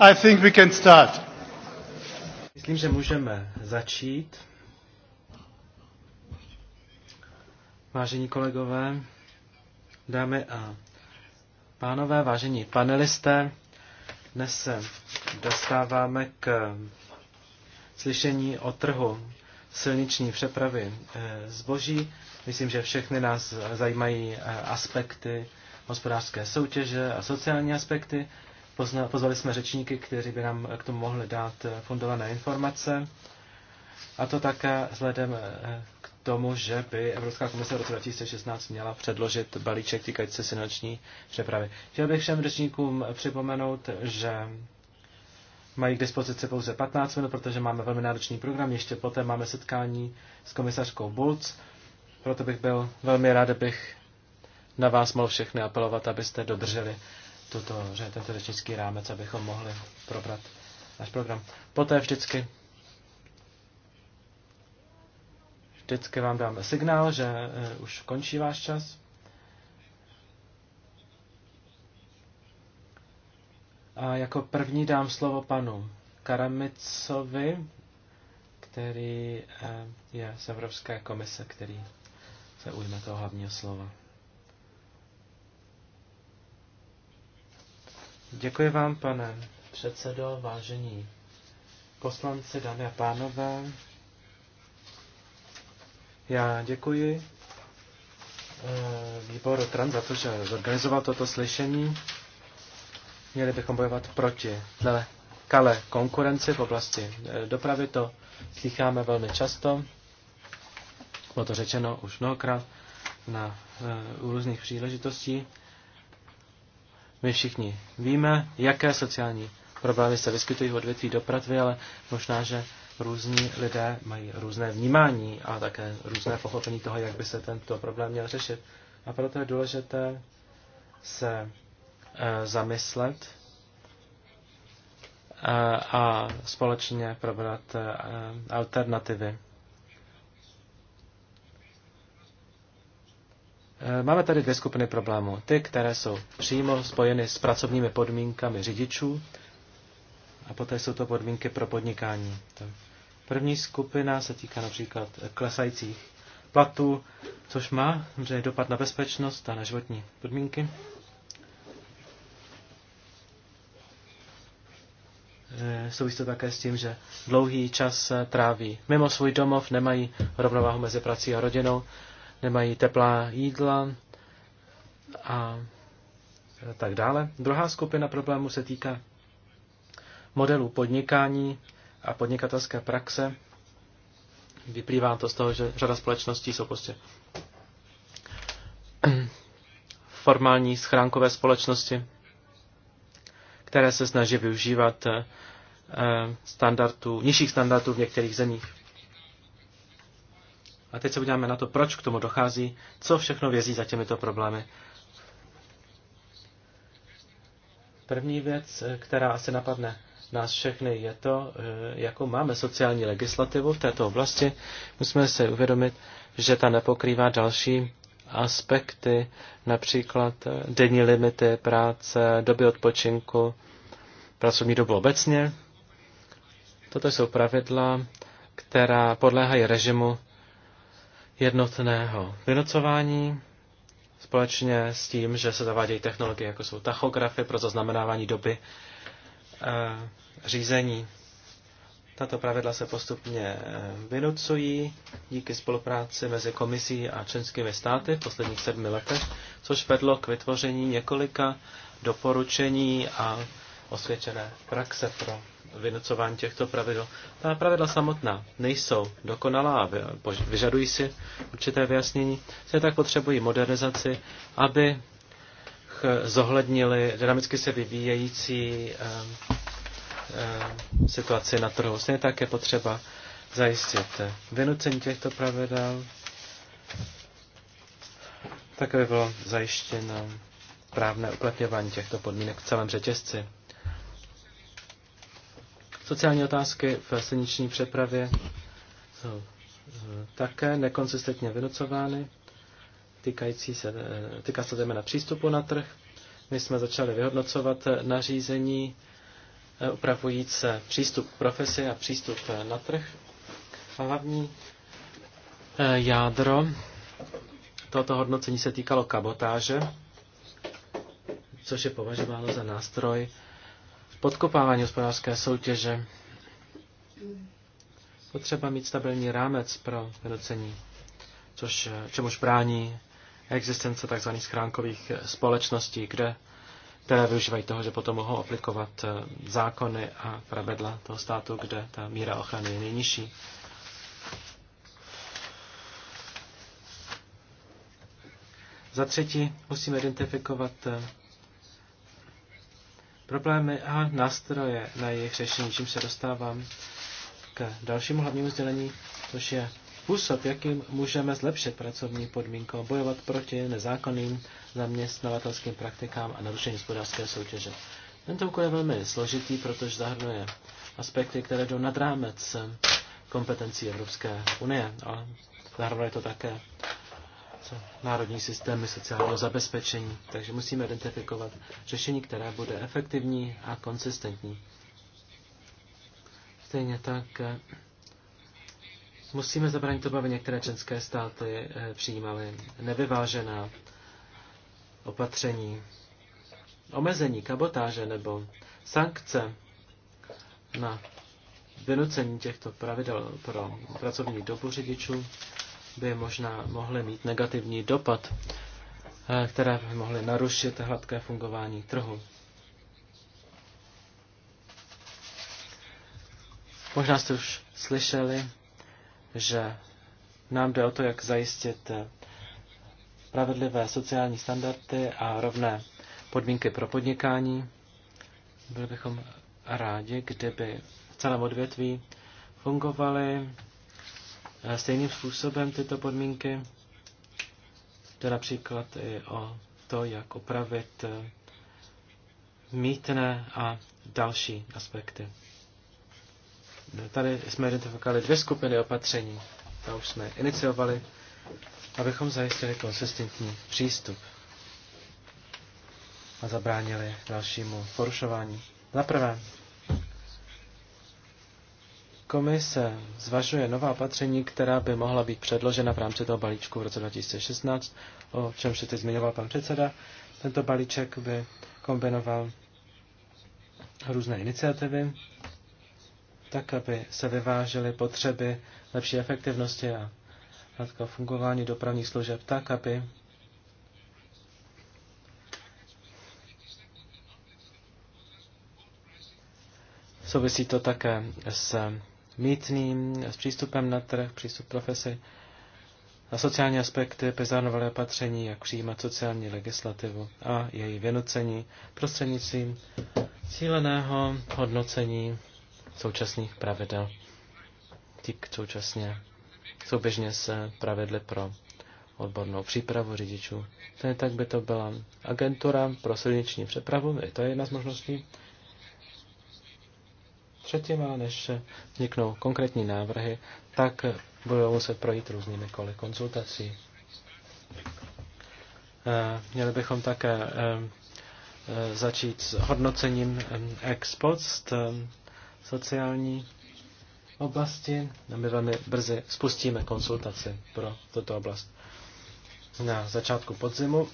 I think we can start. Myslím, že můžeme začít. Vážení kolegové, dámy a pánové, vážení panelisté, dnes se dostáváme k slyšení o trhu silniční přepravy eh, zboží. Myslím, že všechny nás zajímají eh, aspekty hospodářské soutěže a sociální aspekty pozvali jsme řečníky, kteří by nám k tomu mohli dát eh, fundované informace. A to také vzhledem eh, k tomu, že by Evropská komise v roce 2016 měla předložit balíček týkající se silniční přepravy. Chtěl bych všem řečníkům připomenout, že mají k dispozici pouze 15 minut, protože máme velmi náročný program. Ještě poté máme setkání s komisařkou Bulc. Proto bych byl velmi rád, abych na vás mohl všechny apelovat, abyste dodrželi tuto, že tento řečnický rámec, abychom mohli probrat náš program. Poté vždycky vždycky vám dám signál, že e, už končí váš čas. A jako první dám slovo panu Karamicovi, který e, je z Evropské komise, který se ujme toho hlavního slova. Děkuji vám, pane předsedo, vážení poslanci, dámy a pánové. Já děkuji eh, výboru TRAN za to, že zorganizoval toto slyšení. Měli bychom bojovat proti kale konkurenci v oblasti eh, dopravy. To slycháme velmi často. Bylo to řečeno už mnohokrát na, eh, u různých příležitostí. My všichni víme, jaké sociální problémy se vyskytují v odvětví dopravy, ale možná, že různí lidé mají různé vnímání a také různé pochopení toho, jak by se tento problém měl řešit. A proto je důležité se e, zamyslet e, a společně probrat e, alternativy. Eh, máme tady dvě skupiny problémů. Ty, které jsou přímo spojeny s pracovními podmínkami řidičů a poté jsou to podmínky pro podnikání. Tak. První skupina se týká například klesajících platů, což má že dopad na bezpečnost a na životní podmínky. Eh, souvisí to také s tím, že dlouhý čas eh, tráví mimo svůj domov, nemají rovnováhu mezi prací a rodinou nemají teplá jídla a tak dále. Druhá skupina problémů se týká modelů podnikání a podnikatelské praxe. Vyplývá to z toho, že řada společností jsou prostě formální schránkové společnosti, které se snaží využívat eh, standardů, nižších standardů v některých zemích. A teď se podíváme na to, proč k tomu dochází, co všechno vězí za těmito problémy. První věc, která asi napadne nás všechny, je to, eh, jakou máme sociální legislativu v této oblasti. Musíme si uvědomit, že ta nepokrývá další aspekty, například eh, denní limity práce, doby odpočinku, pracovní dobu obecně. Toto jsou pravidla, která podléhají režimu jednotného vynocování společně s tím, že se zavádějí technologie, jako jsou tachografy pro zaznamenávání doby e, řízení. Tato pravidla se postupně eh, vynucují díky spolupráci mezi komisí a členskými státy v posledních sedmi letech, což vedlo k vytvoření několika doporučení a osvědčené praxe pro vynocování těchto pravidel. Ta pravidla samotná nejsou dokonalá a vyžadují si určité vyjasnění. Se tak potřebují modernizaci, aby zohlednili dynamicky se vyvíjející ehm, ehm, situaci na trhu. Stejně tak je potřeba zajistit vynucení těchto pravidel, tak aby bylo zajištěno právné uplatňování těchto podmínek v celém řetězci. Sociální otázky v silniční přepravě jsou eh, také nekonsistentně vynocovány, týkající se, eh, týká se zejména přístupu na trh. My jsme začali vyhodnocovat nařízení eh, upravující přístup k profesi a přístup na trh. Hlavní jádro tohoto hodnocení se týkalo kabotáže, což je považováno za nástroj podkopávání hospodářské soutěže. Potřeba mít stabilní rámec pro vynucení, což čemuž brání existence tzv. schránkových společností, kde které využívají toho, že potom mohou aplikovat eh, zákony a pravidla toho státu, kde ta míra ochrany je nejnižší. Za třetí musíme identifikovat eh, problémy a nástroje na jejich řešení, čím se dostávám k dalšímu hlavnímu sdělení, což je způsob, jakým můžeme zlepšit pracovní podmínky, bojovat proti nezákonným zaměstnavatelským praktikám a narušení hospodářské soutěže. Tento úkol je velmi složitý, protože zahrnuje aspekty, které jdou nad rámec kompetencí Evropské unie, ale zahrnuje to také národní systémy sociálního zabezpečení. Takže musíme identifikovat řešení, které bude efektivní a konsistentní. Stejně tak eh, musíme zabránit tomu, aby některé členské státy eh, přijímaly nevyvážená opatření, omezení, kabotáže nebo sankce na vynucení těchto pravidel pro pracovní dobu řidičů by možná mohly mít negativní dopad, eh, které by mohly narušit hladké fungování trhu. Možná jste už slyšeli, že nám jde o to, jak zajistit eh, spravedlivé sociální standardy a rovné podmínky pro podnikání. Byli bychom rádi, kdyby v celém odvětví fungovaly stejným způsobem tyto podmínky. to například i o to, jak opravit eh, mítné a další aspekty. Tady jsme identifikovali dvě skupiny opatření. Ta už jsme iniciovali, abychom zajistili konsistentní přístup a zabránili dalšímu porušování. Za prvé, Komise zvažuje nová opatření, která by mohla být předložena v rámci toho balíčku v roce 2016, o čem se teď zmiňoval pan předseda. Tento balíček by kombinoval různé iniciativy, tak, aby se vyvážely potřeby lepší efektivnosti a fungování dopravních služeb, tak, aby souvisí to také s mítným, s přístupem na trh, přístup profesi, na sociální aspekty pezánovalé opatření, jak přijímat sociální legislativu a její vynucení prostřednictvím cíleného hodnocení současných pravidel. Tík současně souběžně se pravidly pro odbornou přípravu řidičů. tedy tak by to byla agentura pro silniční přepravu, je to je jedna z možností předtím, ale než vzniknou konkrétní návrhy, tak budou muset projít různými koly konzultací. Eh, měli bychom také eh, eh, začít s hodnocením ex post sociální oblasti. My velmi brzy spustíme konsultaci pro tuto oblast na začátku podzimu,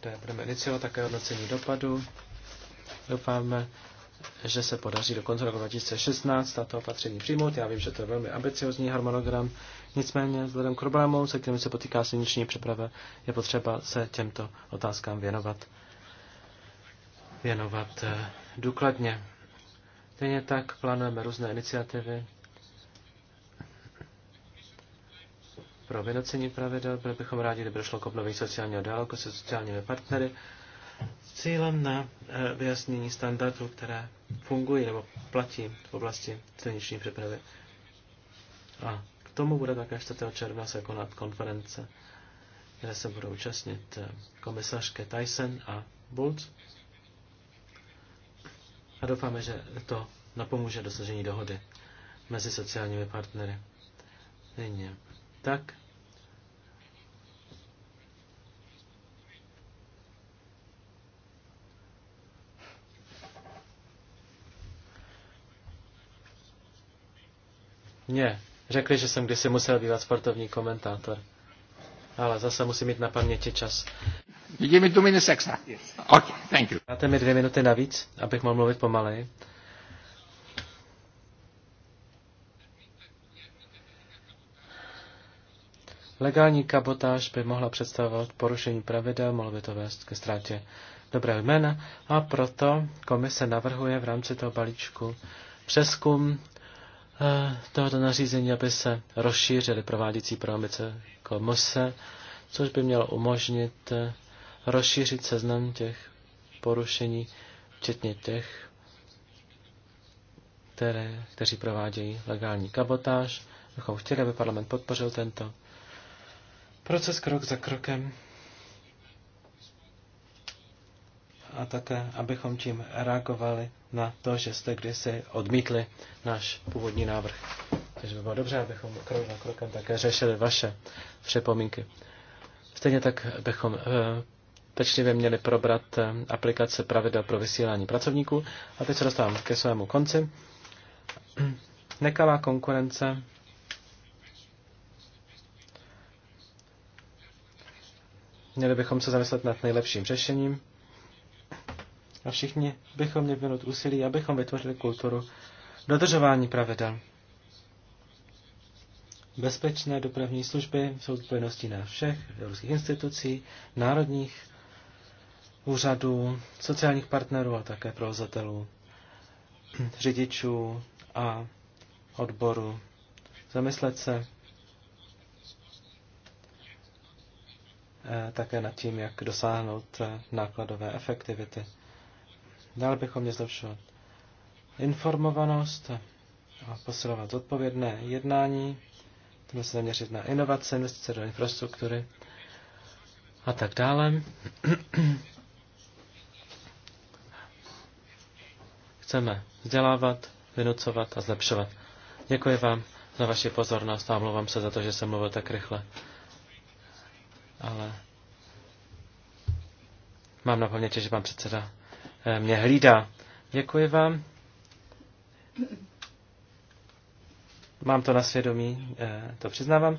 kde budeme iniciovat také hodnocení dopadu. Doufáme, že se podaří do konce roku 2016 tato opatření přijmout. Já vím, že to je velmi ambiciozní harmonogram, nicméně vzhledem k problémům, se kterými se potýká silniční přeprava, je potřeba se těmto otázkám věnovat, věnovat eh, důkladně. Stejně tak plánujeme různé iniciativy pro vynocení pravidel, protože bychom rádi, kdyby došlo k obnovení sociálního dialogu se sociálními partnery, cílem na eh, vyjasnění standardů, které fungují nebo platí v oblasti silniční přepravy. A k tomu bude také 4. června se konat konference, kde se budou účastnit eh, komisařské Tyson a Bulc. A doufáme, že to napomůže dosažení dohody mezi sociálními partnery. Stejně tak mě řekli, že jsem kdysi musel bývat sportovní komentátor. Ale zase musím mít na paměti čas. Give me two minutes extra. Yes. Okay, thank you. Dáte mi dvě minuty navíc, abych mohl mluvit pomalej. Legální kabotáž by mohla představovat porušení pravidel, mohlo by to vést ke ztrátě dobrého jména a proto komise navrhuje v rámci toho balíčku přeskum Eh, tohoto nařízení, aby se rozšířily prováděcí pravomice komise, což by mělo umožnit eh, rozšířit seznam těch porušení, včetně těch, které, kteří provádějí legální kabotáž. Bychom chtěli, aby parlament podpořil tento proces krok za krokem. a také, abychom tím reagovali na to, že jste kdysi odmítli náš původní návrh. Takže by bylo dobře, abychom krok za krokem také řešili vaše připomínky. Stejně tak bychom eh, pečlivě měli probrat eh, aplikace pravidel pro vysílání pracovníků. A teď se dostávám ke svému konci. Nekalá konkurence Měli bychom se zamyslet nad nejlepším řešením. A všichni bychom měli vynout úsilí, abychom vytvořili kulturu dodržování pravidel. Bezpečné dopravní služby jsou odpovědností na všech evropských institucí, národních úřadů, sociálních partnerů a také provozatelů, řidičů a odboru. Zamyslet se eh, také nad tím, jak dosáhnout eh, nákladové efektivity. Dále bychom měli zlepšovat informovanost a posilovat odpovědné jednání. Chceme se zaměřit na inovace, investice do infrastruktury a tak dále. Chceme vzdělávat, vynucovat a zlepšovat. Děkuji vám za vaši pozornost a omlouvám se za to, že jsem mluvil tak rychle. Ale mám na paměti, že pan předseda Eh, mě hlídá. Děkuji vám. Mám to na svědomí, eh, to přiznávám.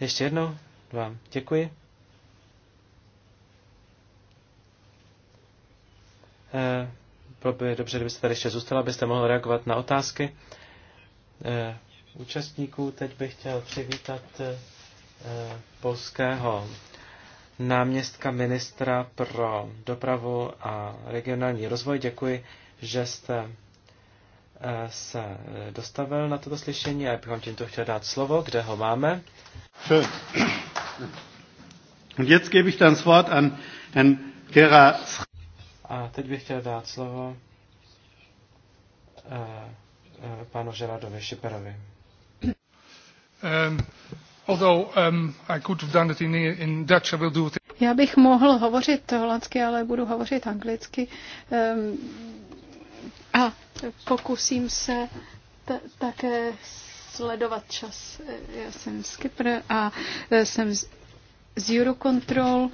Ještě jednou vám děkuji. Eh, bylo by dobře, kdybyste tady ještě zůstala, abyste mohl reagovat na otázky účastníků. Teď bych chtěl přivítat polského náměstka ministra pro dopravu a regionální rozvoj. Děkuji, že jste eh, se dostavil na toto slyšení a já bych vám tímto chtěl dát slovo, kde ho máme. Und jetzt gebe ich dann das Wort an Herrn Gera A teď bych chtěl dát slovo eh, eh, panu Žeradovi Šiperovi. Ehm, já bych mohl hovořit holandsky, ale budu hovořit anglicky. Um, a pokusím se také sledovat čas. Já jsem z Kypr a e, jsem z, z Eurocontrol.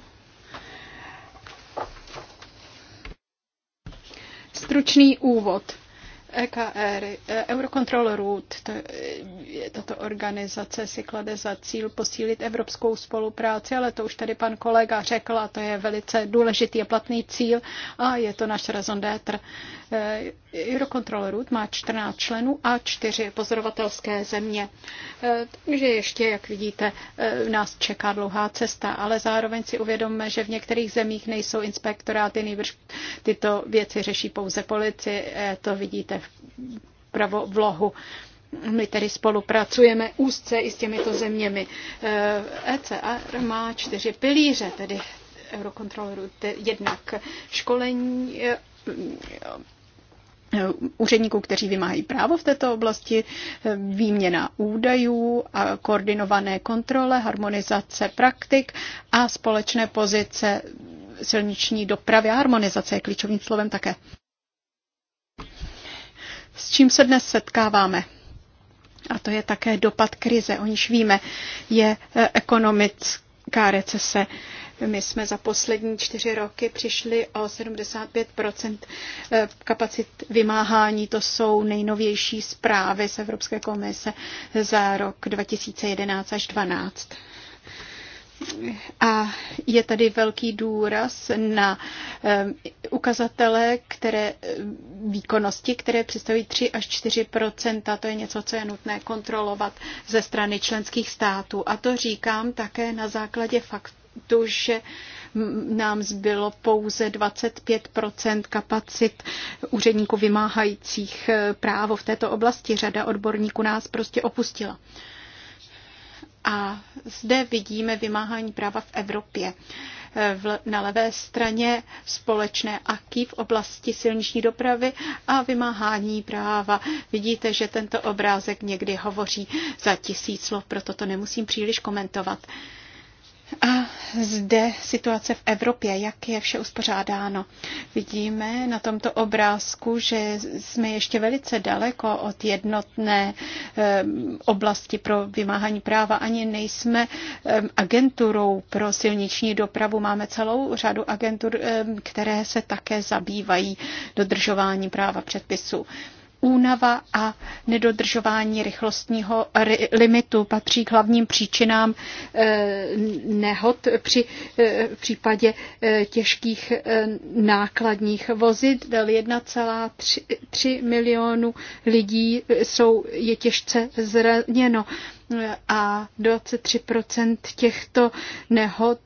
Stručný úvod. EKR, e, Eurocontrol Root, to tato organizace si klade za cíl posílit evropskou spolupráci, ale to už tady pan kolega řekl a to je velice důležitý a platný cíl a je to náš raison d'être. Eh, Eurocontrol Root má 14 členů a 4 pozorovatelské země. Eh, takže ještě, jak vidíte, eh, nás čeká dlouhá cesta, ale zároveň si uvědomme, že v některých zemích nejsou inspektoráty, nejbrž tyto věci řeší pouze policie, to vidíte v pravo vlohu. My tedy spolupracujeme úzce i s těmito zeměmi. ECR eh, e má čtyři pilíře, tedy eurokontrolorů. Jednak školení eh, eh, úředníků, kteří vymáhají právo v této oblasti, výměna údajů a koordinované kontrole, harmonizace praktik a společné pozice silniční dopravy a harmonizace je klíčovým slovem také. S čím se dnes setkáváme? a to je také dopad krize, o níž víme, je e, ekonomická recese. My jsme za poslední čtyři roky přišli o 75 e, kapacit vymáhání. To jsou nejnovější zprávy z Evropské komise za rok 2011 až 2012. A je tady velký důraz na ehm, ukazatele které, ehm, výkonnosti, které představují 3 až 4 To je něco, co je nutné kontrolovat ze strany členských států. A to říkám také na základě faktu, že nám zbylo pouze 25 kapacit úředníků vymáhajících ehm, právo v této oblasti. Řada odborníků nás prostě opustila. A zde vidíme vymáhání práva v Evropě. Na levé straně společné aky v oblasti silniční dopravy a vymáhání práva. Vidíte, že tento obrázek někdy hovoří za tisíc slov, proto to nemusím příliš komentovat. A zde situace v Evropě, jak je vše uspořádáno. Vidíme na tomto obrázku, že jsme ještě velice daleko od jednotné eh, oblasti pro vymáhání práva. Ani nejsme eh, agenturou pro silniční dopravu. Máme celou řadu agentur, eh, které se také zabývají dodržováním práva předpisů. Únava a nedodržování rychlostního limitu patří k hlavním příčinám eh, nehod při eh, v případě eh, těžkých nákladních vozidel. 1,3 milionu lidí jsou, je těžce zraněno a 23% těchto nehod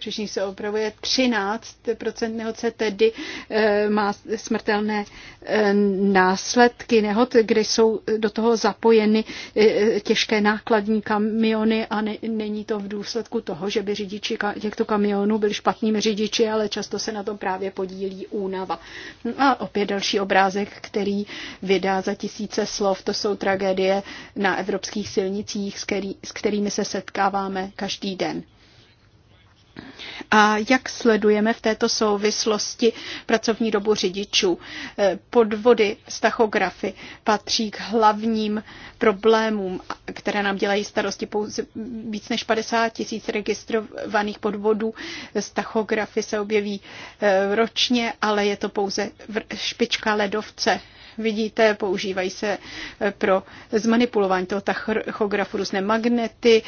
řečník se opravuje 13% nehod tedy tedy eh, má smrtelné eh, následky nehod, kde jsou do toho zapojeny eh, těžké nákladní kamiony a ne, není to v důsledku toho, že by řidiči těchto kamionů byli špatnými řidiči, ale často se na tom právě podílí únava. No a opět další obrázek, který vydá za tisíce slov, to jsou tragédie na evropských silnicích, s, který, s kterými se setkáváme každý den. A jak sledujeme v této souvislosti pracovní dobu řidičů? E, podvody s tachografy patří k hlavním problémům, které nám dělají starosti. Pouze víc než 50 tisíc registrovaných podvodů s tachografy se objeví e, ročně, ale je to pouze špička ledovce vidíte, používají se eh, pro zmanipulování toho tachografu různé magnety,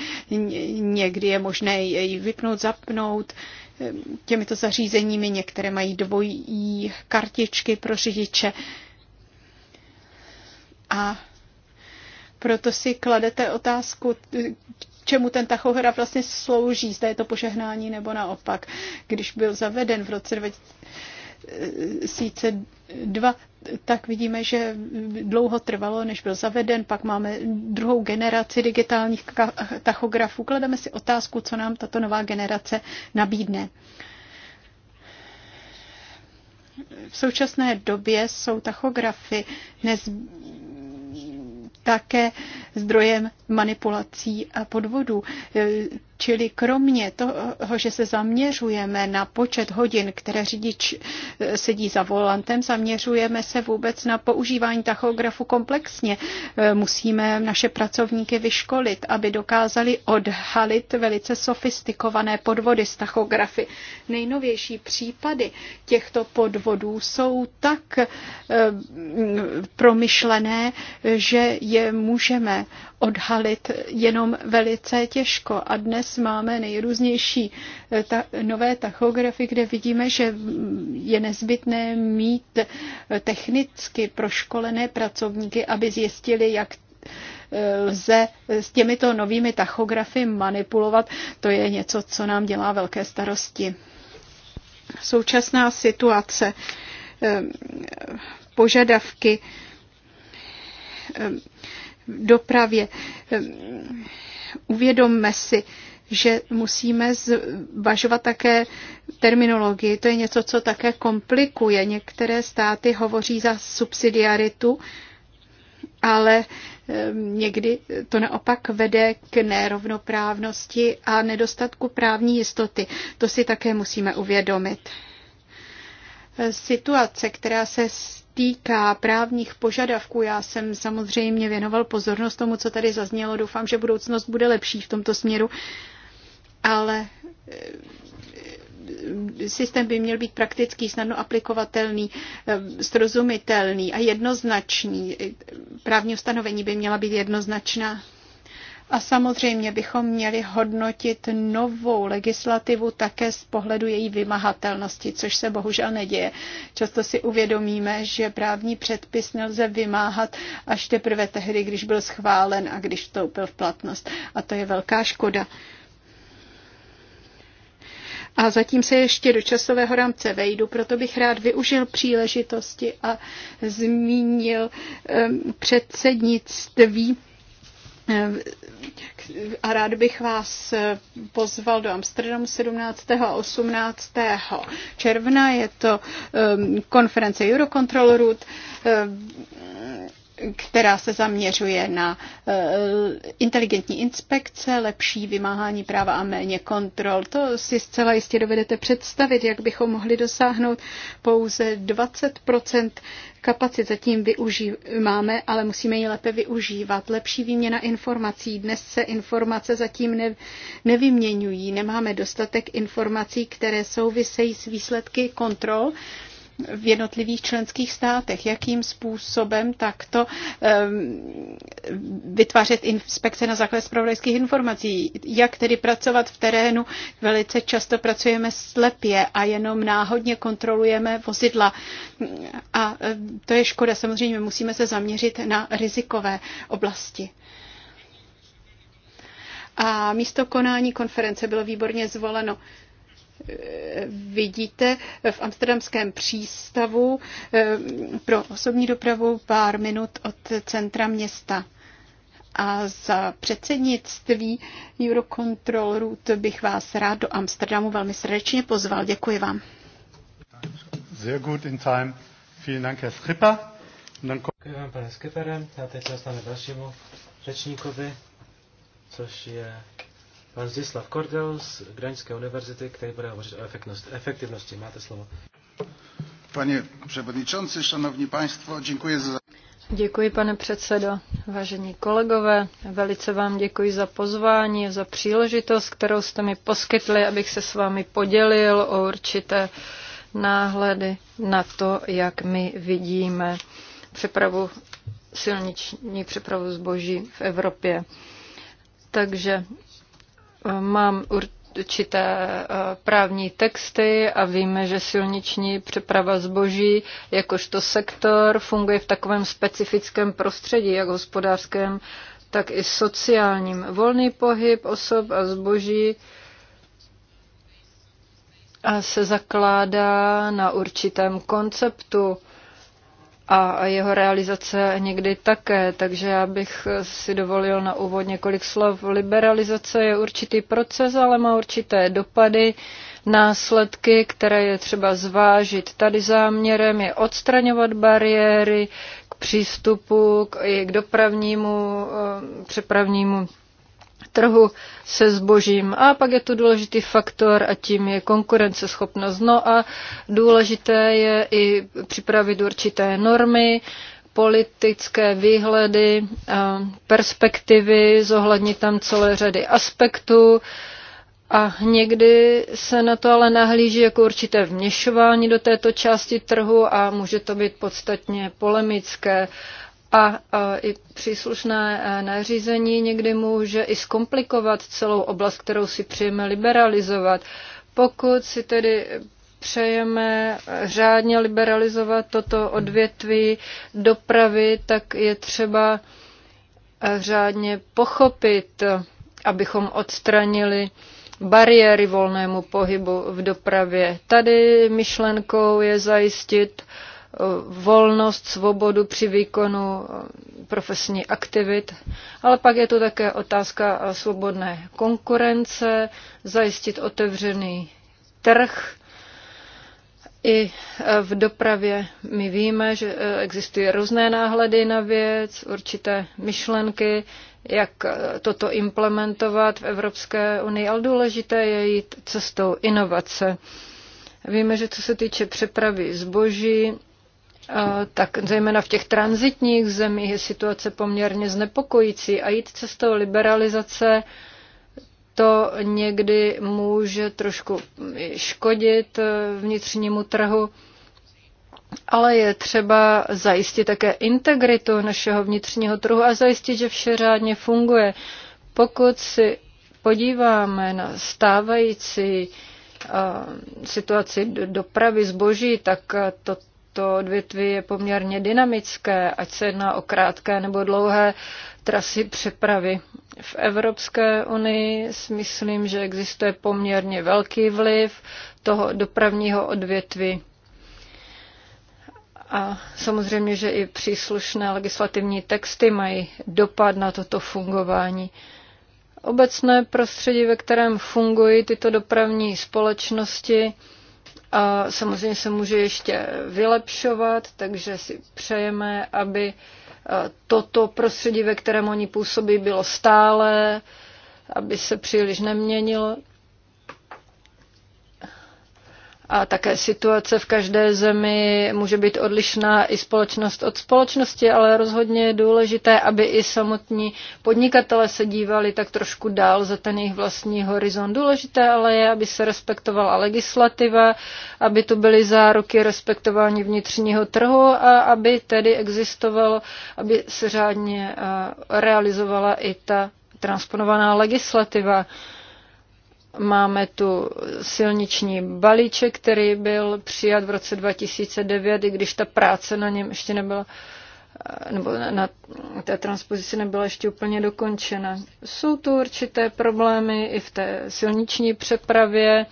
někdy je možné jej vypnout, zapnout. Eh, těmito zařízeními některé mají dvojí kartičky pro řidiče. A proto si kladete otázku, čemu ten tachograf vlastně slouží, zda je to požehnání nebo naopak. Když byl zaveden v roce 2000, 2002, tak vidíme, že dlouho trvalo, než byl zaveden, pak máme druhou generaci digitálních tachografů. Klademe si otázku, co nám tato nová generace nabídne. V současné době jsou tachografy nez... také zdrojem manipulací a podvodů. Čili kromě toho, že se zaměřujeme na počet hodin, které řidič eh, sedí za volantem, zaměřujeme se vůbec na používání tachografu komplexně. Eh, musíme naše pracovníky vyškolit, aby dokázali odhalit velice sofistikované podvody z tachografy. Nejnovější případy těchto podvodů jsou tak eh, promyšlené, že je můžeme odhalit jenom velice těžko. A dnes máme nejrůznější eh, ta, nové tachografy, kde vidíme, že je nezbytné mít eh, technicky proškolené pracovníky, aby zjistili, jak eh, lze s těmito novými tachografy manipulovat. To je něco, co nám dělá velké starosti. Současná situace, požadavky, dopravě. Ehm, uvědomme si, že musíme zvažovat také terminologii. To je něco, co také komplikuje. Některé státy hovoří za subsidiaritu, ale ehm, někdy to naopak vede k nerovnoprávnosti a nedostatku právní jistoty. To si také musíme uvědomit. Ehm, situace, která se týká právních požadavků, já jsem samozřejmě věnoval pozornost tomu, co tady zaznělo. Doufám, že budoucnost bude lepší v tomto směru, ale eh, systém by měl být praktický, snadno aplikovatelný, eh, srozumitelný a jednoznačný. Právní ustanovení by měla být jednoznačná. A samozřejmě bychom měli hodnotit novou legislativu také z pohledu její vymahatelnosti, což se bohužel neděje. Často si uvědomíme, že právní předpis nelze vymáhat až teprve tehdy, když byl schválen a když vstoupil v platnost. A to je velká škoda. A zatím se ještě do časového rámce vejdu, proto bych rád využil příležitosti a zmínil um, předsednictví a rád bych vás pozval do Amsterdamu 17. a 18. června. Je to um, konference Eurocontrol Route která se zaměřuje na eh, inteligentní inspekce, lepší vymáhání práva a méně kontrol. To si zcela jistě dovedete představit, jak bychom mohli dosáhnout pouze 20 kapacit zatím máme, ale musíme ji lépe využívat. Lepší výměna informací. Dnes se informace zatím ne, nevyměňují. Nemáme dostatek informací, které souvisejí s výsledky kontrol v jednotlivých členských státech, jakým způsobem takto vytvářet inspekce na základě zpravodajských informací, jak tedy pracovat v terénu. Velice často pracujeme slepě a jenom náhodně kontrolujeme vozidla. A to je škoda. Samozřejmě musíme se zaměřit na rizikové oblasti. A místo konání konference bylo výborně zvoleno vidíte v amsterdamském přístavu eh, pro osobní dopravu pár minut od centra města. A za předsednictví Eurocontrol Route bych vás rád do Amsterdamu velmi srdečně pozval. Děkuji vám. Sehr gut in time. Vielen Dank, Herr Skipper. Děkuji vám, pane Skipere. Já teď se dostaneme dalšímu řečníkovi, což je pan Zdislav Kordel z Graňské univerzity, který bude hovořit o efektivnosti. Máte slovo. Pane předsedající, šanovní państwo, děkuji za... Děkuji, pane předsedo. Vážení kolegové, velice vám děkuji za pozvání a za příležitost, kterou jste mi poskytli, abych se s vámi podělil o určité náhledy na to, jak my vidíme přepravu silniční přepravu zboží v Evropě. Takže Mám určité eh, právní texty a víme, že silniční přeprava zboží jakožto sektor funguje v takovém specifickém prostředí, jak hospodářském, tak i sociálním. Volný pohyb osob a zboží eh, se zakládá na určitém konceptu a jeho realizace někdy také, takže já bych si dovolil na úvod několik slov. Liberalizace je určitý proces, ale má určité dopady, následky, které je třeba zvážit. Tady záměrem je odstraňovat bariéry k přístupu, k, i k dopravnímu, eh, přepravnímu trhu se zbožím. A pak je tu důležitý faktor a tím je konkurenceschopnost. No a důležité je i připravit určité normy, politické výhledy, perspektivy, zohlednit tam celé řady aspektů. A někdy se na to ale nahlíží jako určité vměšování do této části trhu a může to být podstatně polemické a i příslušné e, nařízení někdy může i zkomplikovat celou oblast, kterou si přejeme liberalizovat. Pokud si tedy přejeme řádně liberalizovat toto odvětví dopravy, tak je třeba e, řádně pochopit, abychom odstranili bariéry volnému pohybu v dopravě. Tady myšlenkou je zajistit volnost, svobodu při výkonu profesní aktivit, ale pak je to také otázka svobodné konkurence, zajistit otevřený trh. I v dopravě my víme, že existují různé náhledy na věc, určité myšlenky, jak toto implementovat v Evropské unii, ale důležité je jít cestou inovace. Víme, že co se týče přepravy zboží, tak zejména v těch transitních zemích je situace poměrně znepokojící a jít cestou liberalizace to někdy může trošku škodit e, vnitřnímu trhu, ale je třeba zajistit také integritu našeho vnitřního trhu a zajistit, že vše řádně funguje. Pokud si podíváme na stávající e, situaci dopravy zboží, tak e, to to odvětví je poměrně dynamické, ať se jedná o krátké nebo dlouhé trasy přepravy. V Evropské unii si myslím, že existuje poměrně velký vliv toho dopravního odvětví. A samozřejmě, že i příslušné legislativní texty mají dopad na toto fungování. Obecné prostředí, ve kterém fungují tyto dopravní společnosti, a samozřejmě se může ještě vylepšovat, takže si přejeme, aby e, toto prostředí, ve kterém oni působí, bylo stále, aby se příliš neměnilo a také situace v každé zemi může být odlišná i společnost od společnosti, ale rozhodně je důležité, aby i samotní podnikatele se dívali tak trošku dál za ten jejich vlastní horizont. Důležité ale je, aby se respektovala legislativa, aby tu byly záruky respektování vnitřního trhu a aby tedy existovalo, aby se řádně eh, realizovala i ta transponovaná legislativa. Máme tu silniční balíček, který byl přijat v roce 2009, i když ta práce na něm ještě nebyla eh, nebo na té transpozici nebyla ještě úplně dokončena. Jsou tu určité problémy i v té silniční přepravě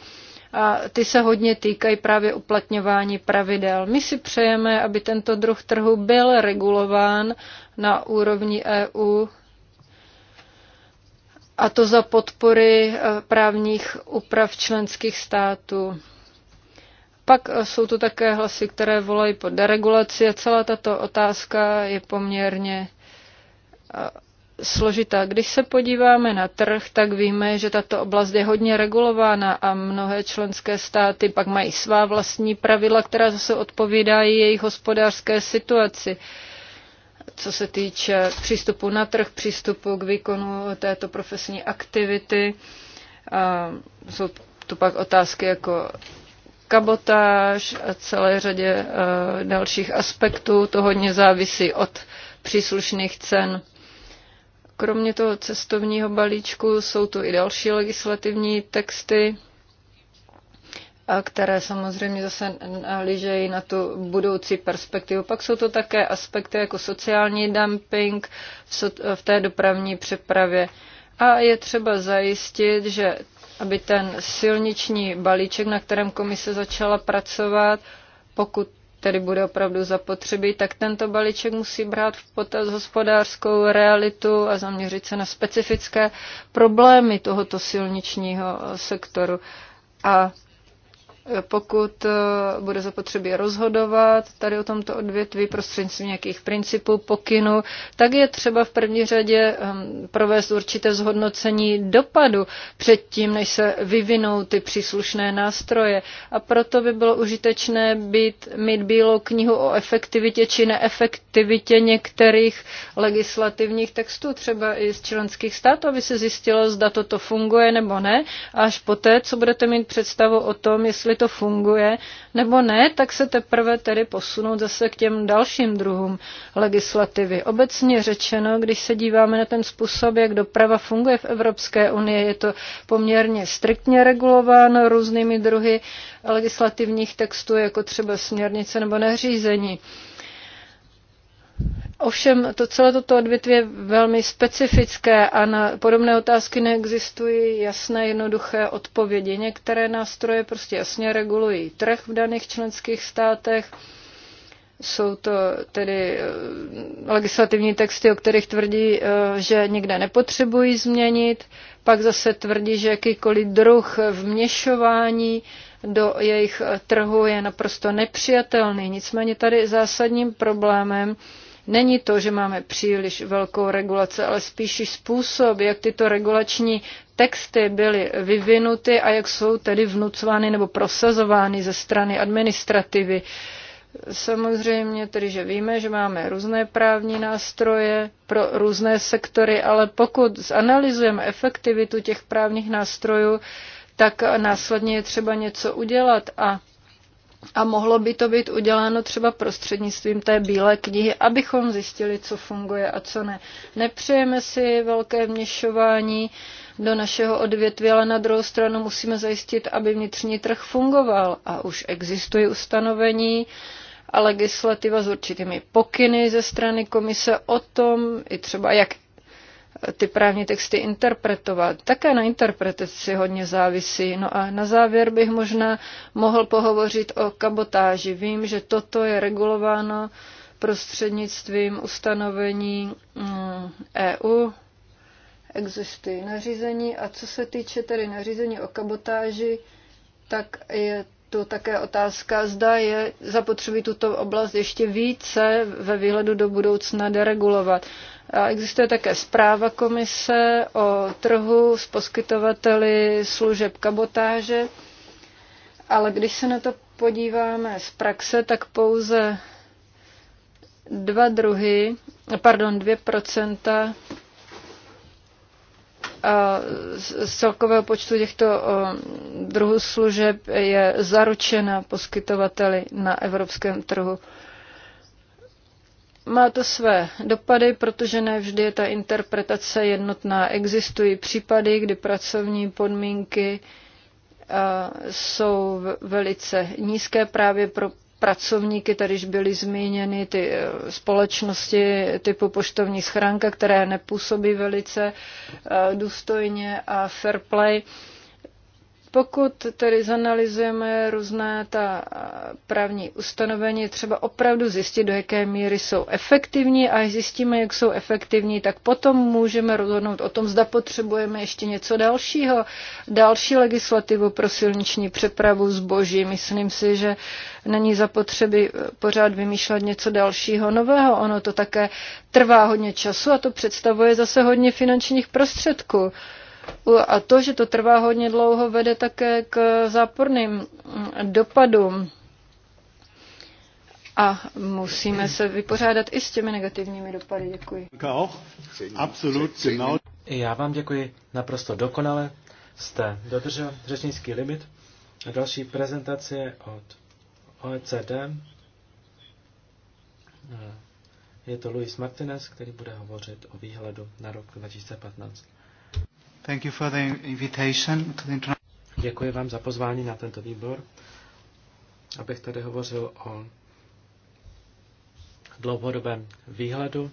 a ty se hodně týkají právě uplatňování pravidel. My si přejeme, aby tento druh trhu byl regulován na úrovni EU a to za podpory eh, právních úprav členských států. Pak eh, jsou tu také hlasy, které volají po deregulaci a celá tato otázka je poměrně eh, složitá. Když se podíváme na trh, tak víme, že tato oblast je hodně regulována a mnohé členské státy pak mají svá vlastní pravidla, která zase odpovídají jejich hospodářské situaci. Uh, co se týče přístupu na trh, přístupu k výkonu této profesní aktivity. A jsou tu pak otázky jako kabotáž a celé řadě e, dalších aspektů. To hodně závisí od příslušných cen. Kromě toho cestovního balíčku jsou tu i další legislativní texty, které samozřejmě zase ližejí na tu budoucí perspektivu. Pak jsou to také aspekty jako sociální dumping v té dopravní přepravě. A je třeba zajistit, že aby ten silniční balíček, na kterém komise začala pracovat, pokud tedy bude opravdu zapotřebí, tak tento balíček musí brát v potaz hospodářskou realitu a zaměřit se na specifické problémy tohoto silničního sektoru. A pokud eh, bude zapotřebí rozhodovat tady o tomto odvětví prostřednictvím nějakých principů, pokynů, tak je třeba v první řadě ehm, provést určité zhodnocení dopadu předtím, než se vyvinou ty příslušné nástroje. A proto by bylo užitečné být, mít bílou knihu o efektivitě či neefektivitě některých legislativních textů, třeba i z členských států, aby se zjistilo, zda toto funguje nebo ne, až poté, co budete mít představu o tom, jestli to funguje nebo ne, tak se teprve tedy posunout zase k těm dalším druhům legislativy. Obecně řečeno, když se díváme na ten způsob, jak doprava funguje v Evropské unii, je to poměrně striktně regulováno různými druhy legislativních textů, jako třeba směrnice nebo nařízení. Ovšem to celé toto odvětví je velmi specifické a na podobné otázky neexistují jasné, jednoduché odpovědi. Některé nástroje prostě jasně regulují trh v daných členských státech, jsou to tedy eh, legislativní texty, o kterých tvrdí, eh, že nikde nepotřebují změnit, pak zase tvrdí, že jakýkoliv druh vměšování do jejich trhu je naprosto nepřijatelný. Nicméně tady zásadním problémem Není to, že máme příliš velkou regulaci, ale spíš způsob, jak tyto regulační texty byly vyvinuty a jak jsou tedy vnucovány nebo prosazovány ze strany administrativy. Samozřejmě tedy, že víme, že máme různé právní nástroje pro různé sektory, ale pokud zanalizujeme efektivitu těch právních nástrojů, tak následně je třeba něco udělat a a mohlo by to být uděláno třeba prostřednictvím té bílé knihy, abychom zjistili, co funguje a co ne. Nepřejeme si velké vměšování do našeho odvětví, ale na druhou stranu musíme zajistit, aby vnitřní trh fungoval. A už existují ustanovení a legislativa s určitými pokyny ze strany komise o tom, i třeba jak ty právní texty interpretovat. Také na interpretaci hodně závisí. No a na závěr bych možná mohl pohovořit o kabotáži. Vím, že toto je regulováno prostřednictvím ustanovení mm, EU, existují nařízení a co se týče tedy nařízení o kabotáži, tak je tu také otázka, zda je zapotřebí tuto oblast ještě více ve výhledu do budoucna deregulovat. Existuje také zpráva komise o trhu s poskytovateli služeb kabotáže, ale když se na to podíváme z praxe, tak pouze dva druhy, pardon, dvě procenta z celkového počtu těchto druhů služeb je zaručena poskytovateli na evropském trhu. Má to své dopady, protože ne vždy je ta interpretace jednotná. Existují případy, kdy pracovní podmínky jsou velice nízké právě pro pracovníky, tadyž byly zmíněny ty e, společnosti typu poštovní schránka, které nepůsobí velice e, důstojně a fair play. A, pokud tedy zanalizujeme různé ta právní ustanovení, třeba opravdu zjistit, do jaké míry jsou efektivní a až zjistíme, jak jsou efektivní, tak potom můžeme rozhodnout o tom, zda potřebujeme ještě něco dalšího, další legislativu pro silniční přepravu zboží. Myslím si, že není zapotřebí pořád vymýšlet něco dalšího nového. Ono to také trvá hodně času a to představuje zase hodně finančních prostředků. A to, že to trvá hodně dlouho, vede také k záporným dopadům. A musíme se vypořádat i s těmi negativními dopady. Děkuji. Já vám děkuji naprosto dokonale. Jste dodržel řečnický limit. Další prezentace od OECD. Je to Luis Martinez, který bude hovořit o výhledu na rok 2015. Thank you for the invitation to the Děkuji vám za pozvání na tento výbor, abych tady hovořil o dlouhodobém výhledu,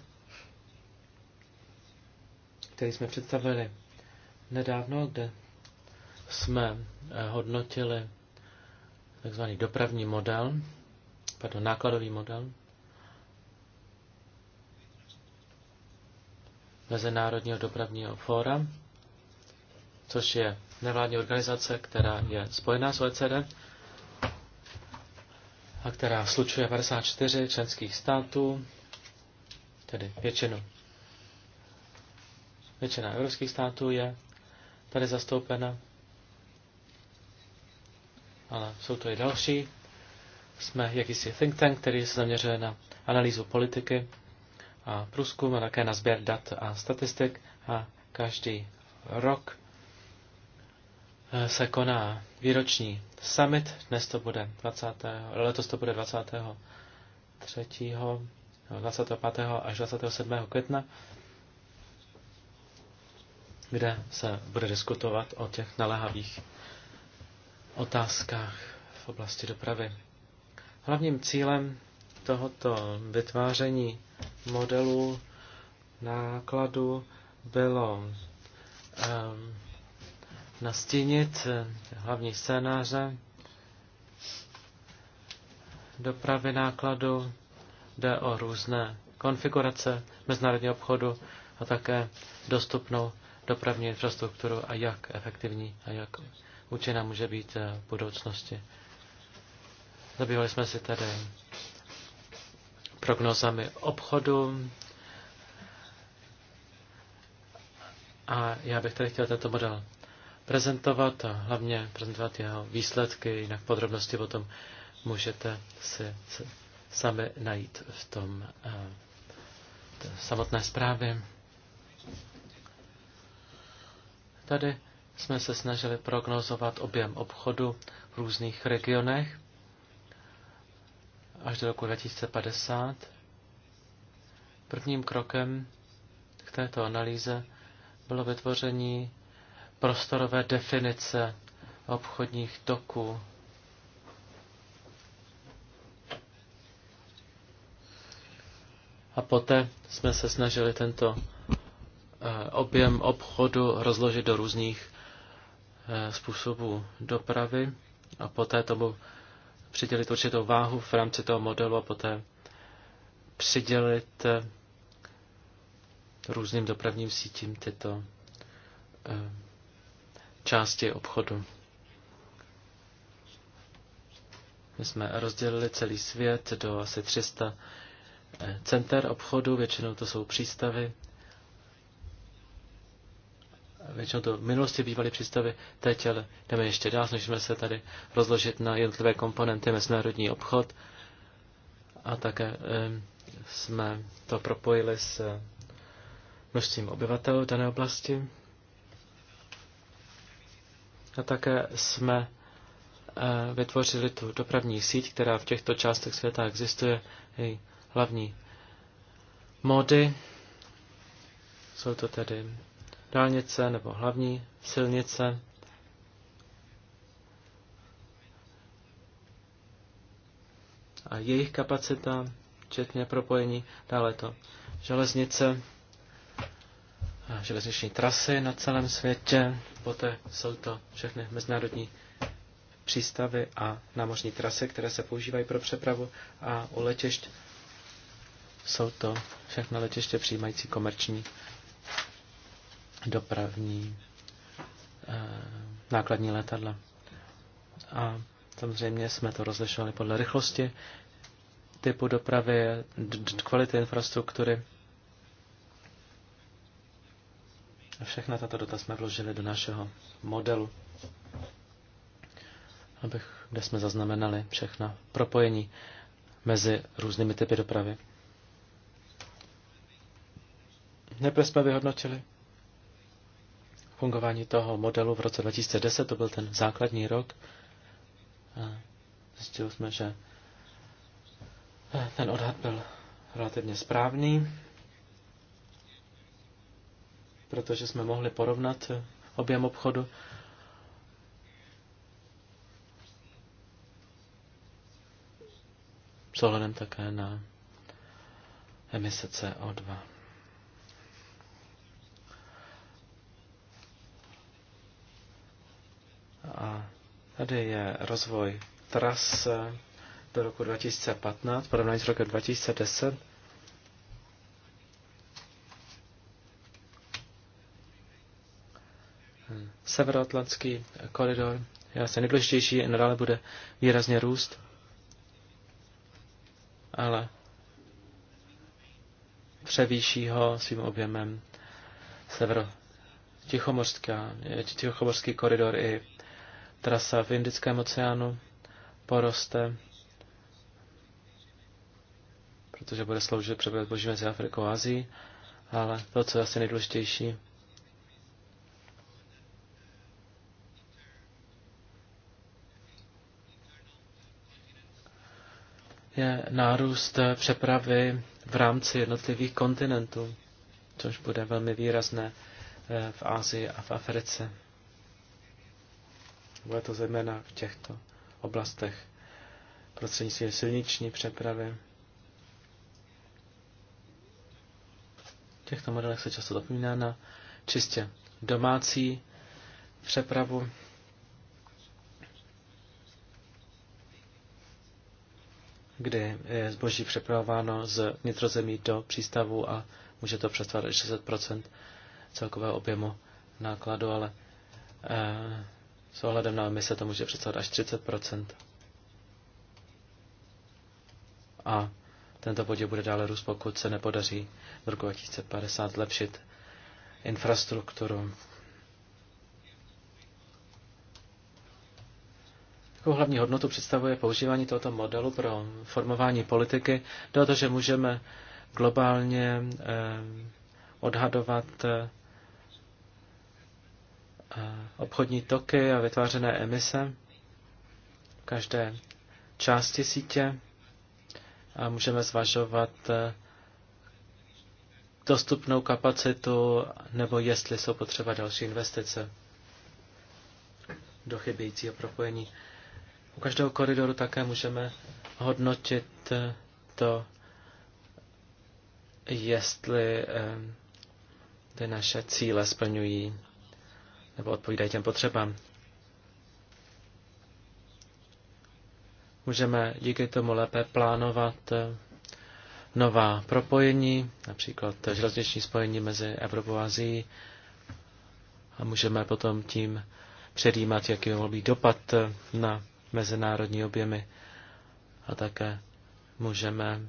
který jsme představili nedávno, kde jsme eh, hodnotili takzvaný dopravní model, pardon, nákladový model, Mezinárodního dopravního fóra což je nevládní organizace, která je spojená s OECD a která slučuje 54 členských států, tedy většinu. Většina evropských států je tady zastoupena, ale jsou to i další. Jsme jakýsi think tank, který se zaměřuje na analýzu politiky a průzkum a také na sběr dat a statistik a každý rok Eh, se koná výroční summit. Dnes to bude 20. letos to bude 23. 25. až 27. května, kde se bude diskutovat o těch naléhavých otázkách v oblasti dopravy. Hlavním cílem tohoto vytváření modelu nákladu bylo um, nastínit eh, hlavní scénáře dopravy nákladu, jde o různé konfigurace mezinárodního obchodu a také dostupnou dopravní infrastrukturu a jak efektivní a jak účinná může být eh, v budoucnosti. Zabývali jsme si tedy prognozami obchodu a já bych tady chtěl tento model prezentovat a hlavně prezentovat jeho výsledky, jinak podrobnosti o tom můžete si sami najít v tom v eh, samotné zprávě. Tady jsme se snažili prognozovat objem obchodu v různých regionech až do roku 2050. Prvním krokem k této analýze bylo vytvoření prostorové definice obchodních toků. A poté jsme se snažili tento eh, objem obchodu rozložit do různých eh, způsobů dopravy a poté tomu přidělit určitou váhu v rámci toho modelu a poté přidělit eh, různým dopravním sítím tyto části obchodu. My jsme rozdělili celý svět do asi 300 eh, center obchodu, většinou to jsou přístavy. Většinou to v minulosti bývaly přístavy, teď ale jdeme ještě dál, snažíme se tady rozložit na jednotlivé komponenty mezinárodní obchod a také jsme to propojili s eh, množstvím obyvatel v dané oblasti. A také jsme eh, vytvořili tu dopravní síť, která v těchto částech světa existuje, její hlavní mody. Jsou to tedy dálnice nebo hlavní silnice. A jejich kapacita, včetně propojení, dále to železnice, železniční trasy na celém světě, poté jsou to všechny mezinárodní přístavy a námořní trasy, které se používají pro přepravu a u letišť jsou to všechna letiště přijímající komerční dopravní e, nákladní letadla. A samozřejmě jsme to rozlišovali podle rychlosti typu dopravy, kvality infrastruktury Všechna tato data jsme vložili do našeho modelu, abych, kde jsme zaznamenali všechna propojení mezi různými typy dopravy. Nejprve jsme vyhodnotili fungování toho modelu v roce 2010, to byl ten základní rok. zjistili jsme, že ten odhad byl relativně správný protože jsme mohli porovnat eh, objem obchodu. S ohledem také na emise CO2. A tady je rozvoj tras eh, do roku 2015, porovnání s rokem 2010 Severoatlantský koridor je asi nejdůležitější i nadále bude výrazně růst, ale převýší ho svým objemem severo Tichomorský koridor i trasa v Indickém oceánu poroste, protože bude sloužit přebyt boží mezi Afrikou a Azií, ale to, co je asi nejdůležitější, je nárůst přepravy v rámci jednotlivých kontinentů, což bude velmi výrazné eh, v Asii a v Africe. Bude to zejména v těchto oblastech prostřednictvím silniční přepravy. V těchto modelech se často zapomíná na čistě domácí přepravu. kdy je zboží přepravováno z vnitrozemí do přístavu a může to přestvat 60 celkového objemu nákladu, ale eh, s ohledem na emise to může představit až 30 A tento podíl bude dále růst, pokud se nepodaří v roku 2050 zlepšit infrastrukturu Jakou hlavní hodnotu představuje používání tohoto modelu pro formování politiky? Do toho, že můžeme globálně eh, odhadovat eh, eh, obchodní toky a vytvářené emise v každé části sítě a můžeme zvažovat dostupnou kapacitu nebo jestli jsou potřeba další investice do chybějícího propojení. U každého koridoru také můžeme hodnotit eh, to, jestli eh, ty naše cíle splňují nebo odpovídají těm potřebám. Můžeme díky tomu lépe plánovat eh, nová propojení, například železniční spojení mezi Evropou a Azií a můžeme potom tím předjímat, jaký by mohl být dopad na mezinárodní objemy a také můžeme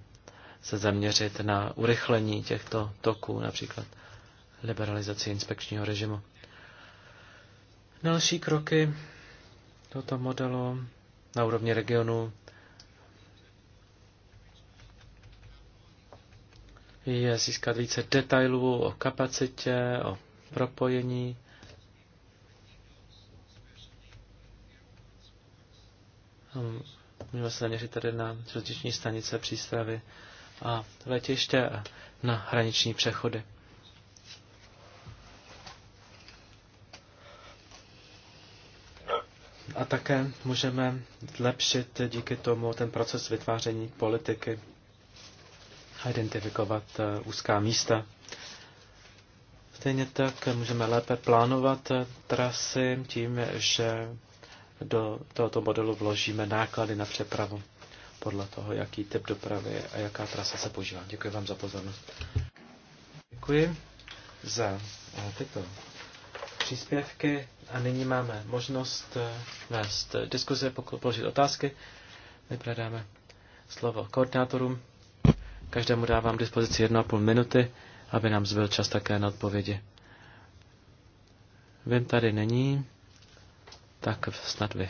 se zaměřit na urychlení těchto toků, například liberalizaci inspekčního režimu. Další kroky tohoto modelu na úrovni regionu je získat více detailů o kapacitě, o propojení Hm, můžeme se zaměřit tady na železniční stanice, přístavy a letiště a na hraniční přechody. A také můžeme zlepšit díky tomu ten proces vytváření politiky a identifikovat eh, úzká místa. Stejně tak můžeme lépe plánovat eh, trasy tím, že do tohoto modelu vložíme náklady na přepravu podle toho, jaký typ dopravy a jaká trasa se používá. Děkuji vám za pozornost. Děkuji za eh, tyto příspěvky a nyní máme možnost eh, vést diskuze, položit otázky. My předáme slovo koordinátorům. Každému dávám dispozici 1,5 minuty, aby nám zbyl čas také na odpovědi. Vím, tady není snad vy.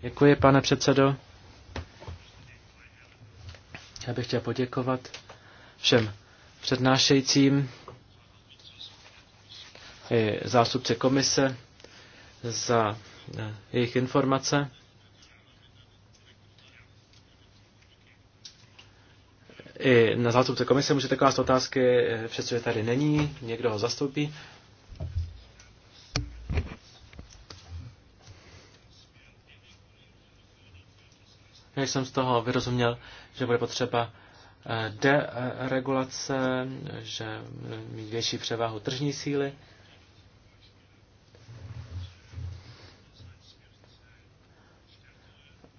Děkuji, pane předsedo. Já bych chtěl poděkovat všem přednášejícím i zástupci komise za eh, jejich informace. I na zástupce komise můžete klást otázky, eh, přestože tady není, někdo ho zastoupí. než jsem z toho vyrozuměl, že bude potřeba eh, deregulace, že eh, mít větší převahu tržní síly.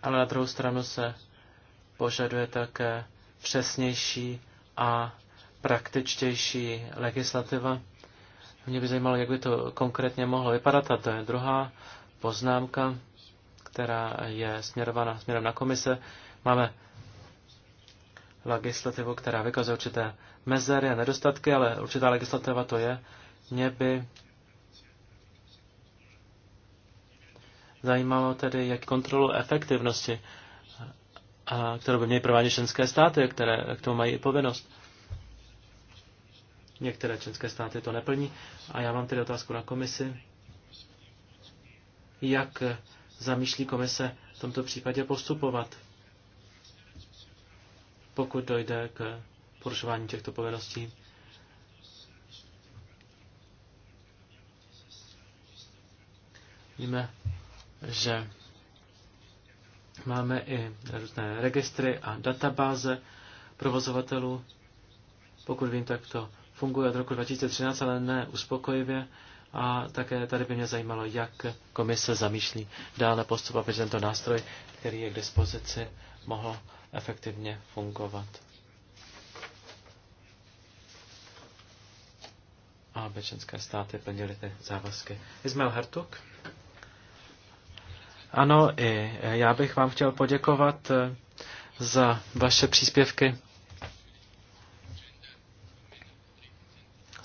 Ale na druhou stranu se požaduje také přesnější a praktičtější legislativa. Mě by zajímalo, jak by to konkrétně mohlo vypadat, a to je druhá poznámka která je směrována směrem na komise. Máme legislativu, která vykazuje určité mezery a nedostatky, ale určitá legislativa to je. Mě by zajímalo tedy, jak kontrolu efektivnosti, a kterou by měly provádět členské státy, které k tomu mají i povinnost. Některé členské státy to neplní. A já mám tedy otázku na komisi. Jak zamýšlí komise v tomto případě postupovat, pokud dojde k porušování těchto povinností. Víme, že máme i různé registry a databáze provozovatelů. Pokud vím, tak to funguje od roku 2013, ale ne uspokojivě. A také tady by mě zajímalo, jak komise zamýšlí dále postup, aby tento nástroj, který je k dispozici, mohl efektivně fungovat. A aby členské státy plnily ty závazky. Ismail Hertuk? Ano, i já bych vám chtěl poděkovat eh, za vaše příspěvky.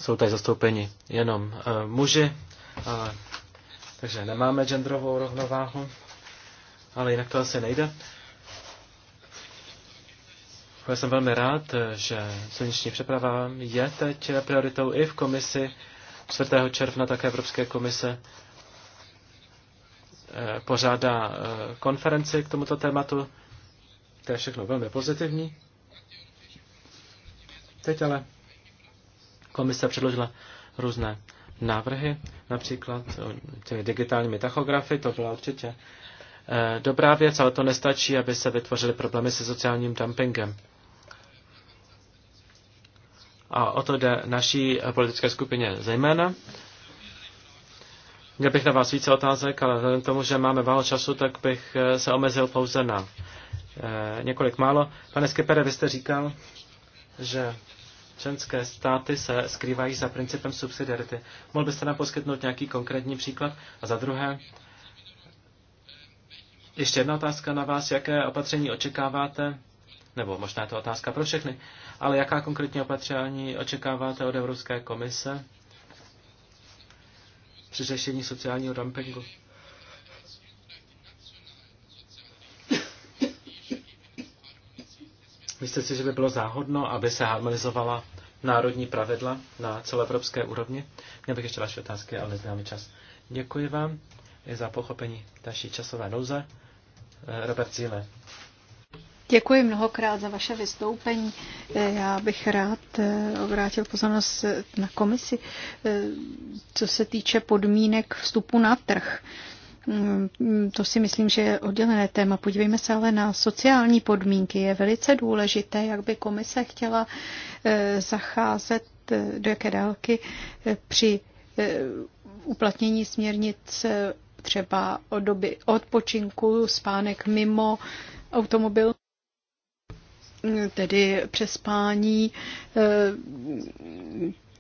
jsou tady zastoupeni jenom eh, muži, ale, takže nemáme genderovou rovnováhu, ale jinak to asi nejde. Já jsem velmi rád, eh, že silniční přeprava je teď prioritou i v komisi 4. června, také Evropské komise eh, pořádá konferenci k tomuto tématu. To je všechno velmi pozitivní. Teď ale Komise předložila různé návrhy, například eh, těmi digitálními tachografy, to byla určitě eh, dobrá věc, ale to nestačí, aby se vytvořily problémy se sociálním dumpingem. A o to jde naší eh, politické skupině zejména. Měl bych na vás více otázek, ale vzhledem k tomu, že máme málo času, tak bych se omezil pouze na několik málo. Pane Skipere, vy jste říkal, že Členské státy se skrývají za principem subsidiarity. Mohl byste nám poskytnout nějaký konkrétní příklad? A za druhé, ještě jedna otázka na vás, jaké opatření očekáváte, nebo možná je to otázka pro všechny, ale jaká konkrétní opatření očekáváte od Evropské komise při řešení sociálního dumpingu? Myslíte si, že by bylo záhodno, aby se harmonizovala národní pravidla na celoevropské úrovni? Měl bych ještě vaše otázky, ale neznámý čas. Děkuji vám i za pochopení naší časové nouze. Eh, Robert Zíle. Děkuji mnohokrát za vaše vystoupení. Eh, já bych rád eh, obrátil pozornost na komisi, co se týče podmínek vstupu na trh. Mm, to si myslím, že je oddělené téma. Podívejme se ale na sociální podmínky. Je velice důležité, jak by komise chtěla eh, zacházet, eh, do jaké dálky eh, při uplatnění směrnic třeba o doby odpočinku, spánek mimo automobil, tedy přespání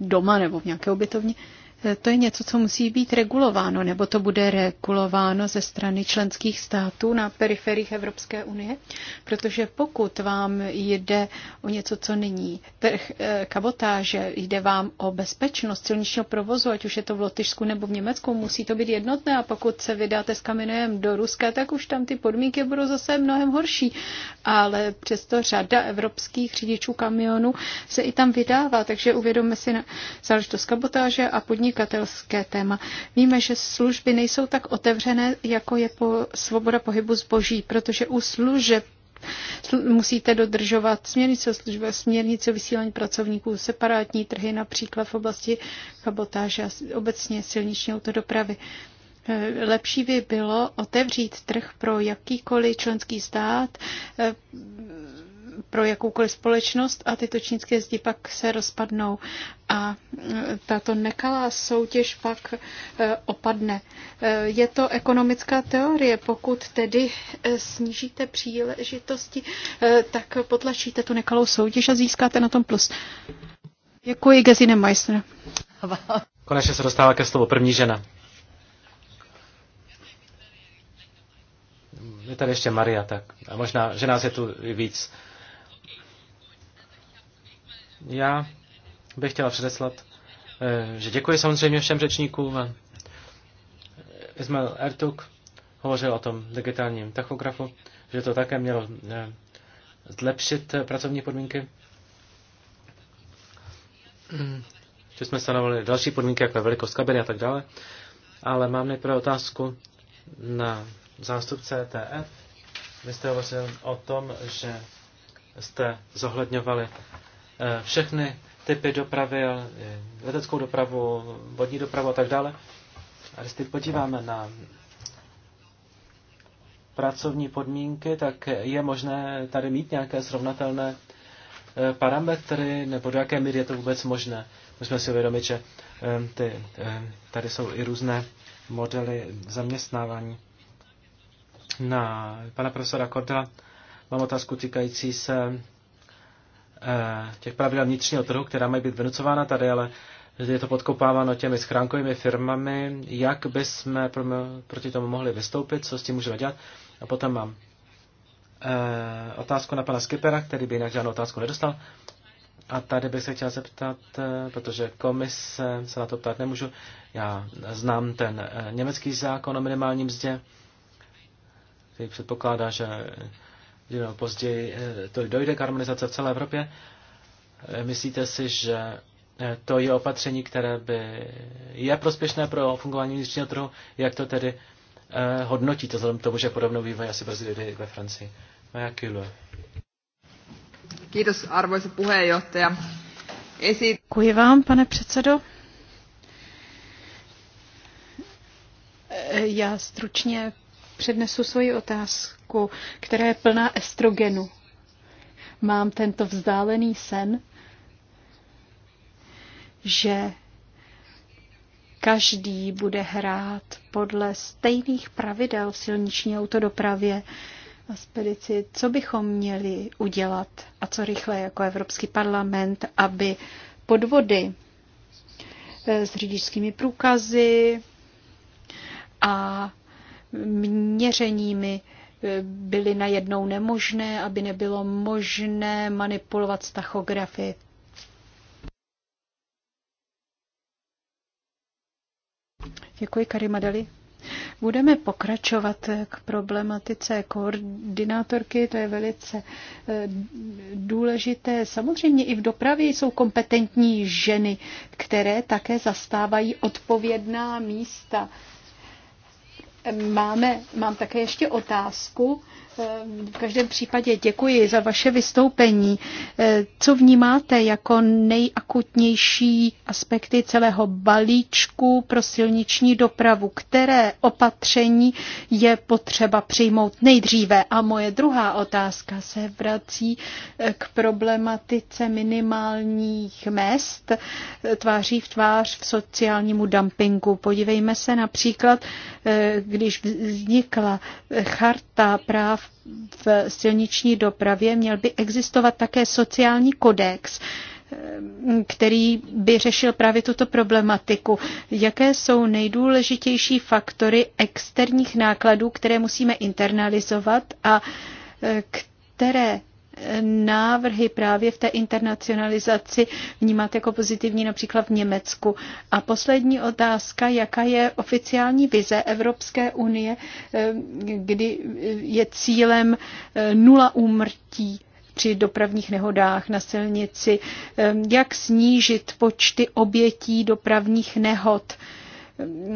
doma nebo v nějaké ubytovně. Eh, to je něco, co musí být regulováno, nebo to bude regulováno ze strany členských států na periferích Evropské unie? Protože pokud vám jde o něco, co není trh eh, kabotáže, jde vám o bezpečnost silničního provozu, ať už je to v Lotyšsku nebo v Německu, musí to být jednotné a pokud se vydáte s kamenem do Ruska, tak už tam ty podmínky budou zase mnohem horší. Ale přesto řada evropských řidičů kamionů se i tam vydává, takže uvědomme si na záležitost kabotáže a podnik podnikatelské téma. Víme, že služby nejsou tak otevřené, jako je po svoboda pohybu zboží, protože u služeb musíte dodržovat směrnice o službě, směrnice o vysílání pracovníků, separátní trhy například v oblasti kabotáže a obecně silniční autodopravy. E, lepší by bylo otevřít trh pro jakýkoliv členský stát e, pro jakoukoliv společnost a tyto čínské zdi pak se rozpadnou a e, tato nekalá soutěž pak e, opadne. E, je to ekonomická teorie. Pokud tedy snížíte příležitosti, tak potlačíte tu nekalou soutěž a získáte na tom plus. Děkuji, Gesine Meissner. Konečně se dostává ke slovu první žena. Je tady ještě Maria, tak a možná, že nás je tu víc. Já bych chtěla předeslat, eh, že děkuji samozřejmě všem řečníkům. Ismail Ertuk hovořil o tom digitálním tachografu, že to také mělo eh, zlepšit eh, pracovní podmínky. Mm. Že jsme stanovili další podmínky, jako je velikost kabiny a tak dále. Ale mám nejprve otázku na zástupce e TF. Vy jste hovořil o tom, že jste zohledňovali Eh, všechny typy dopravy, eh, leteckou dopravu, vodní dopravu a tak dále. A když podíváme na pracovní podmínky, tak je možné tady mít nějaké srovnatelné eh, parametry, nebo do jaké míry je to vůbec možné. Musíme si uvědomit, že ty, tady jsou i různé modely zaměstnávání. Na pana profesora Korda mám otázku týkající se Eh, těch pravidel vnitřního trhu, která mají být vynucována tady, ale je to podkopáváno těmi schránkovými firmami, jak bychom proti tomu mohli vystoupit, co s tím můžeme dělat. A potom mám e, otázku na pana Skipera, který by jinak žádnou otázku nedostal. A tady bych se chtěl zeptat, eh, protože komise se na to ptát nemůžu. Já znám ten německý zákon o minimální mzdě, který předpokládá, že díl později eh, to dojde k harmonizace v celé Evropě. Eh, myslíte si, že eh, to je opatření, které by je prospěšné pro fungování vnitřního trhu? Jak to tedy hodnotíte, vzhledem k tomu, že podobnou vývoj asi brzy dojde ve Francii? Maja Kilo. Kiitos, arvoisa puheenjohtaja. Esi... Děkuji vám, pane předsedo. Já stručně přednesu svoji otázku, která je plná estrogenu. Mám tento vzdálený sen, že každý bude hrát podle stejných pravidel v silniční autodopravě a spedici. Co bychom měli udělat a co rychle jako Evropský parlament, aby podvody eh, s řidičskými průkazy a měřeními eh, byly najednou nemožné, aby nebylo možné manipulovat s tachografy. Děkuji, Karima Dali. Budeme pokračovat eh, k problematice koordinátorky, to je velice eh, důležité. Samozřejmě i v dopravě jsou kompetentní ženy, které také zastávají odpovědná místa. Máme, mám také ještě otázku v každém případě děkuji za vaše vystoupení. Eh, co vnímáte jako nejakutnější aspekty celého balíčku pro silniční dopravu? Které opatření je potřeba přijmout nejdříve? A moje druhá otázka se vrací eh, k problematice minimálních mest eh, tváří v tvář v sociálnímu dumpingu. Podívejme se například, když vznikla charta práv v silniční dopravě, měl by existovat také sociální kodex, který by řešil právě tuto problematiku. Jaké jsou nejdůležitější faktory externích nákladů, které musíme internalizovat a které návrhy právě v té internacionalizaci vnímat jako pozitivní například v Německu. A poslední otázka, jaká je oficiální vize Evropské unie, eh, kdy je cílem eh, nula úmrtí při dopravních nehodách na silnici, eh, jak snížit počty obětí dopravních nehod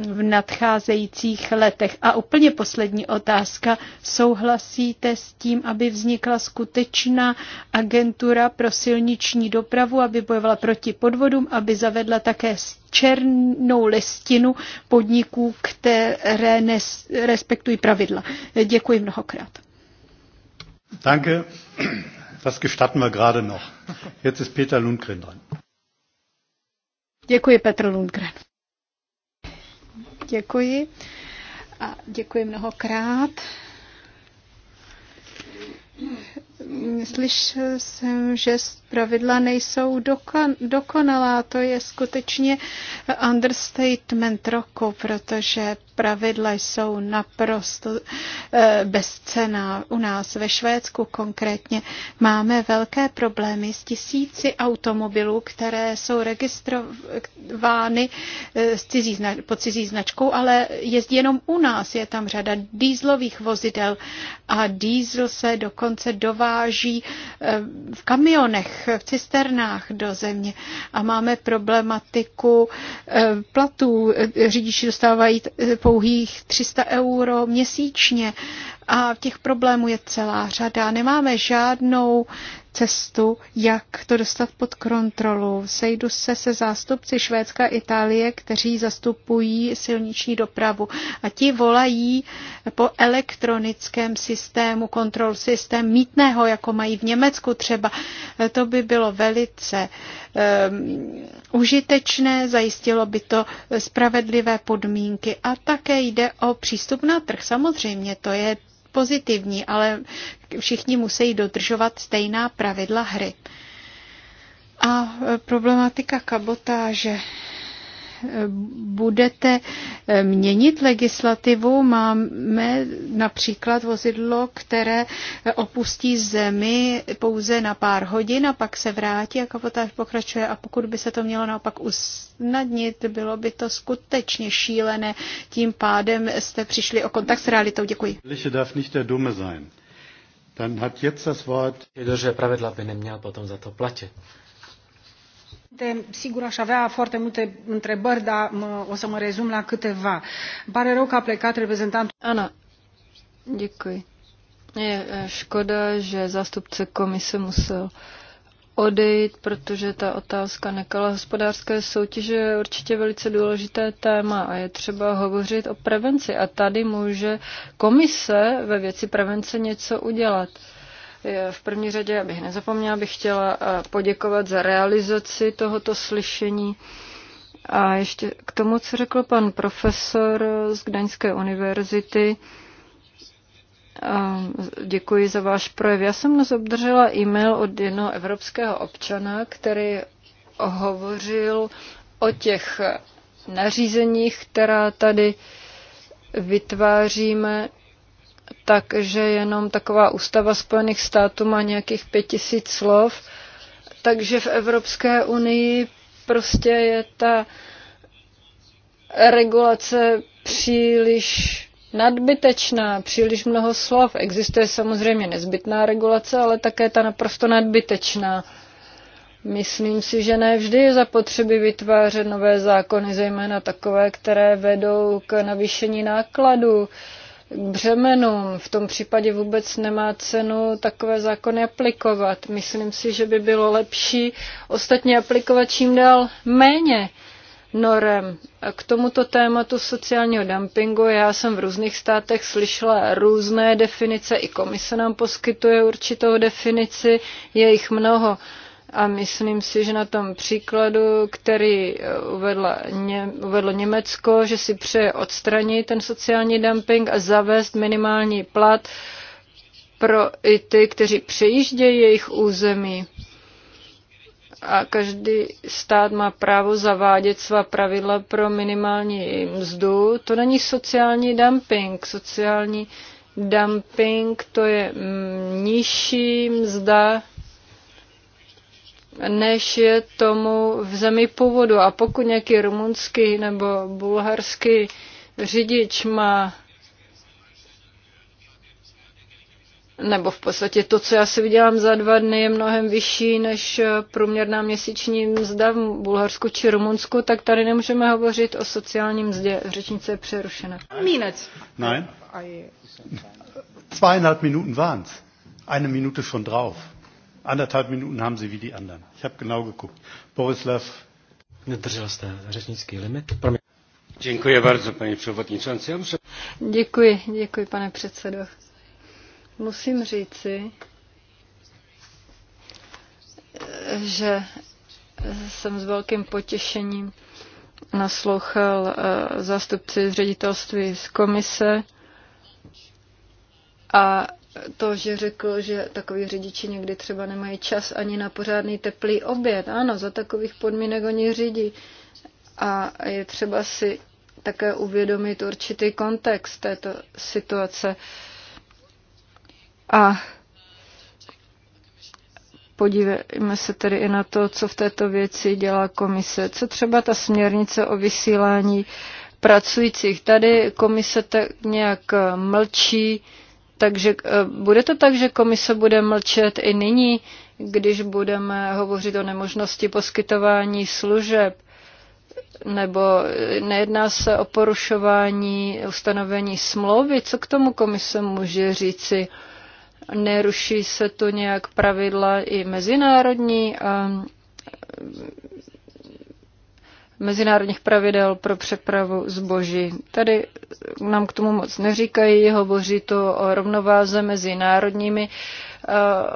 v nadcházejících letech. A úplně poslední otázka. Souhlasíte s tím, aby vznikla skutečná agentura pro silniční dopravu, aby bojovala proti podvodům, aby zavedla také černou listinu podniků, které nes, respektují pravidla. Děkuji mnohokrát. Danke. Das gestatten wir gerade noch. Jetzt ist Peter Lundgren dran. Děkuji, Petr Lundgren. Děkuji a děkuji mnohokrát. Slyšel jsem, že pravidla nejsou dokon, dokonalá. To je skutečně understatement roku, protože pravidla jsou naprosto eh, bezcená. U nás ve Švédsku konkrétně máme velké problémy s tisíci automobilů, které jsou registrovány eh, pod cizí značkou, ale jezdí jenom u nás. Je tam řada dýzlových vozidel a dýzl se dokonce dováží eh, v kamionech, v cisternách do země. A máme problematiku platů. Řidiči dostávají pouhých 300 euro měsíčně a těch problémů je celá řada. Nemáme žádnou cestu, jak to dostat pod kontrolu. Sejdu se se zástupci Švédska a Itálie, kteří zastupují silniční dopravu a ti volají po elektronickém systému, kontrol systém mítného, jako mají v Německu třeba. To by bylo velice um, užitečné, zajistilo by to spravedlivé podmínky a také jde o přístup na trh. Samozřejmě to je pozitivní, ale všichni musí dodržovat stejná pravidla hry. A e, problematika kabotáže budete eh, měnit legislativu. Máme například vozidlo, které eh, opustí zemi pouze na pár hodin a pak se vrátí a kapotáž pokračuje. A pokud by se to mělo naopak usnadnit, bylo by to skutečně šílené. Tím pádem jste přišli o kontakt s realitou. Děkuji. Dann hat jetzt das Wort. že pravidla by neměl potom za to platit sigur aș avea foarte multe întrebări, dar mă, o să mă rezum la câteva. Îmi pare rău că a plecat reprezentantul. Ana, děkuji. Je eh, škoda, že zástupce komise musel odejít, protože ta otázka nekala hospodářské soutěže je určitě velice důležité téma a je třeba hovořit o prevenci. A tady může komise ve věci prevence něco udělat. V první řadě, abych nezapomněla, bych chtěla eh, poděkovat za realizaci tohoto slyšení. A ještě k tomu, co řekl pan profesor z Gdaňské univerzity, ehm, děkuji za váš projev. Já jsem dnes obdržela e-mail od jednoho evropského občana, který hovořil o těch nařízeních, která tady vytváříme takže jenom taková ústava Spojených států má nějakých pět tisíc slov, takže v Evropské unii prostě je ta regulace příliš nadbytečná, příliš mnoho slov. Existuje samozřejmě nezbytná regulace, ale také ta naprosto nadbytečná. Myslím si, že ne vždy je zapotřebí vytvářet nové zákony, zejména takové, které vedou k navýšení nákladů. Uh, břemenům. V tom případě vůbec nemá cenu takové zákony aplikovat. Myslím si, že by bylo lepší ostatně aplikovat čím dál méně norem. K tomuto tématu sociálního dumpingu já jsem v různých státech slyšela různé definice, i komise nám poskytuje určitou definici, je jich mnoho. Uh, a myslím si, že na tom příkladu, který eh, uvedla, ně, uvedlo Německo, že si přeje odstranit ten sociální dumping a zavést minimální plat pro i ty, kteří přejíždějí jejich území. A každý stát má právo zavádět svá pravidla pro minimální mzdu. To není sociální dumping. Sociální dumping to je mm, nižší mzda než je tomu v zemi původu. A pokud nějaký rumunský nebo bulharský řidič má nebo v podstatě to, co já si vydělám za dva dny, je mnohem vyšší než průměrná měsíční mzda v Bulharsku či Rumunsku, tak tady nemůžeme hovořit o sociálním mzdě. Řečnice je přerušena. Mínec. Nein. Zweieinhalb Minuten waren's. Eine Minute schon drauf. Anderthalb Minuten haben Sie wie die anderen. Ich habe genau geguckt. Borislav. Nedržel jste řečnický limit. Promi- Děkuji bardzo, paní předsedající. Muszę... Děkuji, děkuji, pane předsedo. Musím říci, že jsem s velkým potěšením naslouchal eh, zástupci ředitelství z komise a to, že řekl, že takový řidiči někdy třeba nemají čas ani na pořádný teplý oběd. Ano, za takových podmínek oni řídí. A je třeba si také uvědomit určitý kontext této situace. A podívejme se tedy i na to, co v této věci dělá komise. Co třeba ta směrnice o vysílání pracujících. Tady komise tak nějak mlčí, takže eh, bude to tak, že komise bude mlčet i nyní, když budeme hovořit o nemožnosti poskytování služeb, nebo eh, nejedná se o porušování ustanovení smlouvy, co k tomu komise může říci? Neruší se to nějak pravidla i mezinárodní? Eh, mezinárodních pravidel pro přepravu zboží. Tady nám k tomu moc neříkají, hovoří to o rovnováze mezi národními eh,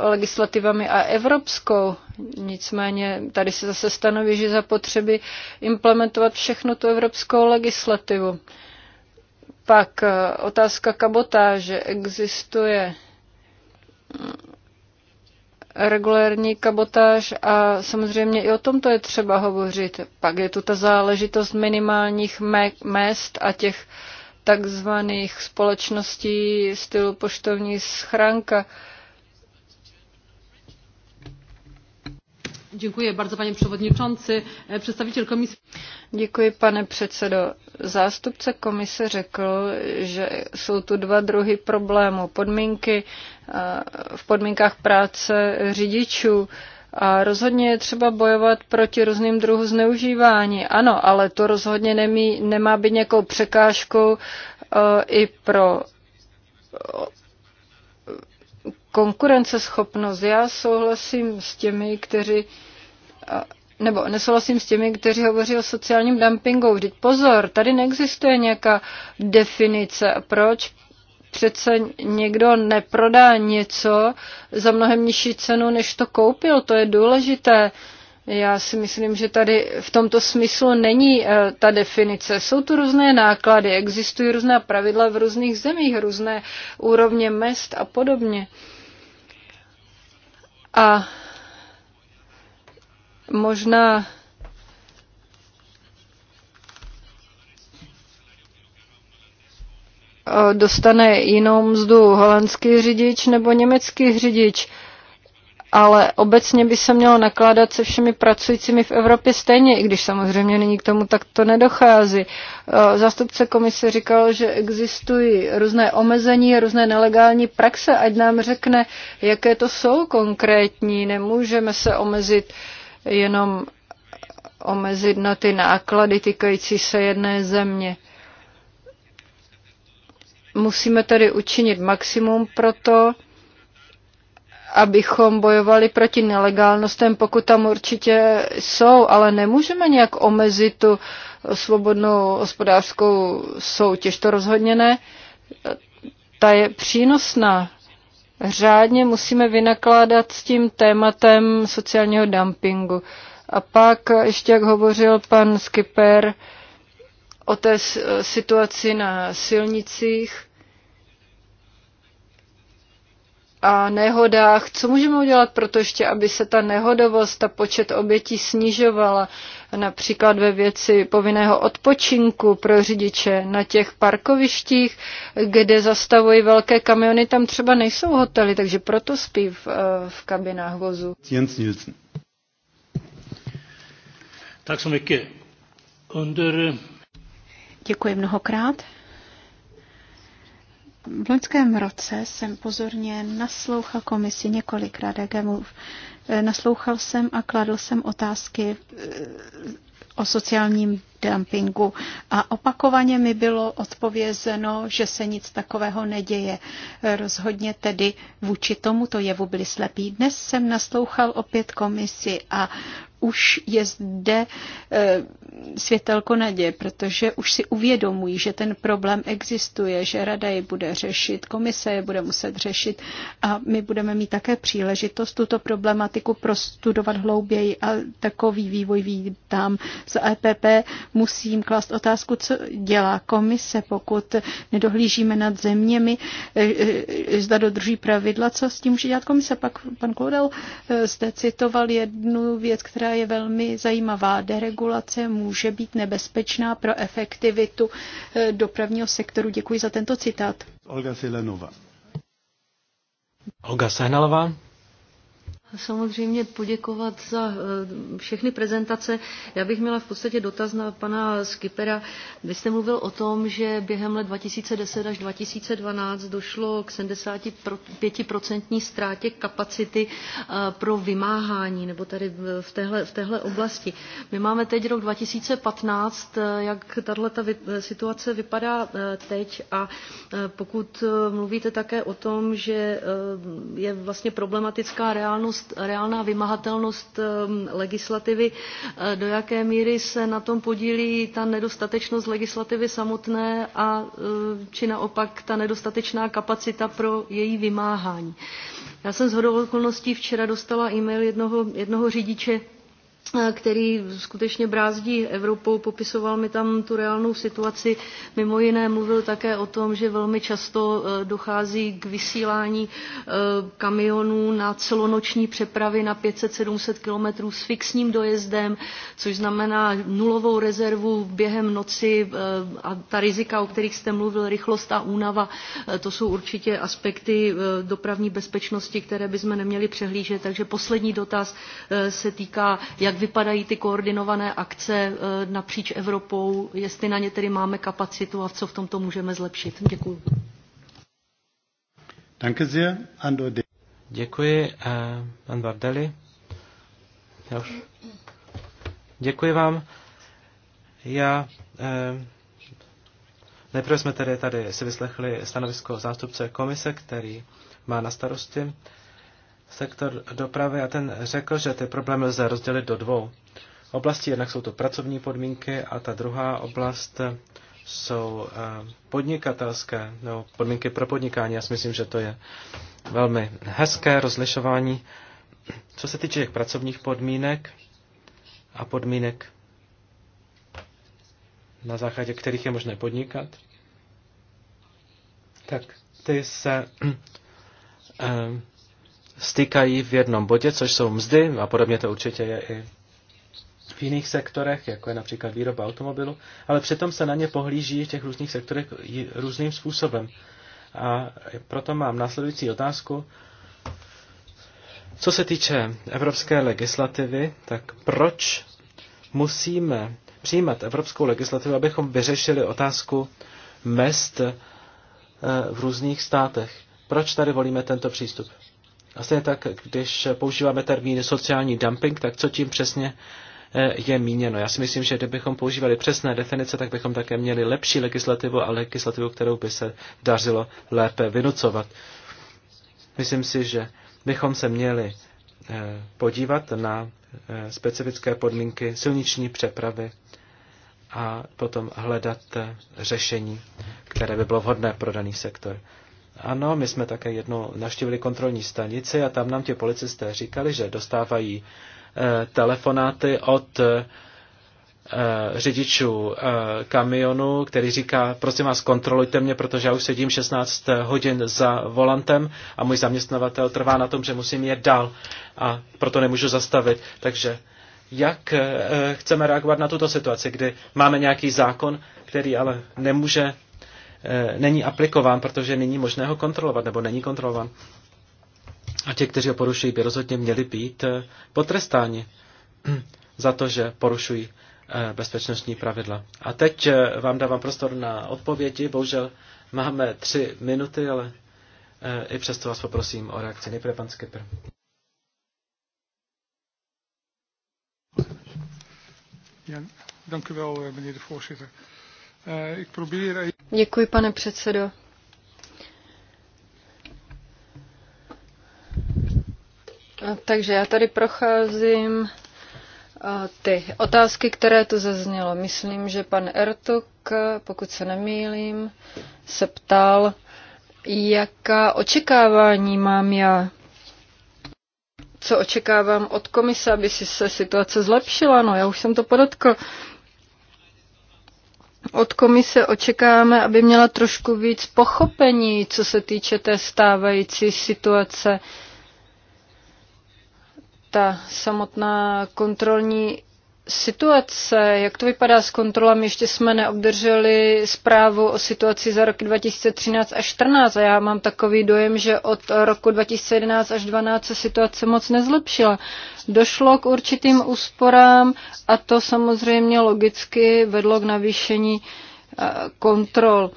legislativami a evropskou. Nicméně tady se zase stanoví, že zapotřebí implementovat všechno tu evropskou legislativu. Pak eh, otázka kabotáže. Existuje regulérní kabotáž a samozřejmě i o tom to je třeba hovořit. Pak je tu ta záležitost minimálních mest a těch takzvaných společností stylu poštovní schránka. Uh, E, Děkuji pane předsedající. Zástupce komise řekl, že jsou tu dva druhy problémů. Podmínky e, v podmínkách práce řidičů. A rozhodně je třeba bojovat proti různým druhům zneužívání. Ano, ale to rozhodně nemí, nemá být nějakou překážkou uh, i pro konkurenceschopnost. Já souhlasím s těmi, kteří uh, nebo nesouhlasím s těmi, kteří hovoří o sociálním dumpingu. Vždyť pozor, tady neexistuje nějaká definice. Proč přece někdo neprodá něco za mnohem nižší cenu, než to koupil? To je důležité. Já si myslím, že tady v tomto smyslu není e, ta definice. Jsou tu různé náklady, existují různá pravidla v různých zemích, různé úrovně mest a podobně. A Možná dostane jinou mzdu holandský řidič nebo německý řidič, ale obecně by se mělo nakládat se všemi pracujícími v Evropě stejně, i když samozřejmě není k tomu tak to nedochází. Eh, zástupce komise říkal, že existují různé omezení, různé nelegální praxe, ať nám řekne, jaké to jsou konkrétní. Nemůžeme se omezit uh, jenom omezit na ty náklady týkající se jedné země. Musíme tedy učinit maximum pro to, abychom bojovali proti nelegálnostem, pokud tam určitě jsou, ale nemůžeme nějak omezit tu svobodnou hospodářskou soutěž. To rozhodně ne. Ta je přínosná řádně musíme vynakládat s tím tématem sociálního dumpingu. A pak ještě, jak hovořil pan Skipper o té situaci na silnicích, a nehodách. Co můžeme udělat pro to ještě, aby se ta nehodovost, ta počet obětí snižovala, například ve věci povinného odpočinku pro řidiče na těch parkovištích, kde zastavují velké kamiony, tam třeba nejsou hotely, takže proto spí v, eh, v kabinách vozu. Jens Nielsen. Tak jsem Under... Děkuji mnohokrát. V loňském roce jsem pozorně naslouchal komisi několikrát, jak eh, Naslouchal jsem a kladl jsem otázky eh, o sociálním dumpingu. A opakovaně mi bylo odpovězeno, že se nic takového neděje. Rozhodně tedy vůči tomuto jevu byli slepí. Dnes jsem naslouchal opět komisi a už je zde e, světelko naděje, protože už si uvědomují, že ten problém existuje, že rada je bude řešit, komise je bude muset řešit a my budeme mít také příležitost tuto problematiku prostudovat hlouběji a takový vývoj vítám. Za EPP musím klást otázku, co dělá komise, pokud nedohlížíme nad zeměmi, e, e, e, zda dodrží pravidla, co s tím může dělat komise. Pak pan Klodel zde citoval jednu věc, která je velmi zajímavá. Deregulace může být nebezpečná pro efektivitu dopravního sektoru. Děkuji za tento citát. Olga Silenova. Olga Sehnalová samozřejmě poděkovat za eh, všechny prezentace. Já bych měla v podstatě dotaz na pana Skipera. Vy jste mluvil o tom, že během let 2010 až 2012 došlo k 75% ztrátě kapacity eh, pro vymáhání, nebo tady v téhle, v téhle oblasti. My máme teď rok 2015, eh, jak tahle ta situace vypadá teď a pokud mluvíte také o tom, že je vlastně problematická reálnost vymahatelnost, reálná vymahatelnost ehm, legislativy, eh, do jaké míry se na tom podílí ta nedostatečnost legislativy samotné a eh, či naopak ta nedostatečná kapacita pro její vymáhání. Já jsem z hodou okolností včera dostala e-mail jednoho, jednoho řidiče Eh, který skutečně brázdí Evropou, popisoval mi tam tu reálnou situaci. Mimo jiné mluvil také o tom, že velmi často eh, dochází k vysílání eh, kamionů na celonoční přepravy na 500-700 kilometrů s fixním dojezdem, což znamená nulovou rezervu během noci a ta rizika, o kterých jste mluvil, rychlost a únava, to jsou určitě aspekty dopravní bezpečnosti, které bychom neměli přehlížet. Takže poslední dotaz se týká, jak vypadají ty koordinované akce eh, napříč Evropou, jestli na ně tedy máme kapacitu a co v tomto můžeme zlepšit. Děkuji. Děkuji, eh, pan Vardeli. Děkuji vám. Já eh, Nejprve jsme tedy tady si vyslechli stanovisko zástupce komise, který má na starosti sektor dopravy a ten řekl, že ty problémy lze rozdělit do dvou oblastí. Jednak jsou to pracovní podmínky a ta druhá oblast jsou eh, podnikatelské No podmínky pro podnikání. Já si myslím, že to je velmi hezké rozlišování. Co se týče těch pracovních podmínek a podmínek, na základě kterých je možné podnikat, tak ty se eh, stykají v jednom bodě, což jsou mzdy, a podobně to určitě je i v jiných sektorech, jako je například výroba automobilu, ale přitom se na ně pohlíží v těch různých sektorech různým způsobem. A proto mám následující otázku. Co se týče evropské legislativy, tak proč musíme přijímat evropskou legislativu, abychom vyřešili otázku mest eh, v různých státech? Proč tady volíme tento přístup? A stejně tak, když používáme termín sociální dumping, tak co tím přesně eh, je míněno. Já si myslím, že kdybychom používali přesné definice, tak bychom také měli lepší legislativu a legislativu, kterou by se dařilo lépe vynucovat. Myslím si, že bychom se měli eh, podívat na eh, specifické podmínky silniční přepravy a potom hledat řešení, které by bylo vhodné pro daný sektor. Ano, my jsme také jednou navštívili kontrolní stanici a tam nám ti policisté říkali, že dostávají eh, telefonáty od eh, řidičů eh, kamionu, který říká, prosím vás, kontrolujte mě, protože já už sedím 16 hodin za volantem a můj zaměstnavatel trvá na tom, že musím jet dál a proto nemůžu zastavit. Takže jak eh, chceme reagovat na tuto situaci, kdy máme nějaký zákon, který ale nemůže Eh, není aplikován, protože není možné ho kontrolovat, nebo není kontrolovan. A ti, kteří ho porušují, by rozhodně měli být eh, potrestáni za to, že porušují eh, bezpečnostní pravidla. A teď vám dávám prostor na odpovědi. Bohužel máme tři minuty, ale i přesto vás poprosím o reakci. Nejprve pan Skipper. Ja, dank u wel, meneer de voorzitter. Děkuji, pane předsedo. Takže já tady procházím ty otázky, které tu zaznělo. Myslím, že pan Ertuk, pokud se nemýlím, se ptal, jaká očekávání mám já. Co očekávám od komise, aby si se situace zlepšila? No, já už jsem to podotkl od komise očekáváme, aby měla trošku víc pochopení, co se týče té stávající situace. Ta samotná kontrolní situace, jak to vypadá s kontrolami, ještě jsme neobdrželi zprávu o situaci za roky 2013 až 2014 a já mám takový dojem, že od roku 2011 až 2012 se situace moc nezlepšila. Došlo k určitým úsporám a to samozřejmě logicky vedlo k navýšení eh, kontrol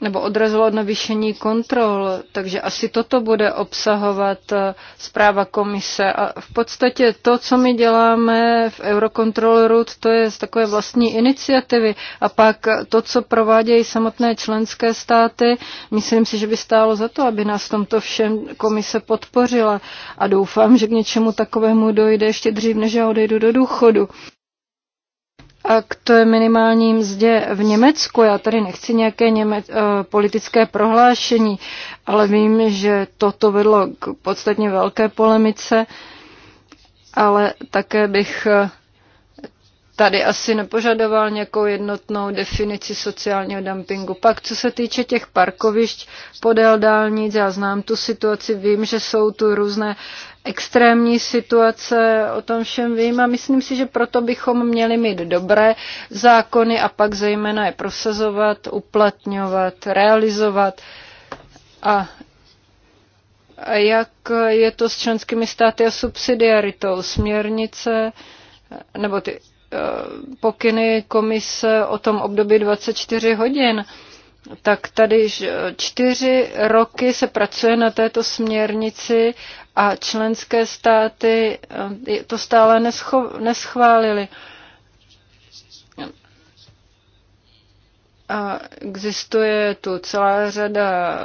nebo odrazilo od navýšení kontrol, takže asi toto bude obsahovat eh, zpráva komise. A v podstatě to, co my děláme v Eurocontrol Route, to je z takové vlastní iniciativy. A pak to, co provádějí samotné členské státy, myslím si, že by stálo za to, aby nás v tomto všem komise podpořila. A doufám, že k něčemu takovému dojde ještě dřív, než já odejdu do důchodu a k té minimální mzdě v Německu. Já tady nechci nějaké něme- eh, politické prohlášení, ale vím, že toto vedlo k podstatně velké polemice, ale také bych eh, tady asi nepožadoval nějakou jednotnou definici sociálního dumpingu. Pak, co se týče těch parkovišť podél dálnic, já znám tu situaci, vím, že jsou tu různé extrémní situace, o tom všem vím a myslím si, že proto bychom měli mít dobré zákony a pak zejména je prosazovat, uplatňovat, realizovat. A jak je to s členskými státy a subsidiaritou? Směrnice nebo ty Eh, pokyny komise o tom období 24 hodin, tak tady čtyři roky se pracuje na této směrnici a členské státy eh, to stále nescho- neschválili. A existuje tu celá řada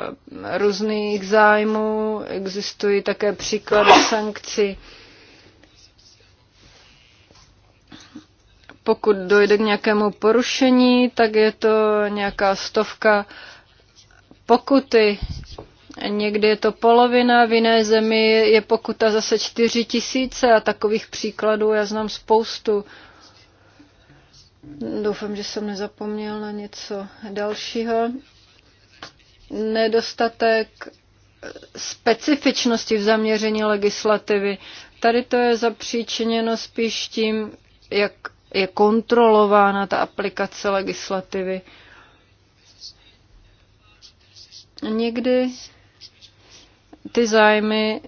různých zájmů, existují také příklady sankcí. pokud dojde k nějakému porušení, tak je to nějaká stovka pokuty. Někdy je to polovina, v jiné zemi je pokuta zase čtyři tisíce a takových příkladů já znám spoustu. Doufám, že jsem nezapomněl na něco dalšího. Nedostatek specifičnosti v zaměření legislativy. Tady to je zapříčiněno spíš tím, jak je kontrolována ta aplikace legislativy. Někdy ty zájmy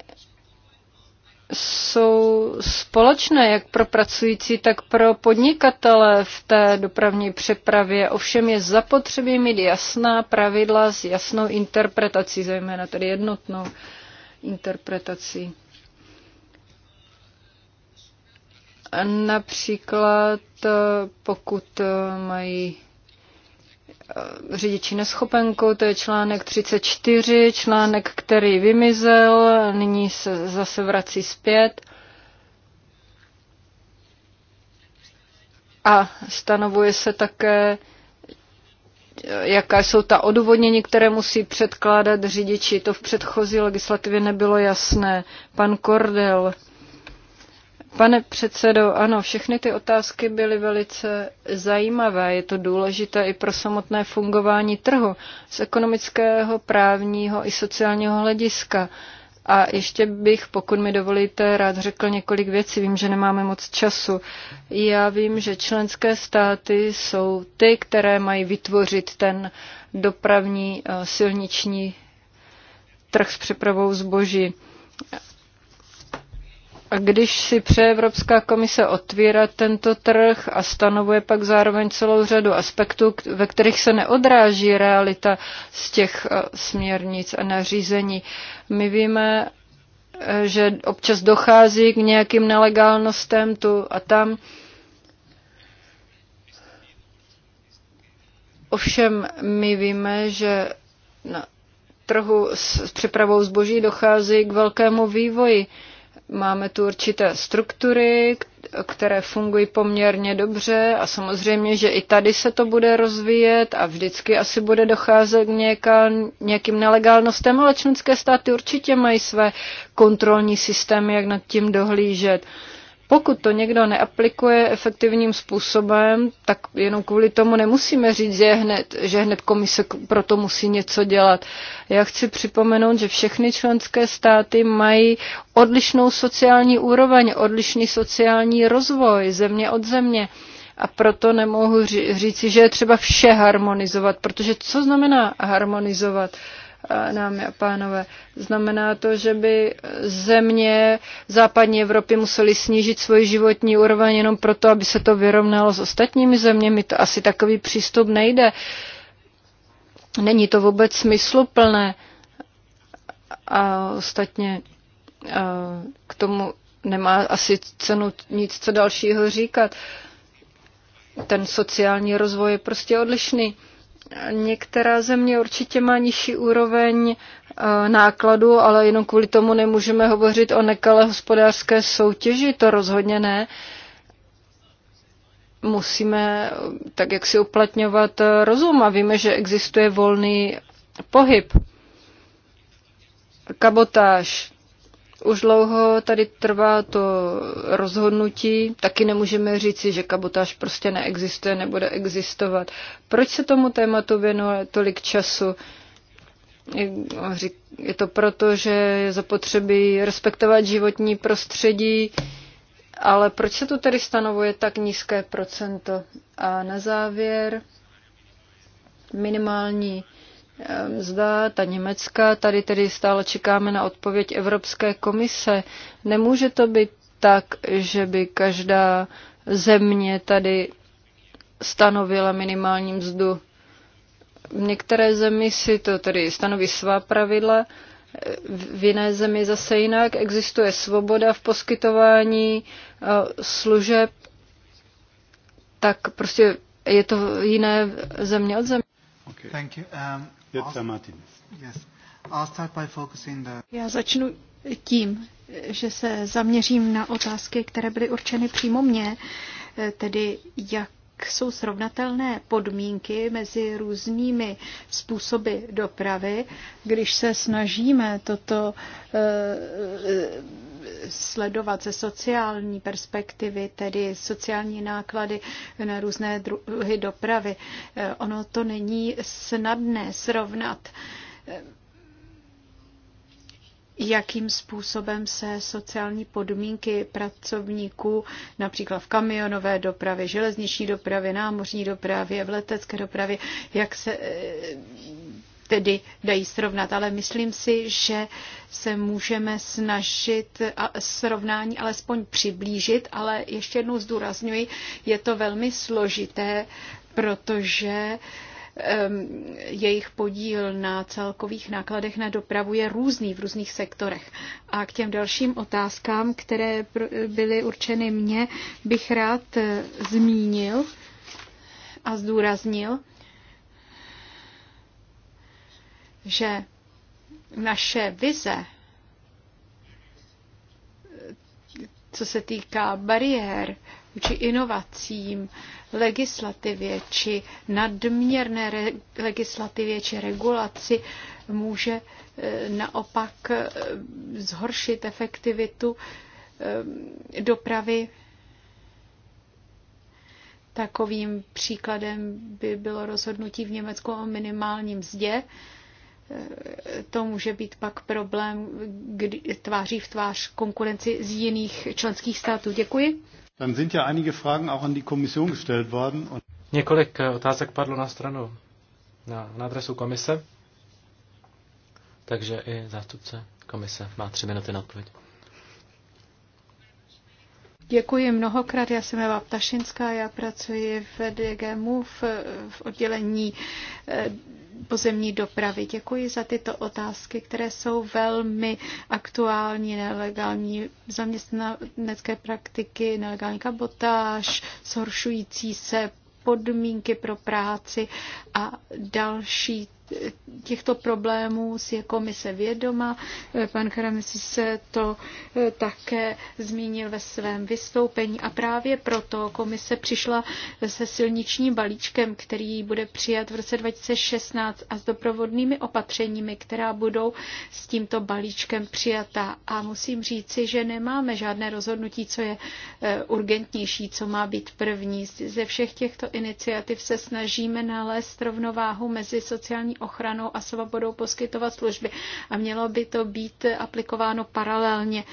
jsou společné jak pro pracující, tak pro podnikatele v té dopravní přepravě. Ovšem je zapotřebí mít jasná pravidla s jasnou interpretací, zejména tedy jednotnou interpretací. Například pokud mají eh, řidiči neschopenku, to je článek 34, článek, který vymizel, nyní se zase vrací zpět. A stanovuje se také, jaká jsou ta odůvodnění, které musí předkládat řidiči. To v předchozí legislativě nebylo jasné. Pan Kordel Pane předsedo, ano, všechny ty otázky byly velice zajímavé. Je to důležité i pro samotné fungování trhu z ekonomického, právního i sociálního hlediska. A ještě bych, pokud mi dovolíte, rád řekl několik věcí. Vím, že nemáme moc času. Já vím, že členské státy jsou ty, které mají vytvořit ten dopravní eh, silniční trh s přepravou zboží. A když si přeEvropská Evropská komise otvírat tento trh a stanovuje pak zároveň celou řadu aspektů, ve kterých se neodráží realita z těch eh, směrnic a nařízení, my víme, eh, že občas dochází k nějakým nelegálnostem tu a tam. Ovšem my víme, že na trhu s přepravou zboží dochází k velkému vývoji. Máme tu určité struktury, které fungují poměrně dobře a samozřejmě, že i tady se to bude rozvíjet a vždycky asi bude docházet k nějaká, nějakým nelegálnostem, ale členské státy určitě mají své kontrolní systémy, jak nad tím dohlížet. Uh, pokud to někdo neaplikuje efektivním způsobem, tak jenom kvůli tomu nemusíme říct, že hned, že hned komise pro to musí něco dělat. Já chci připomenout, že všechny členské státy mají odlišnou sociální úroveň, odlišný sociální rozvoj země od země a proto nemohu říci, že je třeba vše harmonizovat, protože co znamená harmonizovat? Uh, dámy a pánové. Znamená to, že by země západní Evropy musely snížit svoji životní úroveň jenom proto, aby se to vyrovnalo s ostatními zeměmi. To asi takový přístup nejde. Není to vůbec smysluplné. A ostatně k tomu nemá asi cenu nic co dalšího říkat. Ten sociální rozvoj je prostě odlišný. Některá země určitě má nižší úroveň eh, nákladu, ale jenom kvůli tomu nemůžeme hovořit o nekalé hospodářské soutěži, to rozhodně ne. Musíme eh, tak jak si uplatňovat eh, rozum a víme, že existuje volný pohyb. Kabotáž, už dlouho tady trvá to rozhodnutí, taky nemůžeme říci, že kabotáž prostě neexistuje, nebude existovat. Proč se tomu tématu věnuje tolik času? Je to proto, že je zapotřebí respektovat životní prostředí, ale proč se tu tedy stanovuje tak nízké procento? A na závěr minimální Ehm, zda ta německá, tady tedy stále čekáme na odpověď Evropské komise. Nemůže to být tak, že by každá země tady stanovila minimální mzdu. Některé zemi si to tedy stanoví svá pravidla, v jiné zemi zase jinak. Existuje svoboda v poskytování eh, služeb, tak prostě je to jiné země od země. Okay. Thank you. Um... Já začnu tím, že se zaměřím na otázky, které byly určeny přímo mně, tedy jak jsou srovnatelné podmínky mezi různými způsoby dopravy, když se snažíme toto eh, sledovat ze sociální perspektivy, tedy sociální náklady na různé druhy dopravy. Eh, ono to není snadné srovnat eh, jakým způsobem se sociální podmínky pracovníků například v kamionové dopravě, železniční dopravě, námořní dopravě, v letecké dopravě, jak se eh, tedy dají srovnat, ale myslím si, že se můžeme snažit srovnání alespoň přiblížit, ale ještě jednou zdůrazňuji, je to velmi složité, protože ehm, jejich podíl na celkových nákladech na dopravu je různý v různých sektorech. A k těm dalším otázkám, které byly určeny mně, bych rád e, zmínil a zdůraznil, že naše vize, co se týká bariér, či inovacím, legislativě, či nadměrné re- legislativě, či regulaci může eh, naopak eh, zhoršit efektivitu eh, dopravy. Takovým příkladem by bylo rozhodnutí v Německu o minimálním mzdě, to může být pak problém kdy, tváří v tvář konkurenci z jiných členských států. Děkuji. Dann sind ja einige Fragen auch an die Kommission gestellt worden. Und Několik eh, otázek padlo na stranu, na, na adresu komise, takže i zástupce komise má tři minuty na odpověď. Děkuji mnohokrát. Já jsem Eva Ptašinská, já pracuji v DGMu v, v oddělení eh, pozemní dopravy. Děkuji za tyto otázky, které jsou velmi aktuální, nelegální zaměstnanecké praktiky, nelegální kabotáž, zhoršující se podmínky pro práci a další těchto problémů si je komise vědoma. Eh, Pan Karamisi se to eh, také zmínil ve svém vystoupení a právě proto komise přišla se silničním balíčkem, který bude přijat v roce 2016 a s doprovodnými opatřeními, která budou s tímto balíčkem přijata. A musím říci, že nemáme žádné rozhodnutí, co je eh, urgentnější, co má být první. Ze všech těchto iniciativ se snažíme nalézt rovnováhu mezi sociální ochranou a svobodou poskytovat služby. A mělo by to být aplikováno paralelně,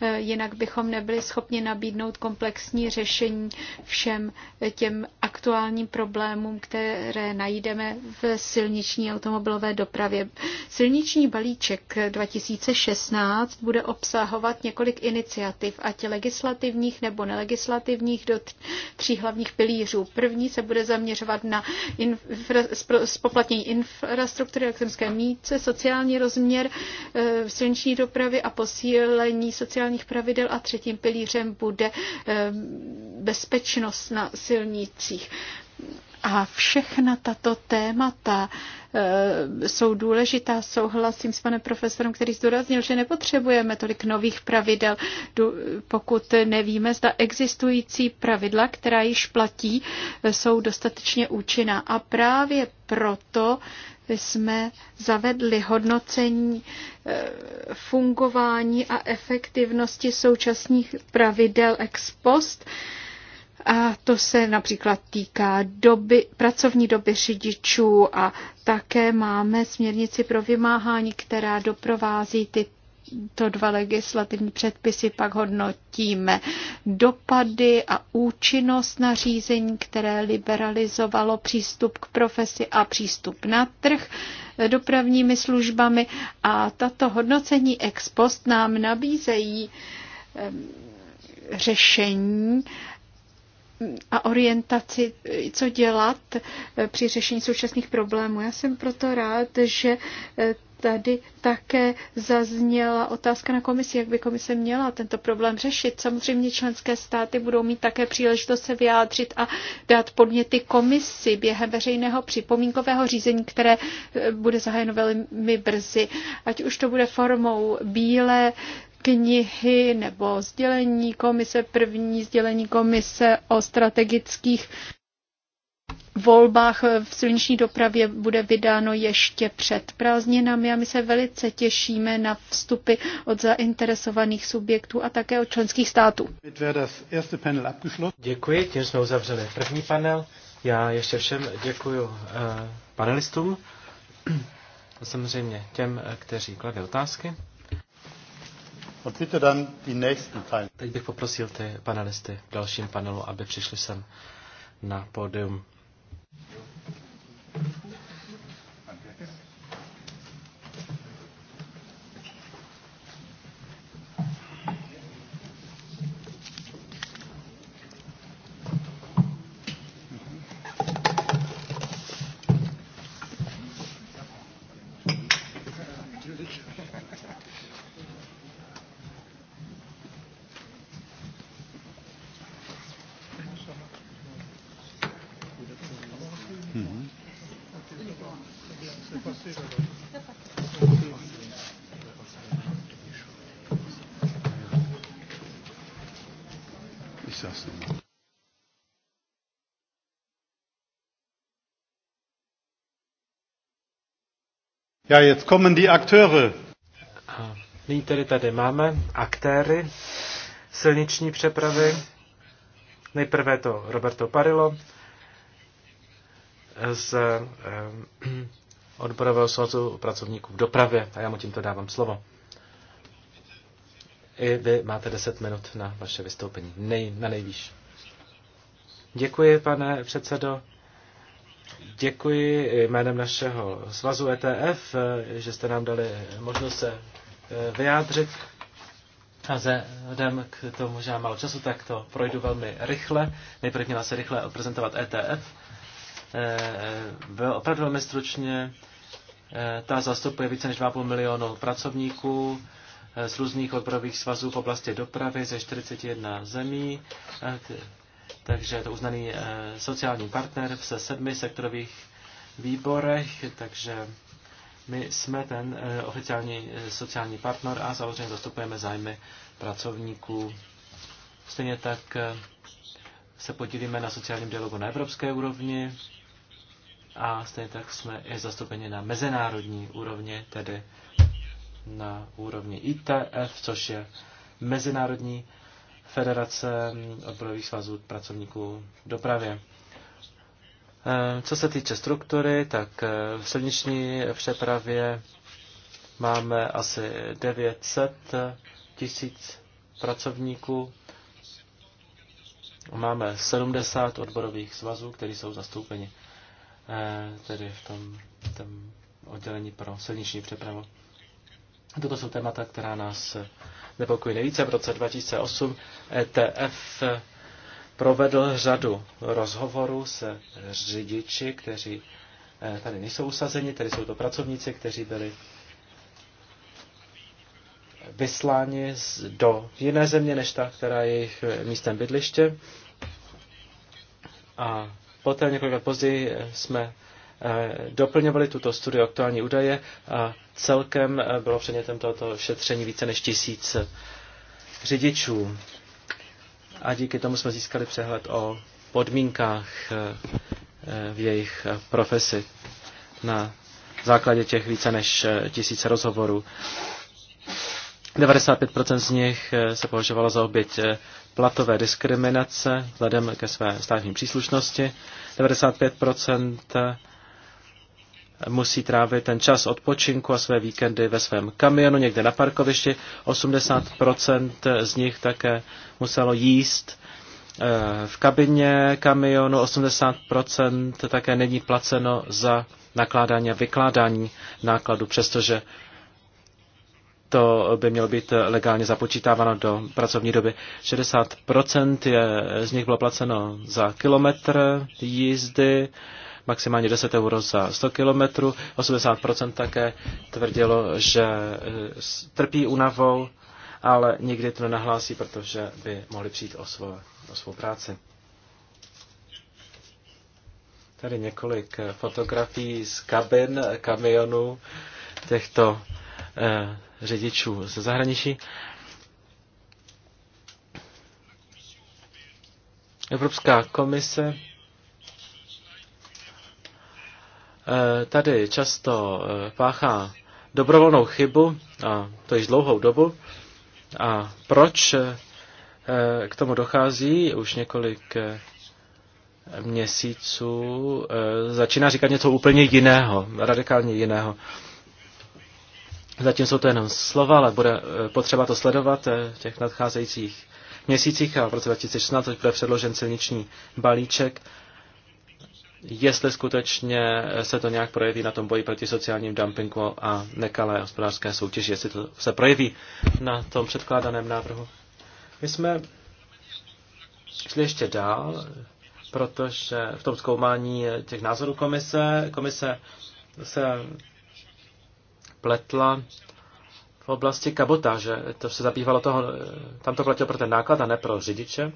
eh, jinak bychom nebyli schopni nabídnout komplexní řešení všem těm aktuálním problémům, které najdeme v silniční automobilové dopravě. Silniční balíček 2016 bude obsahovat několik iniciativ, ať legislativních nebo nelegislativních, do tří hlavních pilířů. První se bude zaměřovat na infra, spoplatnění infra, infrastruktury, elektronické míce, sociální rozměr eh, silniční dopravy a posílení sociálních pravidel a třetím pilířem bude eh, bezpečnost na silnicích. A všechna tato témata eh, jsou důležitá. Souhlasím s panem profesorem, který zdůraznil, že nepotřebujeme tolik nových pravidel, pokud nevíme, zda existující pravidla, která již platí, jsou dostatečně účinná. A právě proto jsme zavedli hodnocení eh, fungování a efektivnosti současných pravidel ex post. A to se například týká doby, pracovní doby řidičů a také máme směrnici pro vymáhání, která doprovází ty tyto dva legislativní předpisy pak hodnotíme dopady a účinnost nařízení, které liberalizovalo přístup k profesi a přístup na trh dopravními službami. A tato hodnocení ex post nám nabízejí ehm, řešení a orientaci, co dělat eh, při řešení současných problémů. Já jsem proto rád, že eh, tady také zazněla otázka na komisi, jak by komise měla tento problém řešit. Samozřejmě členské státy budou mít také příležitost se vyjádřit a dát podněty komisi během veřejného připomínkového řízení, které eh, bude zahájeno velmi brzy. Ať už to bude formou bílé knihy nebo sdělení komise, první sdělení komise o strategických volbách v silniční dopravě bude vydáno ještě před prázdninami a my se velice těšíme na vstupy od zainteresovaných subjektů a také od členských států. Děkuji, tím jsme uzavřeli první panel. Já ještě všem děkuji eh, panelistům, samozřejmě těm, eh, kteří kladli otázky. Teď bych poprosil ty panelisty v dalším panelu, aby přišli sem na pódium. Ja, jetzt kommen die Akteure. nyní tedy tady máme aktéry silniční přepravy. Nejprve to Roberto Parilo z eh, odborového svazu pracovníků v dopravě a já mu tímto dávám slovo. I vy máte 10 minut na vaše vystoupení, Nej, na nejvýš. Děkuji, pane předsedo. Děkuji jménem našeho svazu ETF, že jste nám dali možnost se eh, vyjádřit. A vzhledem k tomu, že mám málo času, tak to projdu velmi rychle. Nejprve měla se rychle odprezentovat ETF. Byl eh, eh, opravdu velmi stručně. Ta zastupuje více než 2,5 milionu pracovníků z různých odborových svazů v oblasti dopravy ze 41 zemí takže je to uznaný eh, sociální partner se sedmi sektorových výborech, takže my jsme ten eh, oficiální eh, sociální partner a samozřejmě zastupujeme zájmy pracovníků. Stejně tak se podílíme na sociálním dialogu na evropské úrovni a stejně tak jsme i zastoupeni na mezinárodní úrovni, tedy na úrovni ITF, což je mezinárodní Federace odborových svazů pracovníků v dopravě. Ehm, co se týče struktury, tak eh, v silniční přepravě máme asi 900 tisíc pracovníků. Máme 70 odborových svazů, které jsou zastoupeni eh, tedy v tom, tom oddělení pro silniční přepravu. Toto jsou témata, která nás nepokojí nejvíce. V roce 2008 ETF provedl řadu rozhovorů se řidiči, kteří eh, tady nejsou usazeni, tady jsou to pracovníci, kteří byli vysláni do jiné země než ta, která je jejich eh, místem bydliště. A poté několik let později eh, jsme Eh, doplňovali tuto studii aktuální údaje a celkem eh, bylo předmětem tohoto šetření více než tisíc řidičů. A díky tomu jsme získali přehled o podmínkách eh, v jejich profesi na základě těch více než tisíce rozhovorů. 95% z nich se považovalo za oběť platové diskriminace vzhledem ke své státní příslušnosti. 95% musí trávit ten čas odpočinku a své víkendy ve svém kamionu někde na parkovišti. 80% z nich také muselo jíst eh, v kabině kamionu, 80% také není placeno za nakládání a vykládání nákladu, přestože to by mělo být legálně započítáváno do pracovní doby. 60% je, z nich bylo placeno za kilometr jízdy, maximálně 10 euro za 100 km. 80% také tvrdilo, že eh, trpí unavou, ale nikdy to nenahlásí, protože by mohli přijít o, svou, o svou práci. Tady několik eh, fotografií z kabin eh, kamionů těchto eh, řidičů ze zahraničí. Evropská komise Eh, tady často eh, páchá dobrovolnou chybu, a to již dlouhou dobu, a proč eh, k tomu dochází už několik měsíců, začíná říkat něco úplně jiného, radikálně jiného. Zatím jsou to jenom slova, ale bude potřeba to sledovat v těch nadcházejících měsících a v roce 2016 bude předložen silniční balíček jestli skutečně se to nějak projeví na tom boji proti sociálním dumpingu a nekalé hospodářské soutěži, jestli to se projeví na tom předkládaném návrhu. My jsme šli ještě dál, protože v tom zkoumání těch názorů komise, komise se pletla v oblasti kabotáže. To se zabývalo toho, tam to platilo pro ten náklad a ne pro řidiče.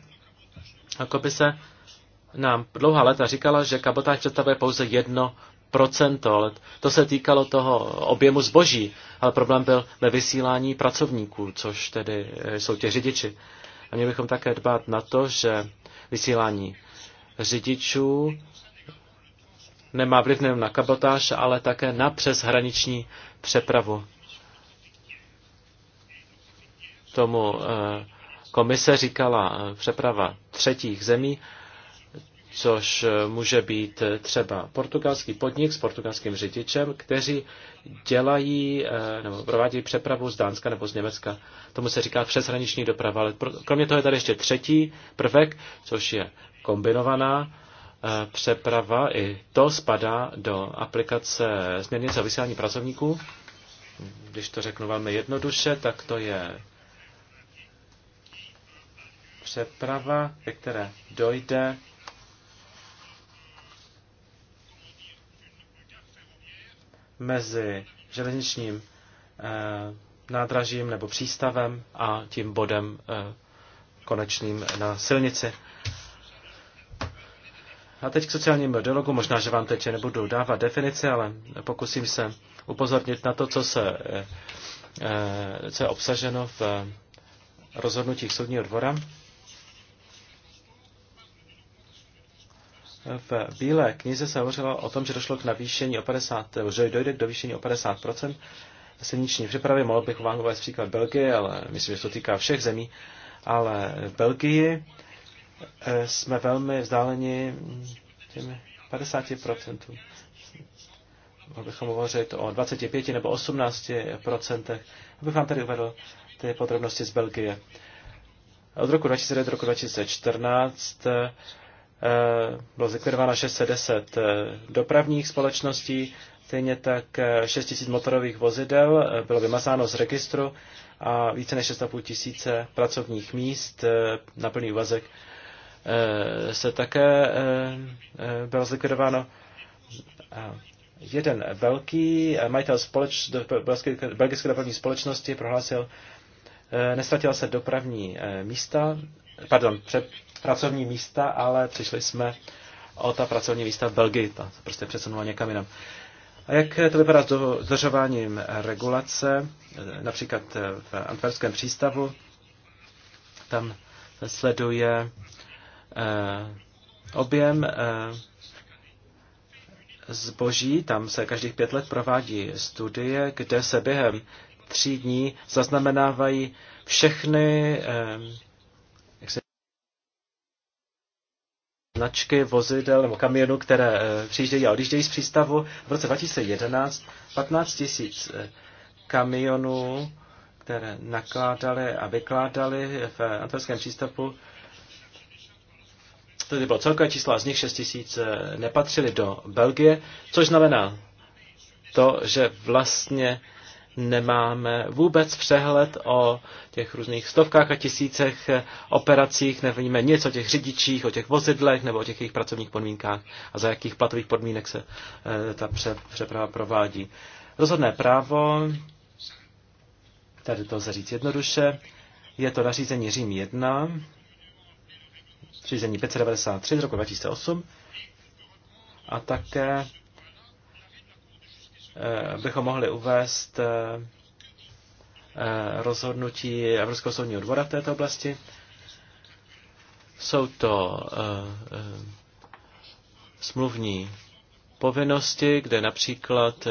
A komise nám dlouhá leta říkala, že kabotáž představuje pouze jedno procento, ale to se týkalo toho objemu zboží, ale problém byl ve vysílání pracovníků, což tedy eh, jsou ti řidiči. A měli bychom také dbát na to, že vysílání řidičů nemá vliv nejen na kabotáž, ale také na přeshraniční přepravu. Tomu eh, komise říkala eh, přeprava třetích zemí, což eh, může být eh, třeba portugalský podnik s portugalským řidičem, kteří dělají eh, nebo provádějí přepravu z Dánska nebo z Německa. Tomu se říká přeshraniční doprava, ale kromě toho je tady ještě třetí prvek, což je kombinovaná přeprava. I to spadá do aplikace směrnice o vysílání pracovníků. Když to řeknu velmi jednoduše, tak to je přeprava, ve které dojde mezi železničním eh, nádražím nebo přístavem a tím bodem eh, konečným na silnici. A teď k sociálnímu dialogu. Možná, že vám teď nebudu dávat definici, ale pokusím se upozornit na to, co, se, eh, co je obsaženo v rozhodnutích soudního dvora. V Bílé knize se hovořilo o tom, že došlo k navýšení o 50, že dojde k navýšení o 50 silniční přepravy. Mohl bych vám uvést příklad Belgie, ale myslím, že to týká všech zemí. Ale v Belgii eh, jsme velmi vzdáleni těmi 50 Mohl bychom hovořit o 25 nebo 18 Abych vám tady uvedl ty podrobnosti z Belgie. Od roku 2009 do roku 2014 Eh, bylo zlikvidováno 610 eh, dopravních společností, stejně tak 6 eh, 000 motorových vozidel bylo vymazáno z registru a více než 6,5 tisíce pracovních míst na plný úvazek se také bylo zlikvidováno. Jeden velký majitel společ, belgické dopravní společnosti prohlásil, nestratila se dopravní místa pardon, před pracovní místa, ale přišli jsme o ta pracovní místa v Belgii, ta se prostě přesunula někam jinam. A jak to vypadá s dodržováním regulace, eh, například eh, v antwerpském přístavu, tam sleduje eh, objem eh, zboží, tam se každých pět let provádí studie, kde se během tří dní zaznamenávají všechny eh, značky vozidel nebo kamionů, které eh, přijíždějí a odjíždějí z přístavu. V roce 2011 15 tisíc eh, kamionů, které nakládali a vykládali v antverském přístavu, tedy bylo celkové číslo a z nich 6 tisíc eh, nepatřili do Belgie, což znamená to, že vlastně nemáme vůbec přehled o těch různých stovkách a tisícech operacích, nevíme nic o těch řidičích, o těch vozidlech nebo o těch jejich pracovních podmínkách a za jakých platových podmínek se eh, ta přeprava provádí. Rozhodné právo, tady to lze říct jednoduše, je to nařízení Řím 1, řízení 593 z roku 2008 a také Eh, bychom mohli uvést eh, eh, rozhodnutí Evropského soudního dvora v této oblasti. Jsou to smluvní povinnosti, kde například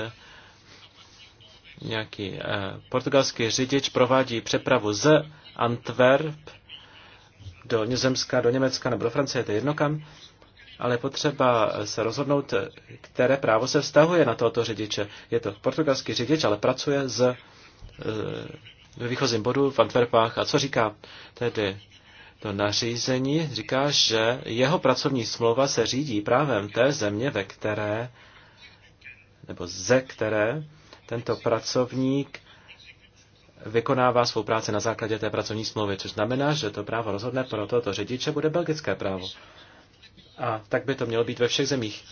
nějaký portugalský řidič provádí přepravu z Antwerp do Nizozemska, do Německa nebo do Francie, to je jedno kam, ale potřeba se rozhodnout, které právo se vztahuje na tohoto řidiče. Je to portugalský řidič, ale pracuje z, eh, ve výchozím bodu v Antwerpách. A co říká tedy to nařízení? Říká, že jeho pracovní smlouva se řídí právem té země, ve které, nebo ze které tento pracovník vykonává svou práci na základě té pracovní smlouvy, což znamená, že to právo rozhodne pro toto řidiče bude belgické právo. A tak by to mělo být ve všech zemích.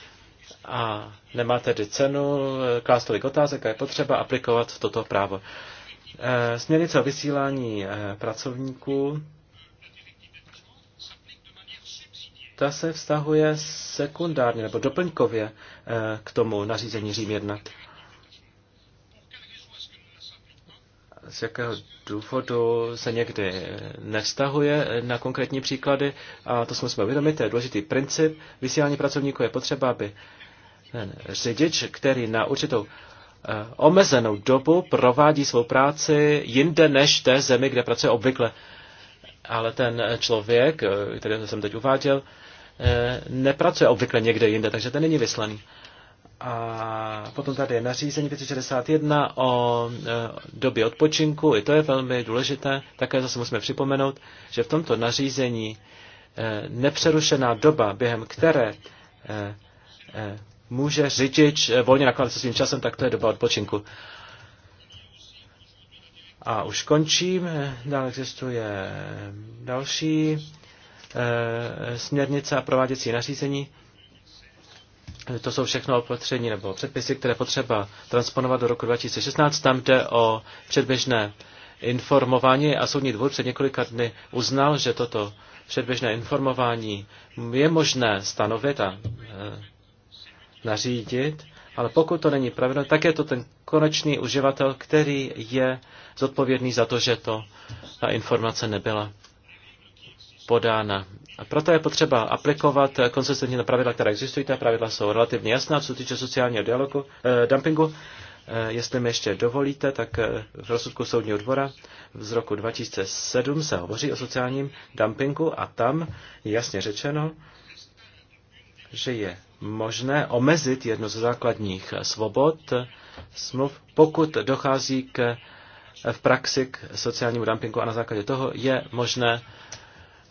A nemá tedy cenu eh, klást tolik otázek a je potřeba aplikovat toto právo. Eh, směrnice o vysílání eh, pracovníků ta se vztahuje sekundárně nebo doplňkově k tomu nařízení Řím 1. z jakého důvodu se někdy nevztahuje na konkrétní příklady, a to jsme musíme uvědomit, to je důležitý princip. Vysílání pracovníků je potřeba, aby ten řidič, který na určitou eh, omezenou dobu provádí svou práci jinde než té zemi, kde pracuje obvykle. Ale ten člověk, eh, který jsem teď uváděl, eh, nepracuje obvykle někde jinde, takže ten není vyslaný. A potom tady je nařízení 561 o e, době odpočinku, i to je velmi důležité. Také zase musíme připomenout, že v tomto nařízení e, nepřerušená doba, během které e, může řidič volně nakládat se svým časem, tak to je doba odpočinku. A už končím. Dále existuje další směrnice a prováděcí nařízení to jsou všechno opatření nebo předpisy, které potřeba transponovat do roku 2016. Tam jde o předběžné informování a soudní dvůr před několika dny uznal, že toto předběžné informování je možné stanovit a e, nařídit, ale pokud to není pravidlo, tak je to ten konečný uživatel, který je zodpovědný za to, že to ta informace nebyla podána. A proto je potřeba aplikovat konsistentně na pravidla, která existují. Ta pravidla jsou relativně jasná, co se týče sociálního dialogu, eh, dumpingu. Eh, jestli mi ještě dovolíte, tak eh, v rozsudku soudního dvora z roku 2007 se hovoří o sociálním dumpingu a tam je jasně řečeno, že je možné omezit jednu ze základních svobod smluv, pokud dochází k, v praxi k sociálnímu dumpingu a na základě toho je možné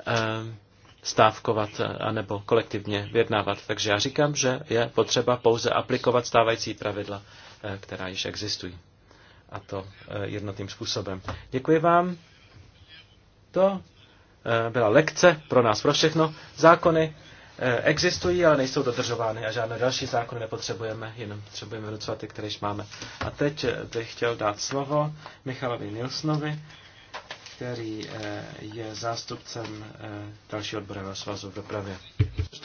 Eh, stávkovat eh, anebo kolektivně vyjednávat. Takže já říkám, že je potřeba pouze aplikovat stávající pravidla, eh, která již existují. A to jednotným způsobem. Děkuji vám. To byla lekce pro nás, pro všechno. Zákony existují, ale nejsou dodržovány a žádné další zákony nepotřebujeme, jenom potřebujeme docela ty, které již máme. A teď bych chtěl dát slovo Michalovi Nilsnovi, který eh, je zástupcem eh, dalšího odborového svazu v dopravě.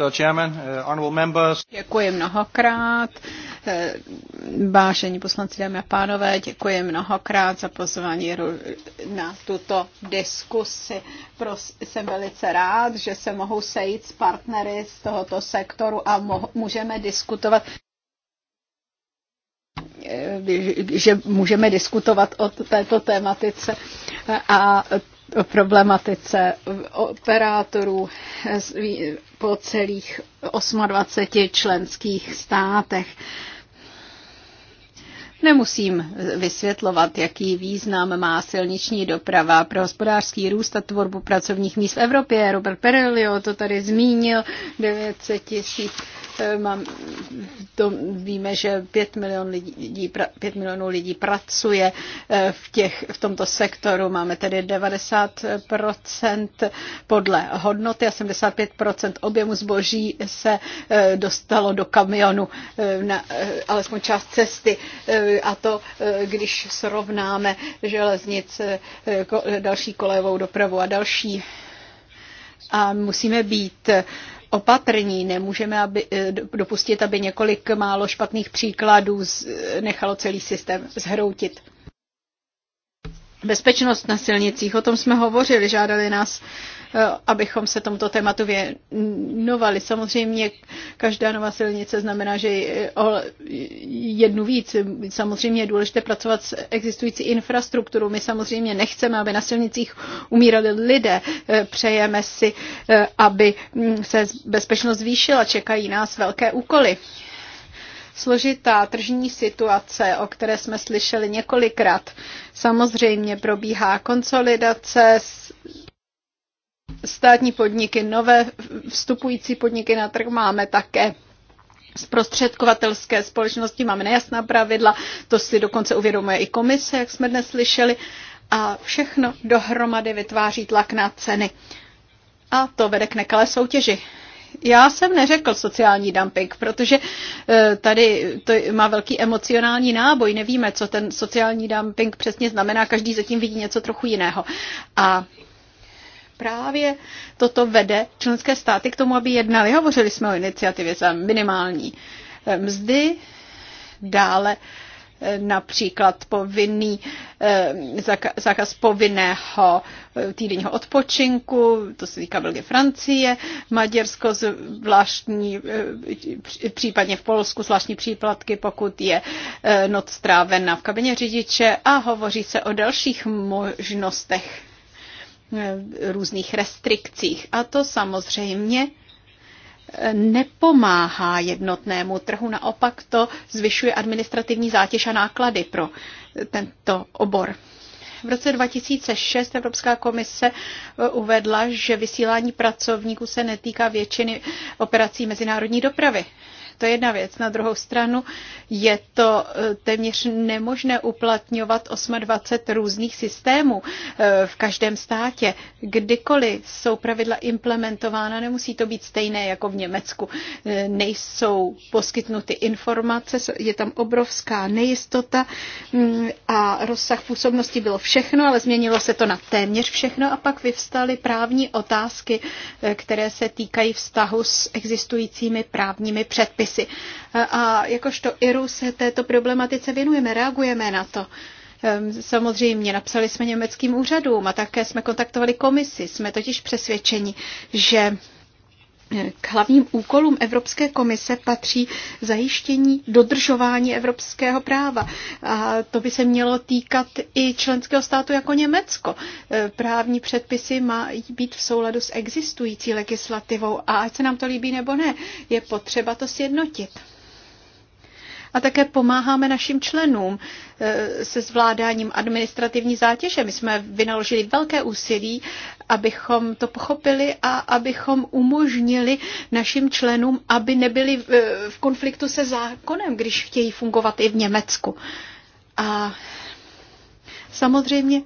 Eh, děkuji mnohokrát. Vážení poslanci, dámy a pánové, děkuji mnohokrát za pozvání na tuto diskusi. Jsem velice rád, že se mohou sejít s partnery z tohoto sektoru a můžeme diskutovat že můžeme diskutovat o této tématice a problematice operátorů po celých 28 členských státech. Nemusím vysvětlovat, jaký význam má silniční doprava pro hospodářský růst a tvorbu pracovních míst v Evropě. Robert Perelio to tady zmínil, 900 tisíc Eh, mám, to víme, že 5, milion lidí, 5 milionů lidí pracuje eh, v, těch, v tomto sektoru. Máme tedy 90% podle hodnoty a 75% objemu zboží se eh, dostalo do kamionu na alespoň část cesty. A to, když srovnáme železnice, další kolejovou dopravu a další a musíme být opatrní. Nemůžeme aby, eh, dopustit, aby několik málo špatných příkladů nechalo celý systém zhroutit. Bezpečnost na silnicích, o tom jsme hovořili, žádali nás Eh, abychom se tomuto tématu věnovali. Samozřejmě každá nová silnice znamená, že eh, jednu víc. Samozřejmě je důležité pracovat s existující infrastrukturou. My samozřejmě nechceme, aby na silnicích umírali lidé. Eh, přejeme si, aby mm, se bezpečnost zvýšila. Čekají nás velké úkoly složitá tržní situace, o které jsme slyšeli několikrát. Samozřejmě probíhá konsolidace, státní podniky, nové vstupující podniky na trh máme také zprostředkovatelské společnosti, máme nejasná pravidla, to si dokonce uvědomuje i komise, jak jsme dnes slyšeli, a všechno dohromady vytváří tlak na ceny. A to vede k nekalé soutěži. Já jsem neřekl sociální dumping, protože eh, tady to má velký emocionální náboj. Nevíme, co ten sociální dumping přesně znamená. Každý zatím vidí něco trochu jiného. A právě toto vede členské státy k tomu, aby jednali. Hovořili jsme o iniciativě za minimální eh, mzdy, dále eh, například povinný, eh, zákaz povinného týdenního odpočinku, to se týká Belgie Francie, Maďarsko zvláštní, případně v Polsku zvláštní příplatky, pokud je noc strávena v kabině řidiče a hovoří se o dalších možnostech různých restrikcích. A to samozřejmě nepomáhá jednotnému trhu, naopak to zvyšuje administrativní zátěž a náklady pro tento obor. V roce 2006 Evropská komise uvedla, že vysílání pracovníků se netýká většiny operací mezinárodní dopravy. To je jedna věc. Na druhou stranu je to eh, téměř nemožné uplatňovat 28 různých systémů eh, v každém státě. Kdykoliv jsou pravidla implementována, nemusí to být stejné jako v Německu. Eh, nejsou poskytnuty informace, je tam obrovská nejistota mm, a rozsah působnosti bylo všechno, ale změnilo se to na téměř všechno a pak vyvstaly právní otázky, které se týkají vztahu s existujícími právními předpisy předpisy. A jakožto IRU se této problematice věnujeme, reagujeme na to. Ehm, samozřejmě napsali jsme německým úřadům a také jsme kontaktovali komisi. Jsme totiž přesvědčeni, že k hlavním úkolům Evropské komise patří zajištění dodržování evropského práva. A to by se mělo týkat i členského státu jako Německo. E, právní předpisy mají být v souladu s existující legislativou a ať se nám to líbí nebo ne, je potřeba to sjednotit a také pomáháme našim členům eh, se zvládáním administrativní zátěže. My jsme vynaložili velké úsilí, abychom to pochopili a abychom umožnili našim členům, aby nebyli eh, v konfliktu se zákonem, když chtějí fungovat i v Německu. A samozřejmě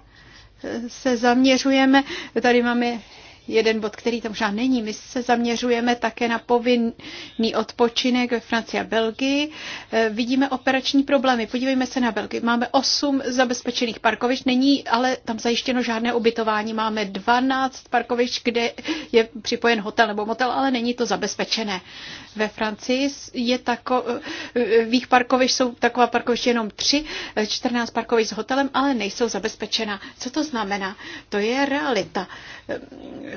eh, se zaměřujeme, tady máme jeden bod, který tam možná není. My se zaměřujeme také na povinný odpočinek ve Francii a Belgii. E, vidíme operační problémy. Podívejme se na Belgii. Máme osm zabezpečených parkovišť, není ale tam zajištěno žádné ubytování. Máme 12 parkovišť, kde je připojen hotel nebo motel, ale není to zabezpečené. Ve Francii je takových e, parkovišť, jsou taková parkoviště jenom tři, 14 e, parkovišť s hotelem, ale nejsou zabezpečena. Co to znamená? To je realita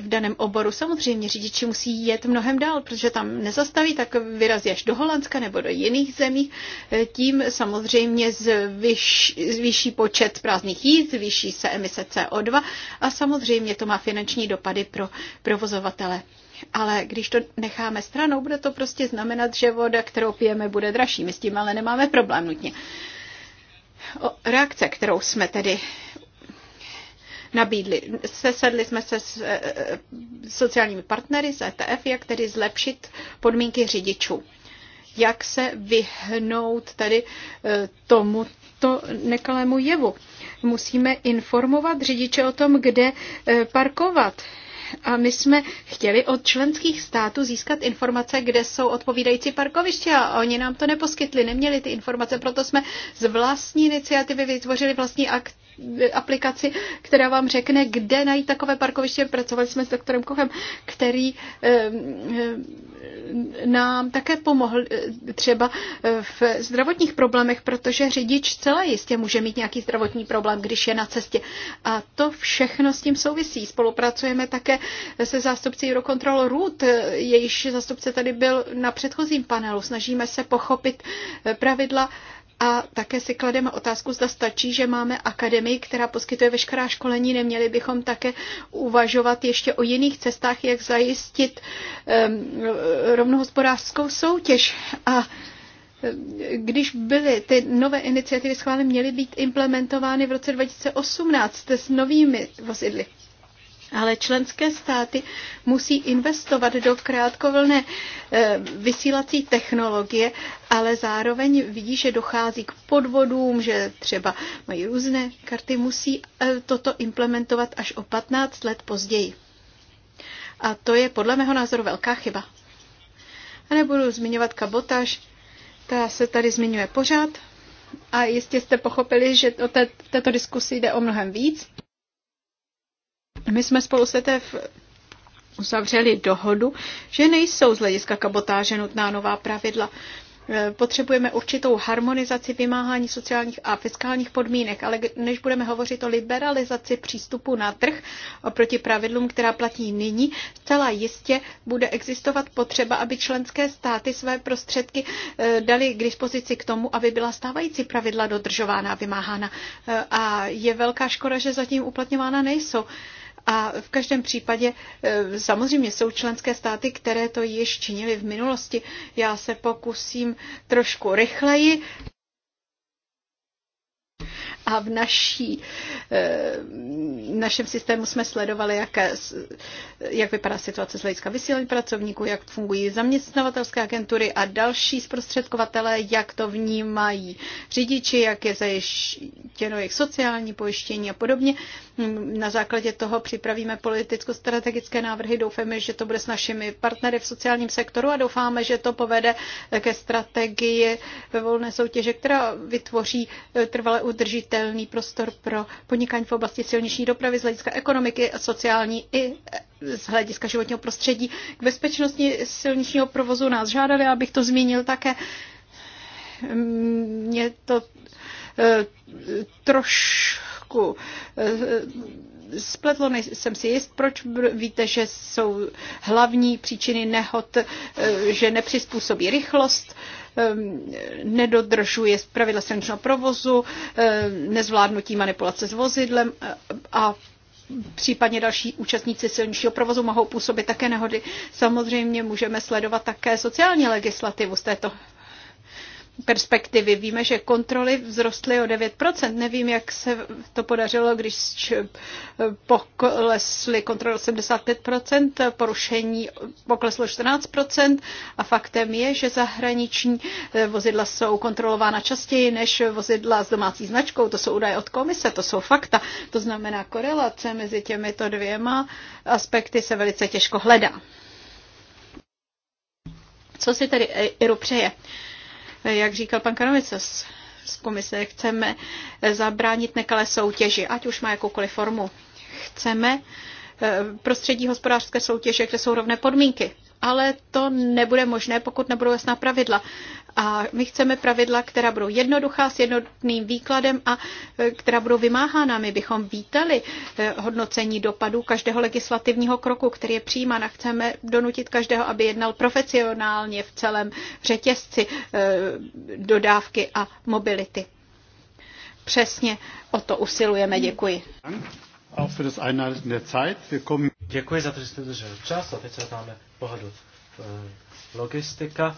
v daném oboru. Samozřejmě řidiči musí jet mnohem dál, protože tam nezastaví, tak vyrazí až do Holandska nebo do jiných zemí. E, tím samozřejmě zvýší počet prázdných jízd, zvýší se emise CO2 a samozřejmě to má finanční dopady pro provozovatele. Ale když to necháme stranou, bude to prostě znamenat, že voda, kterou pijeme, bude dražší. My s tím ale nemáme problém nutně. O reakce, kterou jsme tedy nabídli. Sesedli jsme se s eh, sociálními partnery, s ETF, jak tedy zlepšit podmínky řidičů. Jak se vyhnout tady eh, tomu to nekalému jevu. Musíme informovat řidiče o tom, kde eh, parkovat. A my jsme chtěli od členských států získat informace, kde jsou odpovídající parkoviště a oni nám to neposkytli, neměli ty informace, proto jsme z vlastní iniciativy vytvořili vlastní akt aplikaci, která vám řekne, kde najít takové parkoviště. Pracovali jsme s doktorem Kochem, který eh, eh, nám také pomohl eh, třeba v zdravotních problémech, protože řidič celé jistě může mít nějaký zdravotní problém, když je na cestě. A to všechno s tím souvisí. Spolupracujeme také se zástupci Eurocontrol Root, jejíž zástupce tady byl na předchozím panelu. Snažíme se pochopit pravidla a také si klademe otázku, zda stačí, že máme akademii, která poskytuje veškerá školení. Neměli bychom také uvažovat ještě o jiných cestách, jak zajistit um, rovnohospodářskou soutěž. A když byly ty nové iniciativy schváleny, měly být implementovány v roce 2018 s novými vozidly. Ale členské státy musí investovat do krátkovlné eh, vysílací technologie, ale zároveň vidí, že dochází k podvodům, že třeba mají různé karty, musí eh, toto implementovat až o 15 let později. A to je podle mého názoru velká chyba. A nebudu zmiňovat kabotáž, ta se tady zmiňuje pořád. A jistě jste pochopili, že o té, této diskusi jde o mnohem víc. My jsme spolu s ETF uzavřeli dohodu, že nejsou z hlediska kabotáže nutná nová pravidla. E, potřebujeme určitou harmonizaci vymáhání sociálních a fiskálních podmínek, ale než budeme hovořit o liberalizaci přístupu na trh oproti pravidlům, která platí nyní, zcela jistě bude existovat potřeba, aby členské státy své prostředky e, dali k dispozici k tomu, aby byla stávající pravidla dodržována a vymáhána. E, a je velká škoda, že zatím uplatňována nejsou. A v každém případě e, samozřejmě jsou členské státy, které to již činily v minulosti. Já se pokusím trošku rychleji. A v naší, eh, v našem systému jsme sledovali, jak, jak vypadá situace z hlediska vysílání pracovníků, jak fungují zaměstnavatelské agentury a další zprostředkovatele, jak to vnímají řidiči, jak je zajištěno jejich sociální pojištění a podobně. Mm, na základě toho připravíme politicko-strategické návrhy. Doufáme, že to bude s našimi partnery v sociálním sektoru a doufáme, že to povede ke strategii volné soutěže, která vytvoří eh, trvale udržitelné viditelný prostor pro podnikání v oblasti silniční dopravy z hlediska ekonomiky a sociální i z hlediska životního prostředí. K bezpečnosti silničního provozu nás žádali, abych to zmínil také. Mě to eh, trošku eh, spletlo, nejsem si jist, proč víte, že jsou hlavní příčiny nehod, eh, že nepřizpůsobí rychlost, Ehm, nedodržuje pravidla silničního provozu, ehm, nezvládnutí manipulace s vozidlem ehm, a případně další účastníci silničního provozu mohou působit také nehody. Samozřejmě můžeme sledovat také sociální legislativu z této perspektivy. Víme, že kontroly vzrostly o 9%. Nevím, jak se to podařilo, když poklesly kontroly 75%, porušení pokleslo 14% a faktem je, že zahraniční eh, vozidla jsou kontrolována častěji než vozidla s domácí značkou. To jsou údaje od komise, to jsou fakta. To znamená, korelace mezi těmito dvěma aspekty se velice těžko hledá. Co si tedy Iru přeje? Jak říkal pan Kanovice z komise, chceme zabránit nekalé soutěži, ať už má jakoukoliv formu. Chceme eh, prostředí hospodářské soutěže, kde jsou rovné podmínky ale to nebude možné, pokud nebudou jasná pravidla. A my chceme pravidla, která budou jednoduchá, s jednotným výkladem a e, která budou vymáhána. My bychom vítali e, hodnocení dopadů každého legislativního kroku, který je přijímán a chceme donutit každého, aby jednal profesionálně v celém řetězci e, dodávky a mobility. Přesně o to usilujeme. Děkuji auch für das Einhalten der Zeit. Wir kommen Děkuji za to, že jste držel čas a teď se máme pohodu eh, logistika.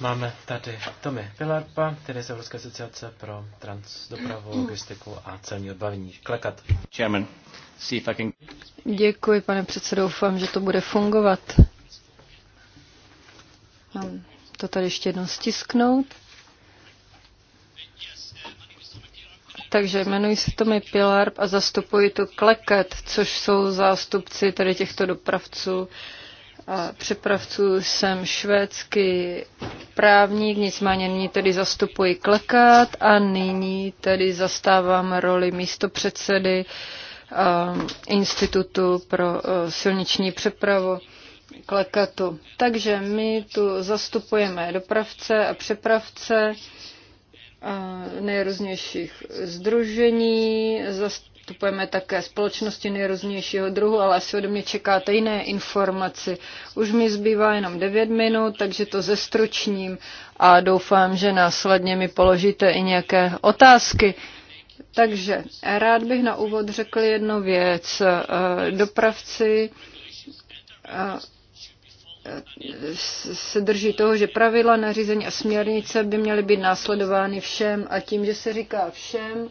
Máme tady Tomi Pilarpa, který je z Evropské asociace pro transdopravu, logistiku a celní odbavení. Klekat. Chairman, see if I can... Děkuji, pane předsedo, doufám, že to bude fungovat. Mám to tady ještě jednou stisknout. Takže jmenuji se Tomi Pilarp a zastupuji tu Kleket, což jsou zástupci tady těchto dopravců. A přepravců jsem švédský právník, nicméně nyní tedy zastupuji Klekat a nyní tedy zastávám roli místopředsedy Institutu pro silniční přepravu Klekatu. Takže my tu zastupujeme dopravce a přepravce nejrůznějších združení, zastupujeme také společnosti nejrůznějšího druhu, ale asi ode mě čekáte jiné informaci. Už mi zbývá jenom 9 minut, takže to zestručním a doufám, že následně mi položíte i nějaké otázky. Takže rád bych na úvod řekl jednu věc. Dopravci Eh, se drží toho, že pravidla, nařízení a směrnice by měly být následovány všem a tím, že se říká všem,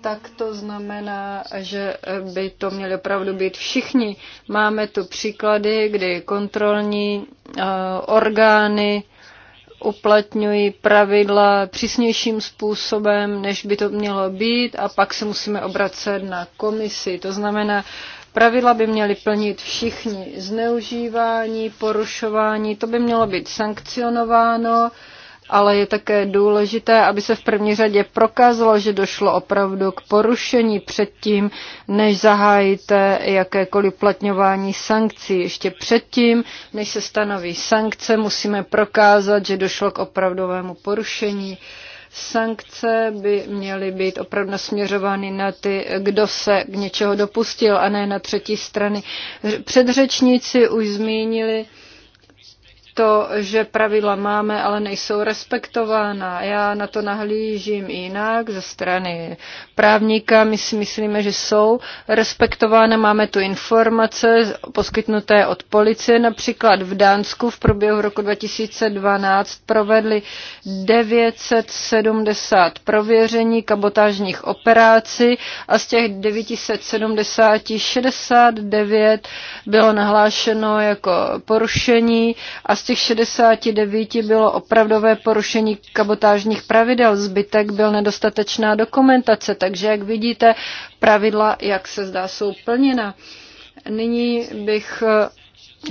tak to znamená, že by to měli opravdu být všichni. Máme tu příklady, kdy kontrolní eh, orgány uplatňují pravidla přísnějším způsobem, než by to mělo být a pak se musíme obracet na komisi. To znamená, Pravidla by měli plnit všichni. Zneužívání, porušování, to by mělo být sankcionováno, ale je také důležité, aby se v první řadě prokázalo, že došlo opravdu k porušení předtím, než zahájíte jakékoliv platňování sankcí. Ještě předtím, než se stanoví sankce, musíme prokázat, že došlo k opravdovému porušení. Uh, Sankce by měly být opravdu nasměřovány na ty, kdo se k něčeho dopustil a ne na třetí strany. Předřečníci už zmínili, to, že pravidla máme, ale nejsou respektována. Já na to nahlížím jinak ze strany právníka. My si myslíme, že jsou respektována. Máme tu informace poskytnuté od policie. Například v Dánsku v průběhu roku 2012 provedli 970 prověření kabotážních operací a z těch 970 69 bylo nahlášeno jako porušení a z těch 69 bylo opravdové porušení kabotážních pravidel, zbytek byl nedostatečná dokumentace, takže jak vidíte, pravidla, jak se zdá, jsou plněna. Nyní bych eh,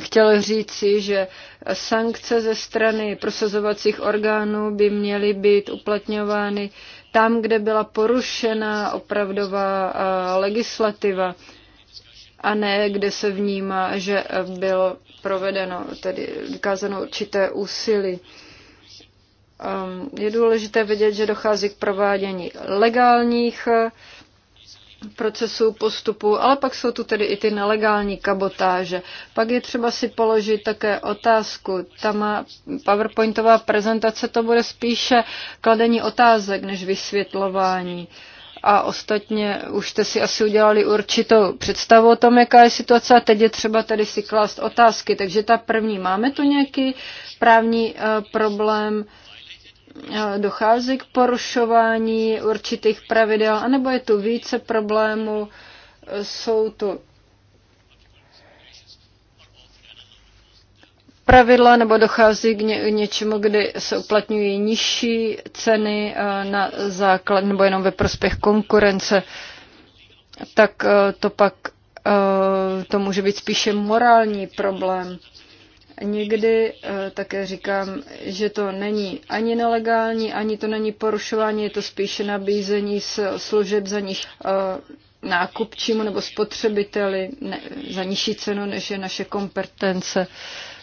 chtěl říci, že sankce ze strany prosazovacích orgánů by měly být uplatňovány tam, kde byla porušena opravdová eh, legislativa a ne, kde se vnímá, že bylo provedeno, tedy vykázano určité úsilí. Um, je důležité vědět, že dochází k provádění legálních eh, procesů, postupů, ale pak jsou tu tedy i ty nelegální kabotáže. Pak je třeba si položit také otázku. Ta má PowerPointová prezentace to bude spíše kladení otázek než vysvětlování. Uh, a ostatně už jste si asi udělali určitou představu o tom, jaká je situace a teď je třeba tedy si klást otázky. Takže ta první, máme tu nějaký právní eh, problém, eh, dochází k porušování určitých pravidel, anebo je tu více problémů, eh, jsou tu pravidla nebo dochází k ně, něčemu, kdy se uplatňují nižší ceny eh, na základ nebo jenom ve prospěch konkurence, tak eh, to pak eh, to může být spíše morální problém. Někdy také říkám, že to není ani nelegální, ani to není porušování, je to spíše nabízení služeb za nich nákupčímu nebo spotřebiteli ne, za nižší cenu, než je naše kompetence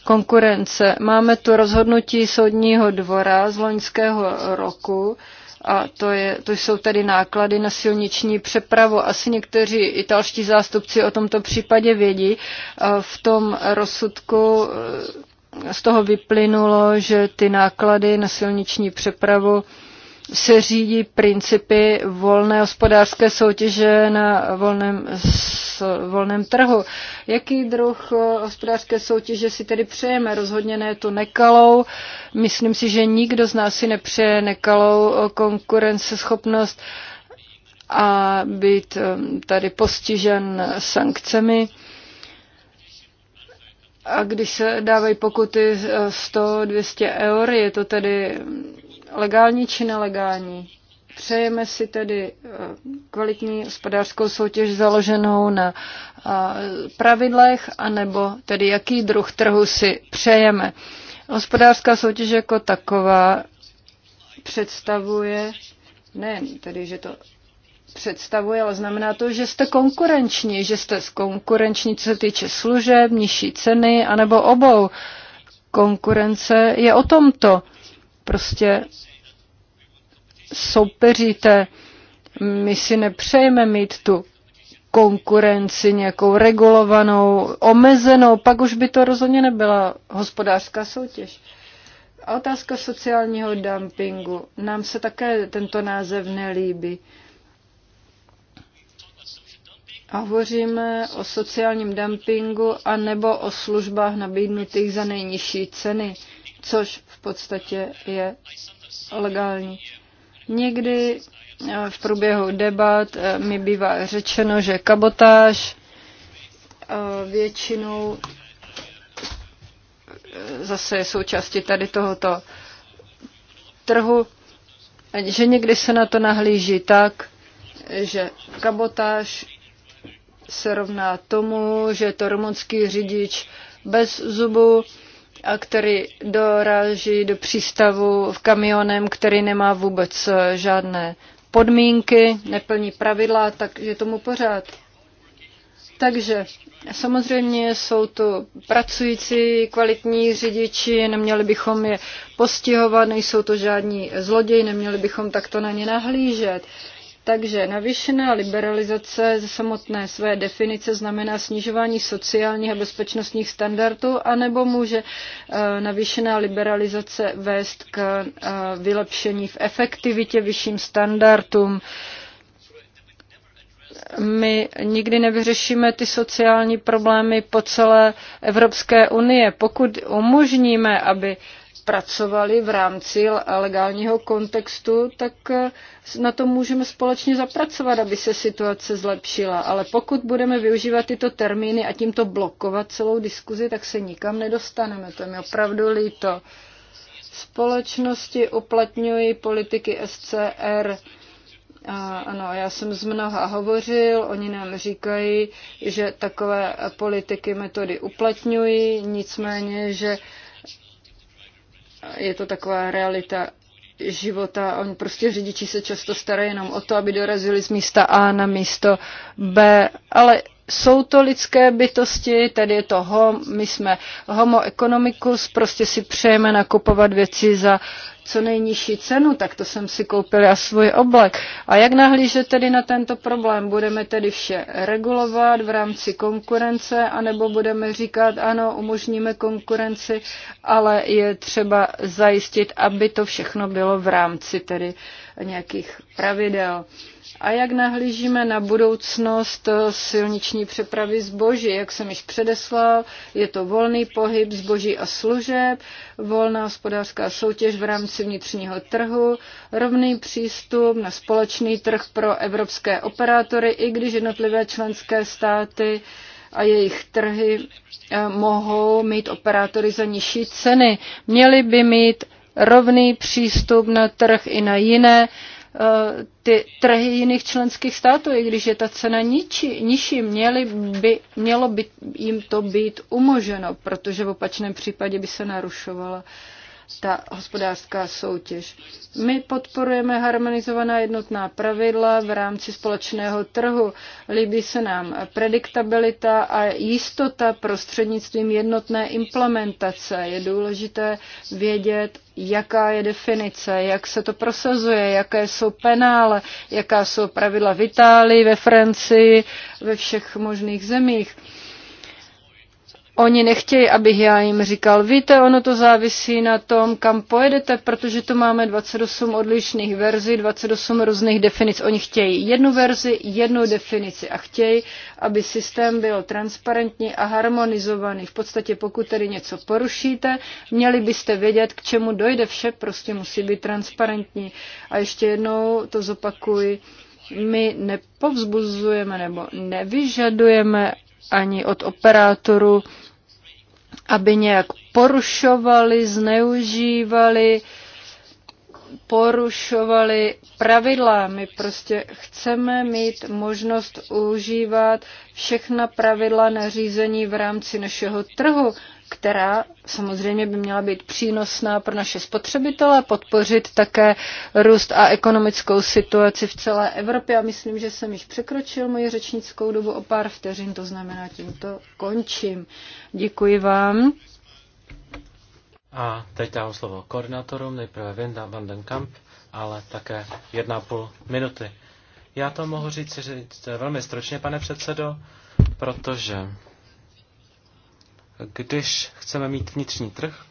konkurence. Máme tu rozhodnutí soudního dvora z loňského roku, a to, je, to jsou tedy náklady na silniční přepravu. Asi někteří italští zástupci o tomto případě vědí. E, v tom rozsudku e, z toho vyplynulo, že ty náklady na silniční přepravu se řídí principy volné hospodářské soutěže na volném, volném trhu. Jaký druh eh, hospodářské soutěže si tedy přejeme? Rozhodně ne tu nekalou. Myslím si, že nikdo z nás si nepřeje nekalou eh, konkurenceschopnost a být eh, tady postižen sankcemi. A když se dávají pokuty 100-200 eur, je to tedy legální či nelegální. Přejeme si tedy eh, kvalitní hospodářskou soutěž založenou na eh, pravidlech, anebo tedy jaký druh trhu si přejeme. Hospodářská soutěž jako taková představuje, ne, tedy, že to představuje, ale znamená to, že jste konkurenční, že jste konkurenční, co se týče služeb, nižší ceny, anebo obou. Konkurence je o tomto prostě soupeříte. My si nepřejeme mít tu konkurenci nějakou regulovanou, omezenou, pak už by to rozhodně nebyla hospodářská soutěž. A otázka sociálního dumpingu. Nám se také tento název nelíbí. A hovoříme o sociálním dumpingu a nebo o službách nabídnutých za nejnižší ceny, což podstatě je legální. Někdy eh, v průběhu debat eh, mi bývá řečeno, že kabotáž eh, většinou zase je součástí tady tohoto trhu, že někdy se na to nahlíží tak, že kabotáž se rovná tomu, že je to rumunský řidič bez zubu, který doráží do přístavu v kamionem, který nemá vůbec eh, žádné podmínky, neplní pravidla, takže tomu pořád. Takže samozřejmě jsou to pracující, kvalitní řidiči, neměli bychom je postihovat, nejsou to žádní zloději, neměli bychom takto na ně nahlížet. Takže navýšená liberalizace ze samotné své definice znamená snižování sociálních a bezpečnostních standardů, anebo může eh, navýšená liberalizace vést k eh, vylepšení v efektivitě, vyšším standardům. My nikdy nevyřešíme ty sociální problémy po celé Evropské unie. Pokud umožníme, aby uh, zpracovali v rámci legálního kontextu, tak eh, na tom můžeme společně zapracovat, aby se situace zlepšila. Ale pokud budeme využívat tyto termíny a tímto blokovat celou diskuzi, tak se nikam nedostaneme. To je mi opravdu líto. Společnosti uplatňují politiky SCR. A, ano, já jsem z mnoha hovořil, oni nám říkají, že takové politiky metody uplatňují, nicméně, že je to taková realita života. Oni prostě řidiči se často starají jenom o to, aby dorazili z místa A na místo B, ale jsou to lidské bytosti, tady je to hom, my jsme homo economicus, prostě si přejeme nakupovat věci za co nejnižší cenu, tak to jsem si koupil já svůj oblek. A jak nahlížet tedy na tento problém? Budeme tedy vše regulovat v rámci konkurence, anebo budeme říkat, ano, umožníme konkurenci, ale je třeba zajistit, aby to všechno bylo v rámci tedy nějakých pravidel. Uh, a jak nahlížíme na budoucnost eh, silniční přepravy zboží? Jak jsem již předeslal, je to volný pohyb zboží a služeb, volná hospodářská soutěž v rámci vnitřního trhu, rovný přístup na společný trh pro evropské operátory, i když jednotlivé členské státy a jejich trhy eh, mohou mít operátory za nižší ceny. Měli by mít rovný přístup na trh i na jiné Eh, ty trhy jiných členských států, i když je ta cena niči, nižší, měly by, mělo by jim to být umoženo, protože v opačném případě by se narušovala ta hospodářská soutěž. My podporujeme harmonizovaná jednotná pravidla v rámci společného trhu. Líbí se nám prediktabilita a jistota prostřednictvím jednotné implementace. Je důležité vědět, jaká je definice, jak se to prosazuje, jaké jsou penále, jaká jsou pravidla v Itálii, ve Francii, ve všech možných zemích Oni nechtějí, abych já jim říkal, víte, ono to závisí na tom, kam pojedete, protože to máme 28 odlišných verzí, 28 různých definic. Oni chtějí jednu verzi, jednu definici a chtějí, aby systém byl transparentní a harmonizovaný. V podstatě pokud tedy něco porušíte, měli byste vědět, k čemu dojde vše, prostě musí být transparentní. A ještě jednou to zopakuji, my nepovzbuzujeme nebo nevyžadujeme ani od operátoru aby nějak porušovali, zneužívali, porušovali pravidla. My prostě chceme mít možnost užívat všechna pravidla nařízení v rámci našeho trhu která samozřejmě by měla být přínosná pro naše spotřebitele podpořit také růst a ekonomickou situaci v celé Evropě. A myslím, že jsem již překročil moji řečnickou dobu o pár vteřin, to znamená, tímto končím. Děkuji vám. A teď dám slovo koordinátorům, nejprve Vinda van den Kamp, ale také jedna půl minuty. Já to mohu říct, říct velmi stručně, pane předsedo, protože když chceme mít vnitřní trh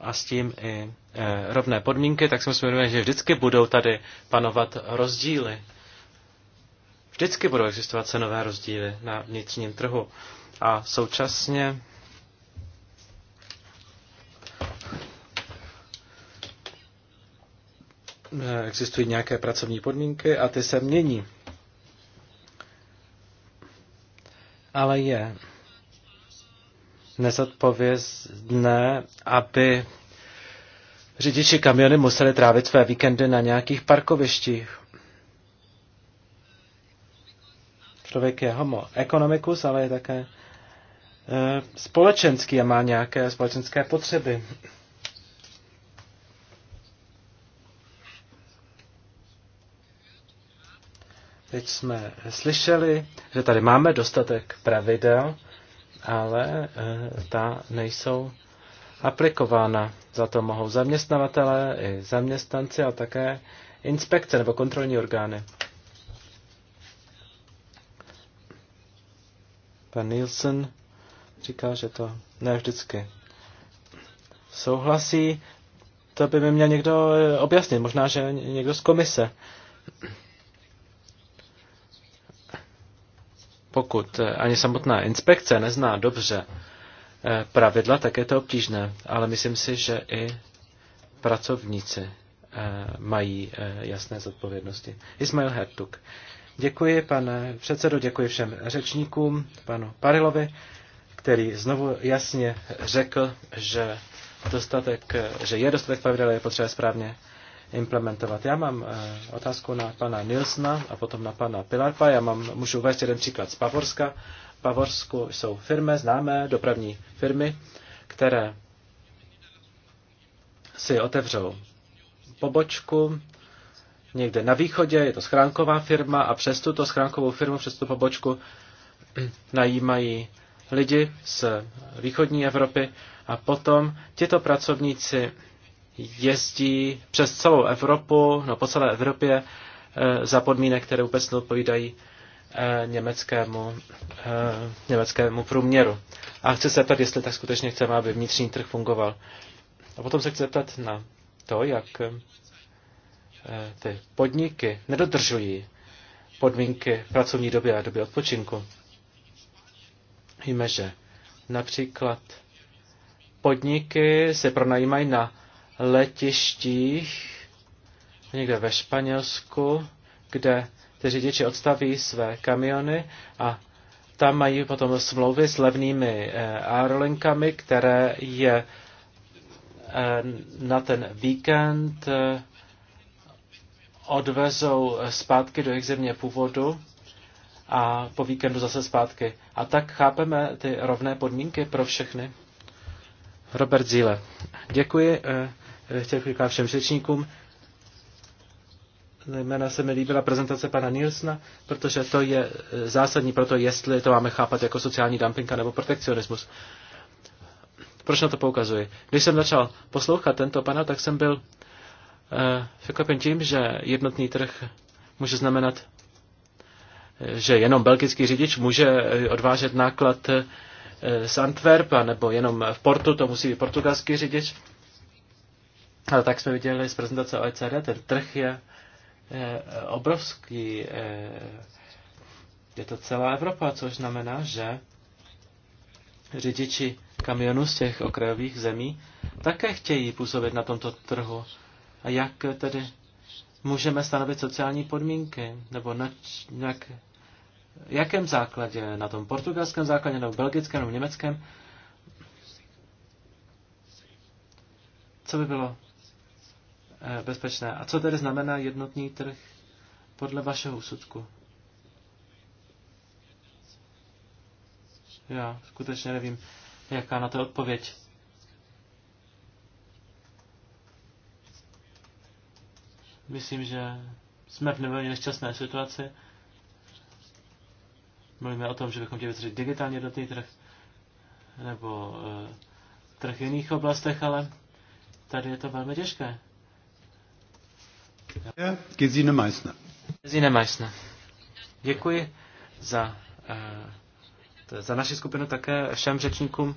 a s tím i e, rovné podmínky, tak si myslím, že vždycky budou tady panovat rozdíly. Vždycky budou existovat cenové rozdíly na vnitřním trhu. A současně e, existují nějaké pracovní podmínky a ty se mění. ale je nezodpovězné, aby řidiči kamiony museli trávit své víkendy na nějakých parkovištích. Člověk je homo economicus, ale je také eh, společenský a má nějaké společenské potřeby. Teď jsme slyšeli, že tady máme dostatek pravidel, ale e, ta nejsou aplikována. Za to mohou zaměstnavatele i zaměstnanci, a také inspekce nebo kontrolní orgány. Pan Nielsen říká, že to ne vždycky souhlasí. To by mi měl někdo e, objasnit, možná, že někdo z komise. pokud eh, ani samotná inspekce nezná dobře eh, pravidla, tak je to obtížné. Ale myslím si, že i pracovníci eh, mají jasné zodpovědnosti. Ismail Hertuk. Děkuji, pane předsedo, děkuji všem řečníkům, panu Parilovi, který znovu jasně řekl, že, dostatek, že je dostatek pravidel, je potřeba správně implementovat. Já mám eh, otázku na pana Nilsna a potom na pana Pilarpa. Já mám, můžu uvést jeden příklad z Pavorska. V Pavorsku jsou firmy, známé dopravní firmy, které si otevřou pobočku někde na východě, je to schránková firma a přes tuto schránkovou firmu, přes tu pobočku najímají lidi z východní Evropy a potom tyto pracovníci jezdí přes celou Evropu, no po celé Evropě, eh, za podmínek, které vůbec neodpovídají eh, německému, eh, německému průměru. A chci se zeptat, jestli tak skutečně chceme, aby vnitřní trh fungoval. A potom se chci zeptat na to, jak ty podniky nedodržují podmínky pracovní doby a doby odpočinku. Víme, že například podniky se pronajímají na letištích někde ve Španělsku, kde ty řidiči odstaví své kamiony a tam mají potom smlouvy s levnými eh, aerolinkami, které je eh, na ten víkend eh, odvezou zpátky do jejich země původu a po víkendu zase zpátky. A tak chápeme ty rovné podmínky pro všechny. Robert Zíle. Děkuji. Eh, chtěl říkat všem řečníkům. Zajména se mi líbila prezentace pana Nilsna, protože to je eh, zásadní pro to, jestli to máme chápat jako sociální dumping nebo protekcionismus. Proč na to poukazuji? Když jsem začal poslouchat tento pana, tak jsem byl eh, překvapen tím, že jednotný trh může znamenat, eh, že jenom belgický řidič může odvážet náklad z Antwerpa, nebo jenom v Portu to musí být portugalský řidič. Ale tak jsme viděli z prezentace OECD, ten trh je, je eh, obrovský. Eh, je to celá Evropa, což znamená, že řidiči kamionů z těch okrajových zemí také chtějí působit na tomto trhu. A jak tedy můžeme stanovit sociální podmínky? Nebo na nějak, jakém základě? Na tom portugalském základě, nebo belgickém, nebo německém? Co by bylo Eh, bezpečné. A co tedy znamená jednotný trh podle vašeho úsudku? Já skutečně nevím, jaká na to je odpověď. Myslím, že jsme v nevelmi nešťastné situaci. Mluvíme o tom, že bychom chtěli vytvořit digitálně té trh nebo e, trh v jiných oblastech, ale tady je to velmi těžké. Gesine Meissner. Gesine Meissner. Děkuji za, eh, za naši skupinu také všem řečníkům.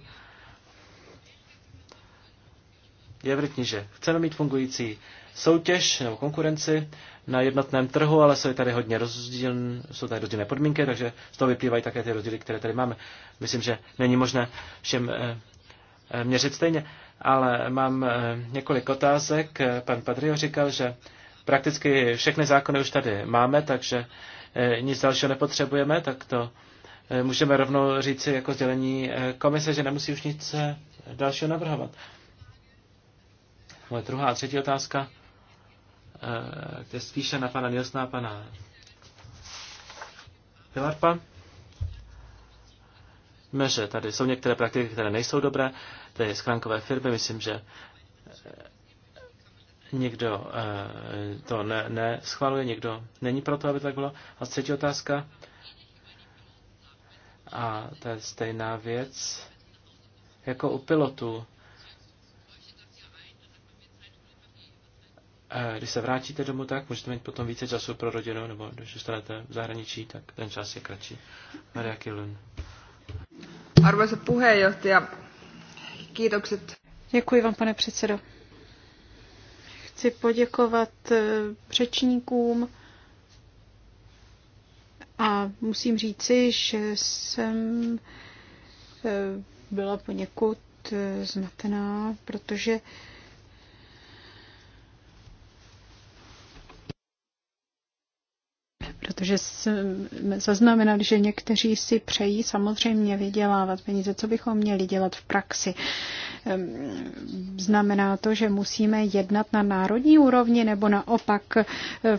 Je vrtní, že chceme mít fungující soutěž nebo konkurenci na jednotném trhu, ale jsou tady hodně rozdíl, jsou tady rozdílné podmínky, takže z toho vyplývají také ty rozdíly, které tady máme. Myslím, že není možné všem eh, eh, měřit stejně, ale mám několik otázek. Pan Padrio říkal, že Prakticky všechny zákony už tady máme, takže eh, nic dalšího nepotřebujeme, tak to eh, můžeme rovnou říci jako sdělení eh, komise, že nemusí už nic dalšího navrhovat. Moje druhá a třetí otázka, kde spíše na pana Nilsna a pana Pilarpa. Že tady jsou některé praktiky, které nejsou dobré, to je schránkové firmy, myslím, že někdo eh, to ne, ne schvaluje, někdo není proto, aby tak bylo. A třetí otázka. A to je stejná věc jako u pilotů. Eh, když se vrátíte domů, tak můžete mít potom více času pro rodinu, nebo když zůstanete v zahraničí, tak ten čas je kratší. Maria Kilun. Arvoisa puheenjohtaja, kiitokset. Děkuji vám, pane předsedo. Chci poděkovat eh, řečníkům a musím říci, že jsem eh, byla poněkud eh, zmatená, protože protože jsme zaznamenali, že někteří si přejí samozřejmě vydělávat peníze. Co bychom měli dělat v praxi? Ehm, znamená to, že musíme jednat na národní úrovni nebo naopak ehm,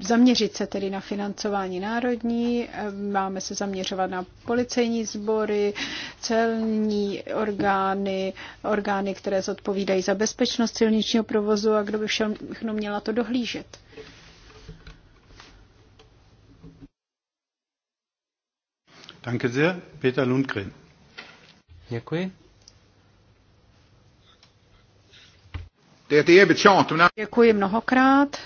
zaměřit se tedy na financování národní, ehm, máme se zaměřovat na policejní sbory, celní orgány, orgány, které zodpovídají za bezpečnost silničního provozu a kdo by všechno měla to dohlížet. Danke sehr. Peter Lundgren. Děkuji. Děkuji mnohokrát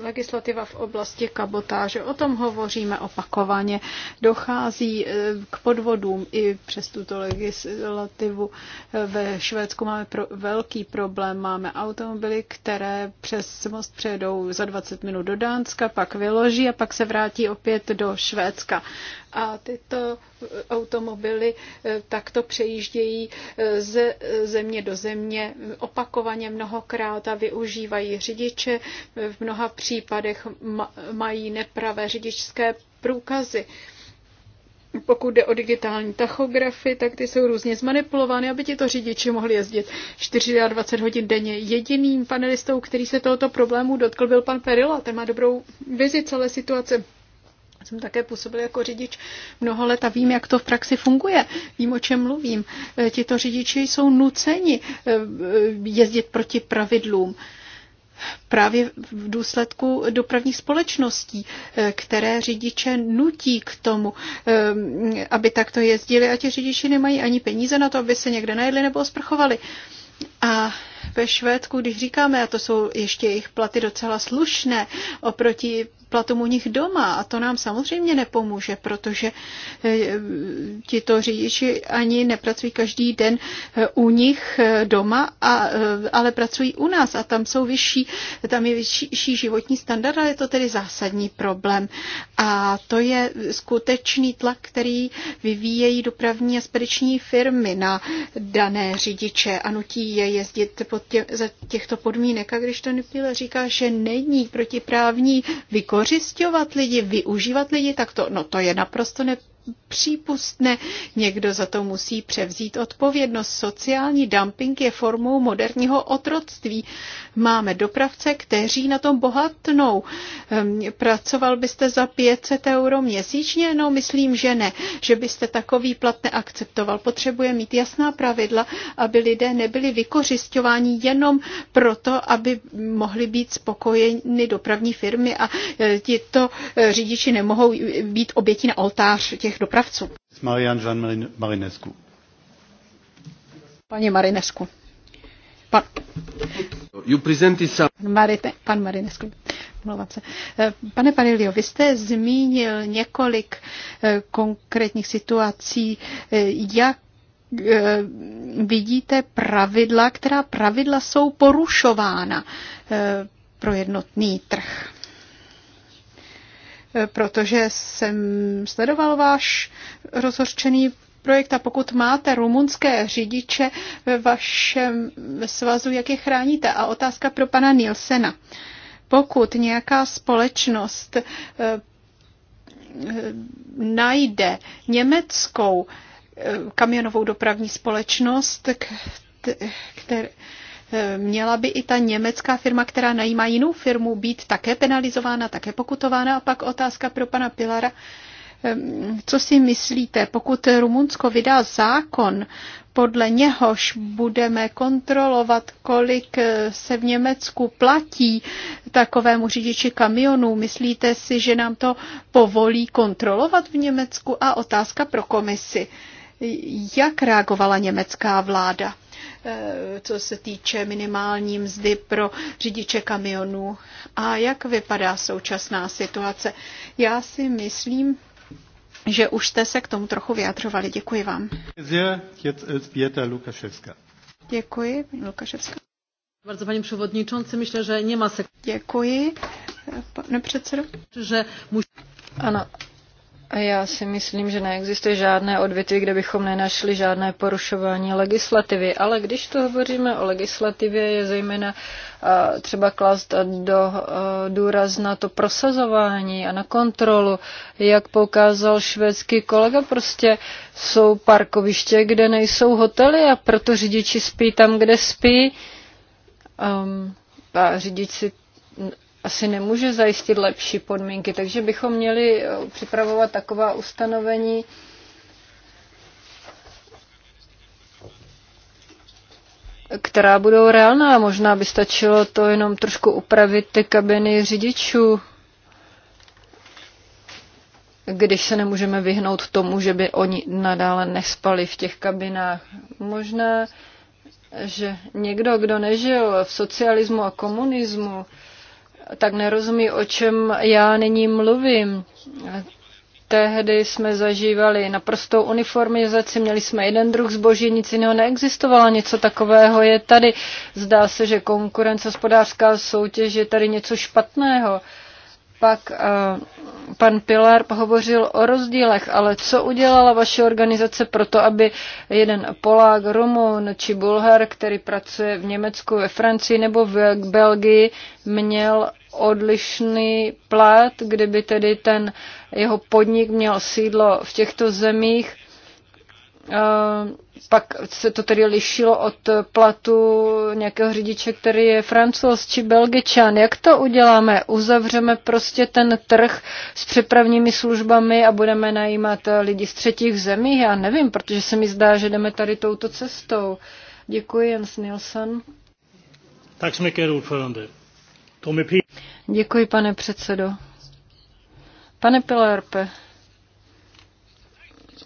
legislativa v oblasti kabotáže. O tom hovoříme opakovaně. Dochází eh, k podvodům i přes tuto legislativu. Eh, ve Švédsku máme pro, velký problém. Máme automobily, které přes most přejedou za 20 minut do Dánska, pak vyloží a pak se vrátí opět do Švédska. A tyto eh, automobily takto přejíždějí ze země do země opakovaně mnohokrát a využívají řidiče v mnoha případech případech mají nepravé řidičské průkazy. Pokud jde o digitální tachografy, tak ty jsou různě zmanipulovány, aby ti to řidiči mohli jezdit 24 hodin denně. Jediným panelistou, který se tohoto problému dotkl, byl pan Perila. Ten má dobrou vizi celé situace. Jsem také působil jako řidič mnoho let a vím, jak to v praxi funguje. Vím, o čem mluvím. E, tito řidiči jsou nuceni e, e, jezdit proti pravidlům právě v důsledku dopravních společností, eh, které řidiče nutí k tomu, eh, aby takto jezdili a ti řidiči nemají ani peníze na to, aby se někde najedli nebo osprchovali. A ve Švédsku, když říkáme, a to jsou ještě jejich platy docela slušné oproti platům u nich doma. A to nám samozřejmě nepomůže, protože eh, ti to řidiči ani nepracují každý den eh, u nich eh, doma, a, ale pracují u nás a tam jsou vyšší, tam je vyšší životní standard, ale je to tedy zásadní problém. A to je skutečný tlak, který vyvíjejí dopravní a spediční firmy na dané řidiče a nutí je jezdit pod tě, za těchto podmínek. A když to nepíle, říká, že není protiprávní výkon vykořišťovat lidi, využívat lidi, tak to, no to je naprosto ne, přípustné. Někdo za to musí převzít odpovědnost. Sociální dumping je formou moderního otroctví. Máme dopravce, kteří na tom bohatnou. Ehm, pracoval byste za 500 euro měsíčně? No, myslím, že ne. Že byste takový plat neakceptoval. Potřebuje mít jasná pravidla, aby lidé nebyli vykořišťováni jenom proto, aby mohli být spokojeny dopravní firmy a e, tito e, řidiči nemohou být oběti na oltář těch těch dopravců. Marian Jean Marinescu. Paní Marinescu. Pan, Marite, pan Marinescu. Se. Eh, pane Parilio, vy jste zmínil několik eh, konkrétních situací, eh, jak vidíte pravidla, která pravidla jsou porušována pro jednotný trh protože jsem sledoval váš rozhořčený projekt a pokud máte rumunské řidiče ve vašem svazu, jak je chráníte? A otázka pro pana Nielsena. Pokud nějaká společnost eh, eh, najde německou eh, kamionovou dopravní společnost, které Měla by i ta německá firma, která najímá jinou firmu, být také penalizována, také pokutována. A pak otázka pro pana Pilara. Co si myslíte, pokud Rumunsko vydá zákon, podle něhož budeme kontrolovat, kolik eh, se v Německu platí takovému řidiči kamionů. Myslíte si, že nám to povolí kontrolovat v Německu? A otázka pro komisi. Jak reagovala německá vláda? Eh, co se týče minimální mzdy pro řidiče kamionů. A jak vypadá současná situace? Já si myslím, že už jste se k tomu trochu vyjadřovali. Děkuji vám. Děkuji, Lukaševská. Bardzo panie przewodniczący, myślę, że nie ma sek- Děkuji, pane przewodniczący. Ano, já si myslím, že neexistuje žádné odvětví, kde bychom nenašli žádné porušování legislativy. Ale když to hovoříme o legislativě, je zejména třeba klást do, důraz na to prosazování a na kontrolu. Jak poukázal švédský kolega, prostě jsou parkoviště, kde nejsou hotely a proto řidiči spí tam, kde spí. Um, a řidiči asi nemůže zajistit lepší podmínky, takže bychom měli eh, připravovat taková ustanovení, která budou reálná. Možná by stačilo to jenom trošku upravit ty kabiny řidičů, když se nemůžeme vyhnout tomu, že by oni nadále nespali v těch kabinách. Možná, že někdo, kdo nežil v socialismu a komunismu, tak nerozumí, o čem já nyní mluvím. Tehdy jsme zažívali naprostou uniformizaci, měli jsme jeden druh zboží, nic jiného neexistovalo, něco takového je tady. Zdá se, že konkurence, hospodářská soutěž je tady něco špatného. Uh, pak eh, pan Pilar hovořil o rozdílech, ale co udělala vaše organizace pro to, aby jeden Polák, Rumun či Bulhar, který pracuje v Německu, ve Francii nebo v Belgii, měl odlišný plat, kdyby tedy ten jeho podnik měl sídlo v těchto zemích pak se to tedy lišilo od platu nějakého řidiče, který je francouz či belgičan. Jak to uděláme? Uzavřeme prostě ten trh s přepravními službami a budeme najímat lidi z třetích zemí? Já nevím, protože se mi zdá, že jdeme tady touto cestou. Děkuji, Jens Nilsson. Tak jsme Děkuji, pane předsedo. Pane Pilarpe,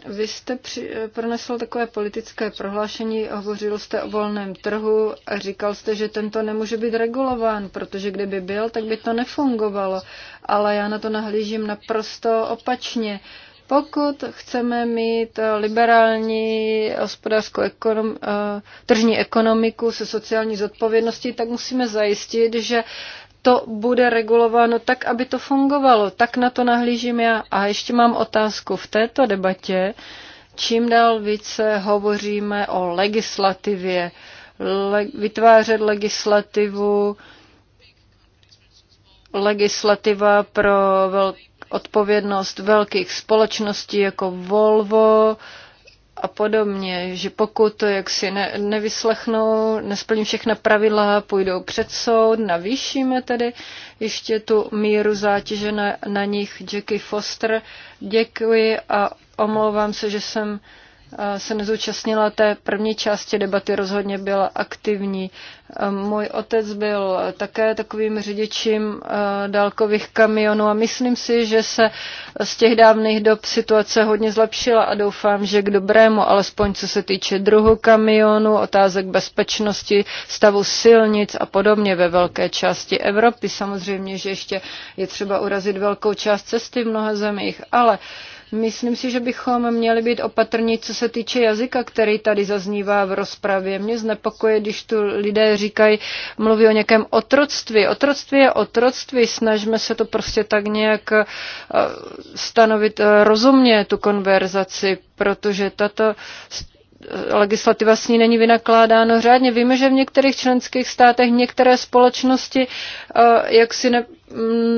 vy jste při, eh, pronesl takové politické prohlášení, hovořil jste o volném trhu a říkal jste, že tento nemůže být regulován, protože kdyby byl, tak by to nefungovalo. Ale já na to nahlížím naprosto opačně. Pokud chceme mít eh, liberální hospodářskou ekonom, eh, tržní ekonomiku se sociální zodpovědností, tak musíme zajistit, že to bude regulováno tak, aby to fungovalo. Tak na to nahlížím já. A ještě mám otázku. V této debatě čím dál více hovoříme o legislativě, le- vytvářet legislativu, legislativa pro vel- odpovědnost velkých společností jako Volvo, a podobně, že pokud to jaksi ne, nevyslechnou, nesplní všechna pravidla, půjdou před soud, navýšíme tedy ještě tu míru zátěže na, na nich. Jackie Foster, děkuji a omlouvám se, že jsem Eh, se nezúčastnila té první části debaty, rozhodně byla aktivní. Eh, můj otec byl také takovým řidičem eh, dálkových kamionů a myslím si, že se z těch dávných dob situace hodně zlepšila a doufám, že k dobrému, alespoň co se týče druhu kamionu, otázek bezpečnosti, stavu silnic a podobně ve velké části Evropy. Samozřejmě, že ještě je třeba urazit velkou část cesty v mnoha zemích, ale uh, Myslím si, že bychom měli být opatrní, co se týče jazyka, který tady zaznívá v rozpravě. Mě znepokoje, když tu lidé říkají, mluví o nějakém otroctví. Otroctví je otroctví, snažíme se to prostě tak nějak eh, stanovit eh, rozumně, tu konverzaci, protože tato, legislativa s ní není vynakládáno řádně. Víme, že v některých členských státech některé společnosti eh, jak si ne,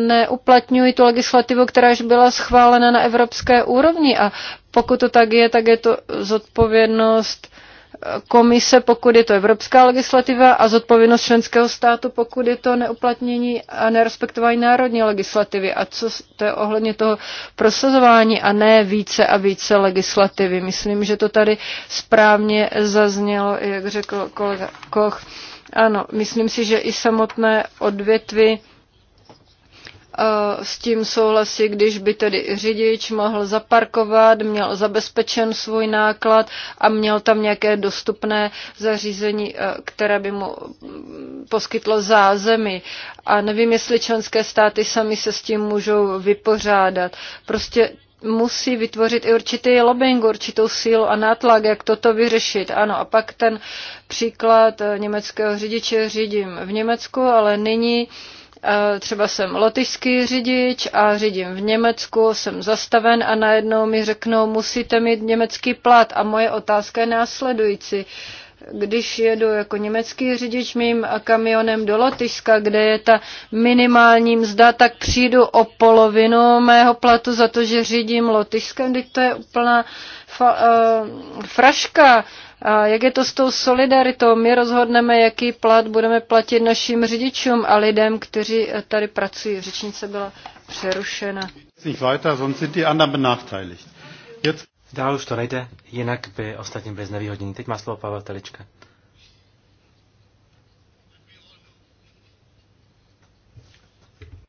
neuplatňují tu legislativu, která již byla schválena na evropské úrovni a pokud to tak je, tak je to zodpovědnost komise, pokud je to evropská legislativa a zodpovědnost členského státu, pokud je to neuplatnění a nerespektování národní legislativy. A co to je ohledně toho prosazování a ne více a více legislativy. Myslím, že to tady správně zaznělo, jak řekl kolega Koch. Ano, myslím si, že i samotné odvětvy s tím souhlasí, když by tedy řidič mohl zaparkovat, měl zabezpečen svůj náklad a měl tam nějaké dostupné zařízení, e, které by mu mm, poskytlo zázemí. A nevím, jestli členské státy sami se s tím můžou vypořádat. Prostě musí vytvořit i určitý lobbying, určitou sílu a nátlak, jak toto vyřešit. Ano, a pak ten příklad e, německého řidiče řídím v Německu, ale nyní uh, Eh, třeba jsem lotyšský řidič a řídím v Německu, jsem zastaven a najednou mi řeknou, musíte mít německý plat. A moje otázka je následující. Když jedu jako německý řidič mým kamionem do Lotyšska, kde je ta minimální mzda, tak přijdu o polovinu mého platu za to, že řídím Lotyšskem, teď to je úplná fa- eh, fraška a jak je to s tou solidaritou? My rozhodneme, jaký plat budeme platit našim řidičům a lidem, kteří tady pracují. Řečnice byla přerušena. Dál už to nejde, jinak by ostatní byli znevýhodněni. Teď má slovo Pavel Telička.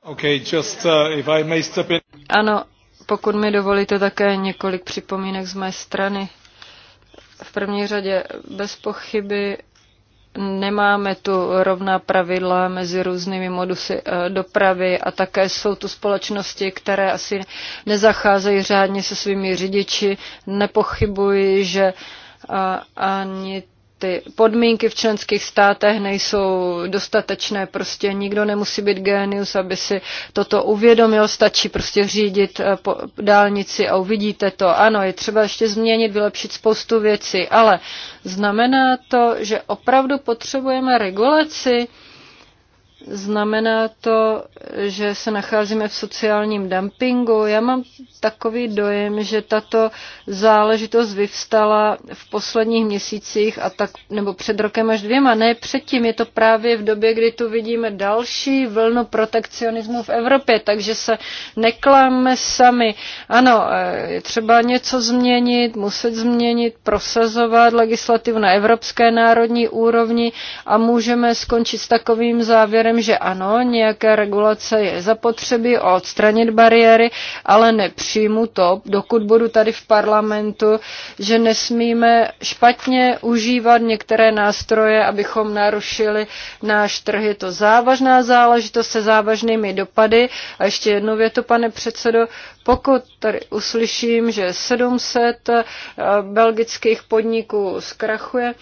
Okay, just, uh, if I may step in. Ano, pokud mi dovolíte také několik připomínek z mé strany. V první řadě bez pochyby nemáme tu rovná pravidla mezi různými modusy eh, dopravy a také jsou tu společnosti, které asi nezacházejí řádně se svými řidiči. Nepochybuji, že eh, ani ty podmínky v členských státech nejsou dostatečné, prostě nikdo nemusí být génius, aby si toto uvědomil, stačí prostě řídit eh, po dálnici a uvidíte to. Ano, je třeba ještě změnit, vylepšit spoustu věcí, ale znamená to, že opravdu potřebujeme regulaci, Znamená to, že se nacházíme v sociálním dumpingu. Já mám takový dojem, že tato záležitost vyvstala v posledních měsících a tak, nebo před rokem až dvěma, ne předtím. Je to právě v době, kdy tu vidíme další vlnu protekcionismu v Evropě, takže se nekláme sami. Ano, je třeba něco změnit, muset změnit, prosazovat legislativu na evropské národní úrovni a můžeme skončit s takovým závěrem, směrem, že ano, nějaké regulace je zapotřebí, odstranit bariéry, ale nepřijmu to, dokud budu tady v parlamentu, že nesmíme špatně užívat některé nástroje, abychom narušili náš trh. Je to závažná záležitost se závažnými dopady. A ještě jednu větu, pane předsedo, pokud tady uslyším, že 700 eh, belgických podniků zkrachuje,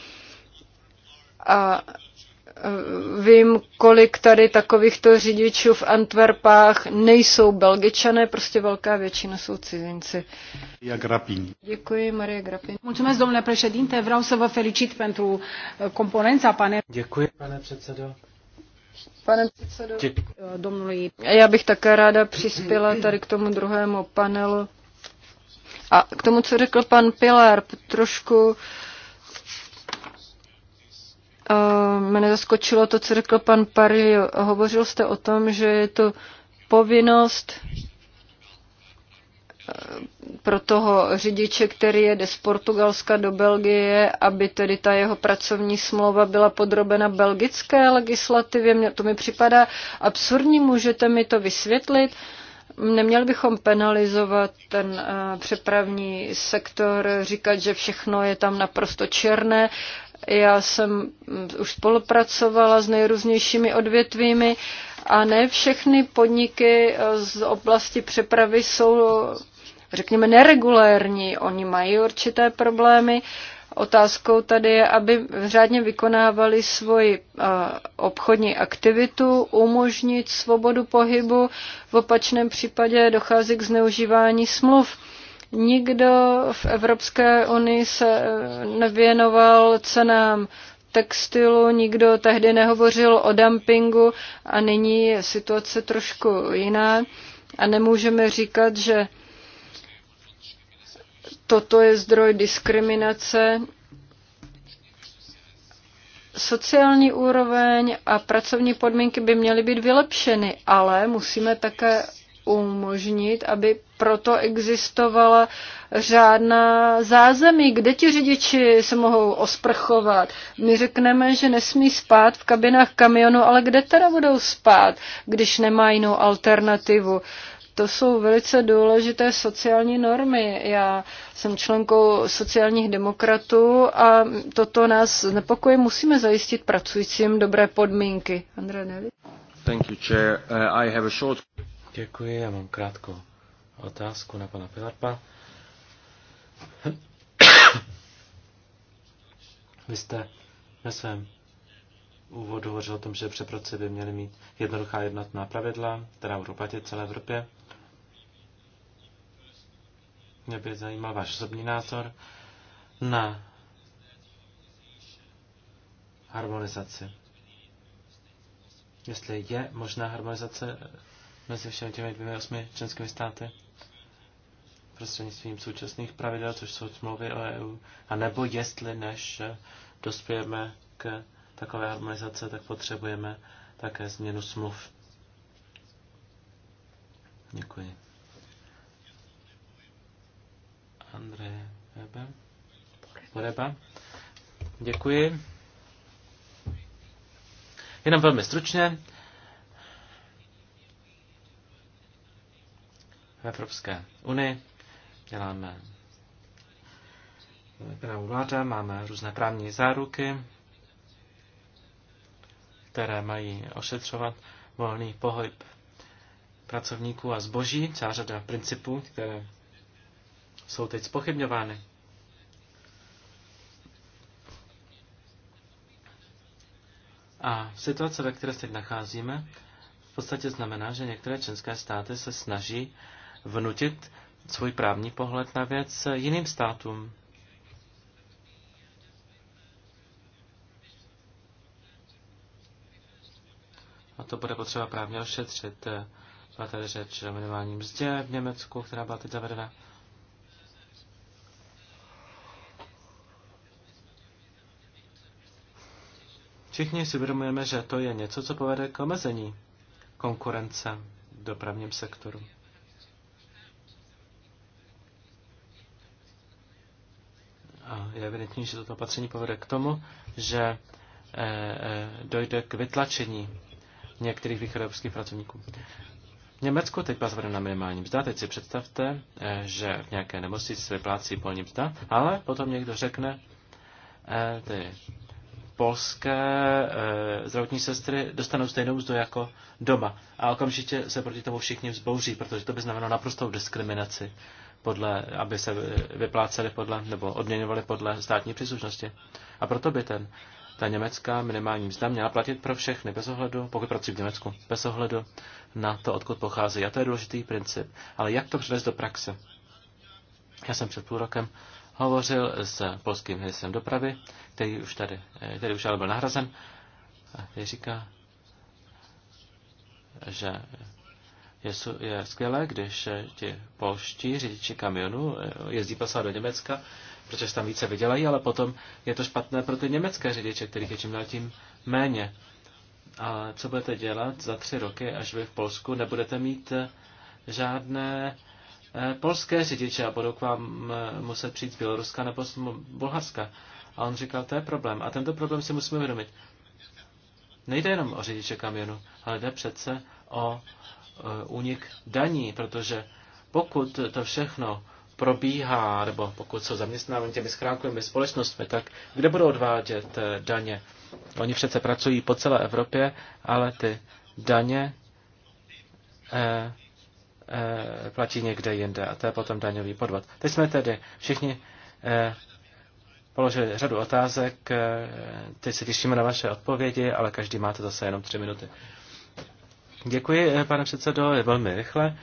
a Vím, kolik tady takovýchto řidičů v Antwerpách nejsou belgičané, prostě velká většina jsou cizinci. Maria Grapin. Děkuji, Maria Grapin. Mulțumesc, domnule președinte, vreau să vă felicit pentru uh, componența panelu. Děkuji, pane předsedo. Pane předsedo, uh, domnului. Já bych také ráda přispěla tady k tomu druhému panelu. A k tomu, co řekl pan Pilar, trošku uh, mne zaskočilo to, co řekl pan Pary. Hovořil jste o tom, že je to povinnost e, pro toho řidiče, který jede z Portugalska do Belgie, aby tedy ta jeho pracovní smlouva byla podrobena belgické legislativě. Mně to mi připadá absurdní, můžete mi to vysvětlit? Neměli bychom penalizovat ten e, přepravní sektor, říkat, že všechno je tam naprosto černé. Já jsem už spolupracovala s nejrůznějšími odvětvími a ne všechny podniky z oblasti přepravy jsou, řekněme, neregulérní. Oni mají určité problémy. Otázkou tady je, aby řádně vykonávali svoji eh, obchodní aktivitu, umožnit svobodu pohybu. V opačném případě dochází k zneužívání smluv. Nikdo v Evropské unii se eh, nevěnoval cenám textilu, nikdo tehdy nehovořil o dumpingu a nyní je situace trošku jiná a nemůžeme říkat, že toto je zdroj diskriminace. Sociální úroveň a pracovní podmínky by měly být vylepšeny, ale musíme také umožnit, aby proto existovala řádná zázemí, kde ti řidiči se mohou osprchovat. My řekneme, že nesmí spát v kabinách kamionu, ale kde teda budou spát, když nemá jinou alternativu? To jsou velice důležité sociální normy. Já jsem členkou sociálních demokratů a toto nás znepokoje. Musíme zajistit pracujícím dobré podmínky. André Nelly. Thank you, Chair. Uh, I have a short... Děkuji, já mám krátkou otázku na pana Pilarpa. Vy jste ve svém úvodu hovořil o tom, že přepravci by měli mít jednoduchá jednotná pravidla, která budou platit celé Evropě. Mě by zajímal váš osobní názor na harmonizaci. Jestli je možná harmonizace mezi všemi těmi dvěmi osmi členskými státy prostřednictvím současných pravidel, což jsou smlouvy o EU, a nebo jestli než dospějeme k takové harmonizace, tak potřebujeme také změnu smluv. Děkuji. André Weber. Poreba. Děkuji. Jenom velmi stručně. v Evropské unii. Děláme právo vláda, máme různé právní záruky, které mají ošetřovat volný pohyb pracovníků a zboží, celá řada principů, které jsou teď spochybňovány. A situace, ve které se teď nacházíme, v podstatě znamená, že některé členské státy se snaží vnutit svůj právní pohled na věc jiným státům. A to bude potřeba právně ošetřit. Byla tady řeč o minimální mzdě v Německu, která byla teď zavedena. Všichni si uvědomujeme, že to je něco, co povede k omezení konkurence v dopravním sektoru. je evidentní, že toto opatření povede k tomu, že eh, eh, dojde k vytlačení některých východoevropských pracovníků. V Německu teď byla na minimální mzda, teď si představte, eh, že v nějaké nemocnici se vyplácí polní mzda, ale potom někdo řekne, ty polské zdravotní sestry dostanou stejnou mzdu jako doma. A okamžitě se proti tomu všichni vzbouří, protože to by znamenalo naprostou diskriminaci podle, aby se vypláceli podle, nebo odměňovali podle státní příslušnosti. A proto by ten, ta německá minimální mzda měla platit pro všechny, bez ohledu, pokud pracují v Německu, bez ohledu na to, odkud pochází. A to je důležitý princip. Ale jak to přinést do praxe? Já jsem před půl rokem hovořil s polským ministrem dopravy, který už tady, eh, který už ale byl nahrazen, a který říká, že je, je skvělé, když eh, ti polští řidiči kamionu eh, jezdí pasovat do Německa, protože tam více vydělají, ale potom je to špatné pro ty německé řidiče, kterých je čím dál tím méně. A co budete dělat za tři roky, až vy v Polsku nebudete mít eh, žádné polské řidiče a budou k vám muset přijít z Běloruska nebo z Bulharska. A on říkal, to je problém. A tento problém si musíme uvědomit. Nejde jenom o řidiče kamionu, ale jde přece o Eh, únik daní, protože pokud to všechno probíhá, nebo pokud jsou zaměstnávání těmi schránkovými společnostmi, tak kde budou odvádět eh, daně? Oni přece pracují po celé Evropě, ale ty daně eh, eh, platí někde jinde a to je potom daňový podvod. Teď jsme tedy všichni eh, položili řadu otázek, eh, teď se těšíme na vaše odpovědi, ale každý máte zase jenom tři minuty. Děkuji, eh, pane předsedo, je velmi rychle.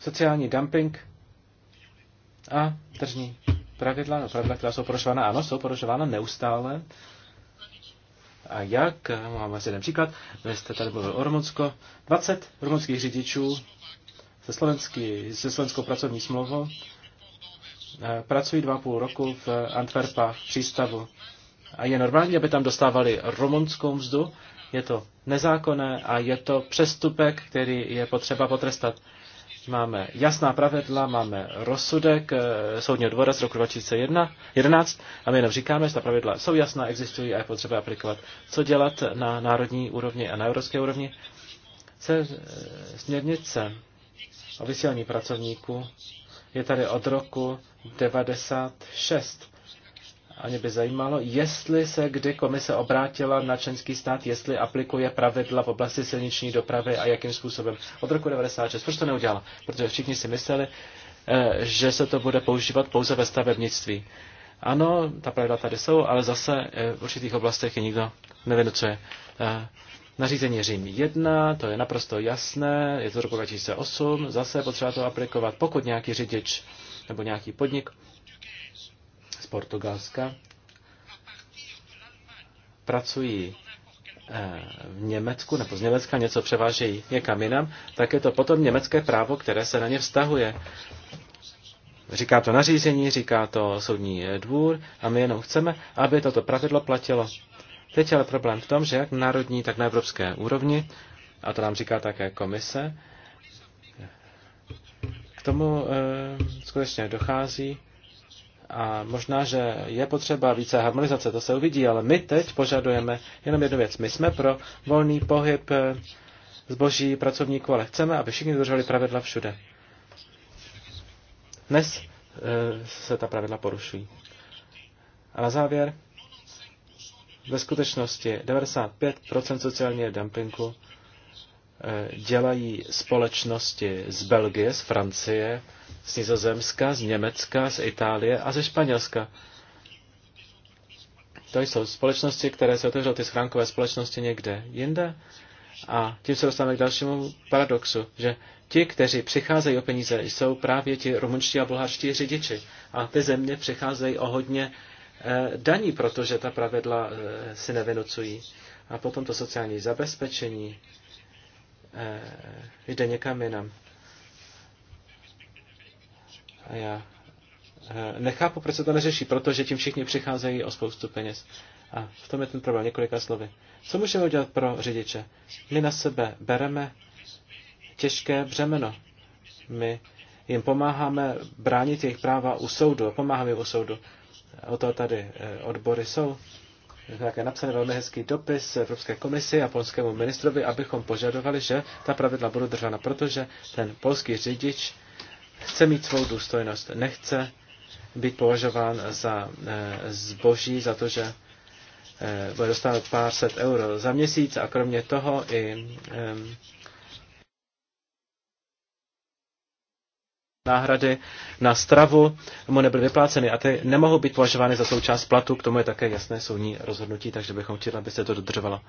Sociální dumping a tržní pravidla, no pravidla, která jsou porušována, ano, jsou porušována neustále. A jak? Eh, máme asi jeden příklad. Vy jste tady mluvil o Rumunsko. 20 rumunských řidičů se, slovenský, se slovenskou pracovní smlouvou eh, pracují dva půl roku v Antwerpách v přístavu a je normální, aby tam dostávali rumunskou mzdu. Je to nezákonné a je to přestupek, který je potřeba potrestat. Máme jasná pravidla, máme rozsudek eh, Soudního dvora z roku 2011 a my jenom říkáme, že ta pravidla jsou jasná, existují a je potřeba aplikovat. Co dělat na národní úrovni a na evropské úrovni? Se eh, směrnice o vysílání pracovníků je tady od roku 96 a mě by zajímalo, jestli se kdy komise obrátila na členský stát, jestli aplikuje pravidla v oblasti silniční dopravy a jakým způsobem. Od roku 96. Proč to neudělala? Protože všichni si mysleli, eh, že se to bude používat pouze ve stavebnictví. Ano, ta pravidla tady jsou, ale zase eh, v určitých oblastech je nikdo nevinucuje. Eh, nařízení Řím 1, to je naprosto jasné, je to roku 2008, zase potřeba to aplikovat, pokud nějaký řidič nebo nějaký podnik z Portugalska, pracují eh, v Německu nebo z Německa něco převážejí někam jinam, tak je to potom německé právo, které se na ně vztahuje. Říká to nařízení, říká to soudní eh, dvůr a my jenom chceme, aby toto pravidlo platilo. Teď je ale problém v tom, že jak národní, tak na evropské úrovni, a to nám říká také komise, k tomu e, skutečně dochází. A možná, že je potřeba více harmonizace, to se uvidí, ale my teď požadujeme jenom jednu věc. My jsme pro volný pohyb eh, zboží pracovníků, ale chceme, aby všichni dodrželi pravidla všude. Dnes eh, se ta pravidla porušují. A na závěr, ve skutečnosti 95% sociálního dumpingu Eh, dělají společnosti z Belgie, z Francie, z Nizozemska, z Německa, z Itálie a ze Španělska. To jsou společnosti, které se otevřou ty schránkové společnosti někde jinde. A tím se dostáváme k dalšímu paradoxu, že ti, kteří přicházejí o peníze, jsou právě ti rumunští a bulharští řidiči. A ty země přicházejí o hodně eh, daní, protože ta pravidla eh, si nevynucují. A potom to sociální zabezpečení, Eh, jde někam jinam. A já eh, nechápu, proč se to neřeší, protože tím všichni přicházejí o spoustu peněz. A v tom je ten problém, několika slovy. Co můžeme udělat pro řidiče? My na sebe bereme těžké břemeno. My jim pomáháme bránit jejich práva u soudu, pomáháme u soudu. O to tady eh, odbory jsou jsme také napsali velmi hezký dopis Evropské komisi a polskému ministrovi, abychom požadovali, že ta pravidla budou držena, protože ten polský řidič chce mít svou důstojnost, nechce být považován za eh, zboží, za to, že eh, bude dostávat pár set euro za měsíc a kromě toho i eh, náhrady na stravu mu nebyly vypláceny a ty nemohou být považovány za součást platu, k tomu je také jasné soudní rozhodnutí, takže bychom chtěli, aby se to dodržovalo.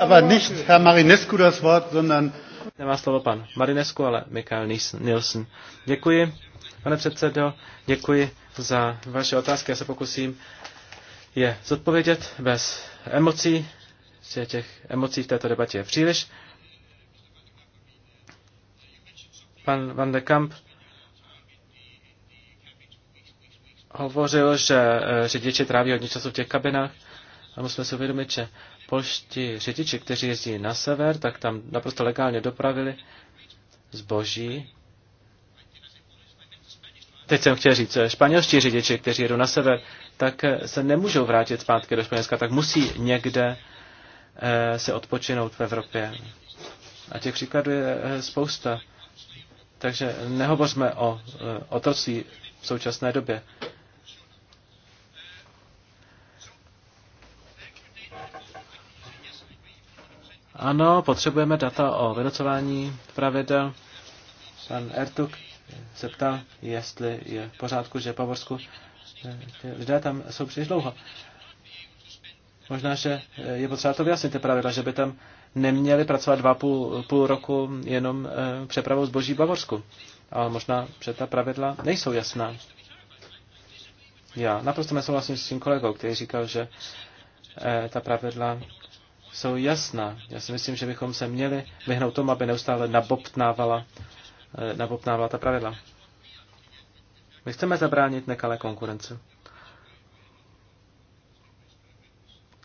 Aber nicht Herr Marinescu das Wort, sondern... Nemá slovo pan Marinescu, ale Mikael Nielsen. Děkuji, pane předsedo, děkuji za vaše otázky. Já se pokusím je zodpovědět bez emocí, těch emocí v této debatě je příliš. Pan Van de Kamp hovořil, že eh, řidiči tráví hodně času v těch kabinách a musíme si uvědomit, že polští řidiči, kteří jezdí na sever, tak tam naprosto legálně dopravili zboží. Teď jsem chtěl říct, eh, španělští řidiči, kteří jedou na sever, tak eh, se nemůžou vrátit zpátky do Španělska, tak musí někde se odpočinout v Evropě. A těch příkladů je spousta. Takže nehovořme o e, otroctví v současné době. Ano, potřebujeme data o vynocování pravidel. Pan Ertuk se ptal, jestli je v pořádku, že v Bavorsku e, lidé tam jsou příliš dlouho. Možná, že je potřeba to vyjasnit, ty pravidla, že by tam neměli pracovat dva půl, půl roku jenom e, přepravou zboží v Bavorsku. Ale možná, že ta pravidla nejsou jasná. Já naprosto nesouhlasím s tím kolegou, který říkal, že e, ta pravidla jsou jasná. Já si myslím, že bychom se měli vyhnout tomu, aby neustále nabobtnávala, e, nabobtnávala ta pravidla. My chceme zabránit nekalé konkurence.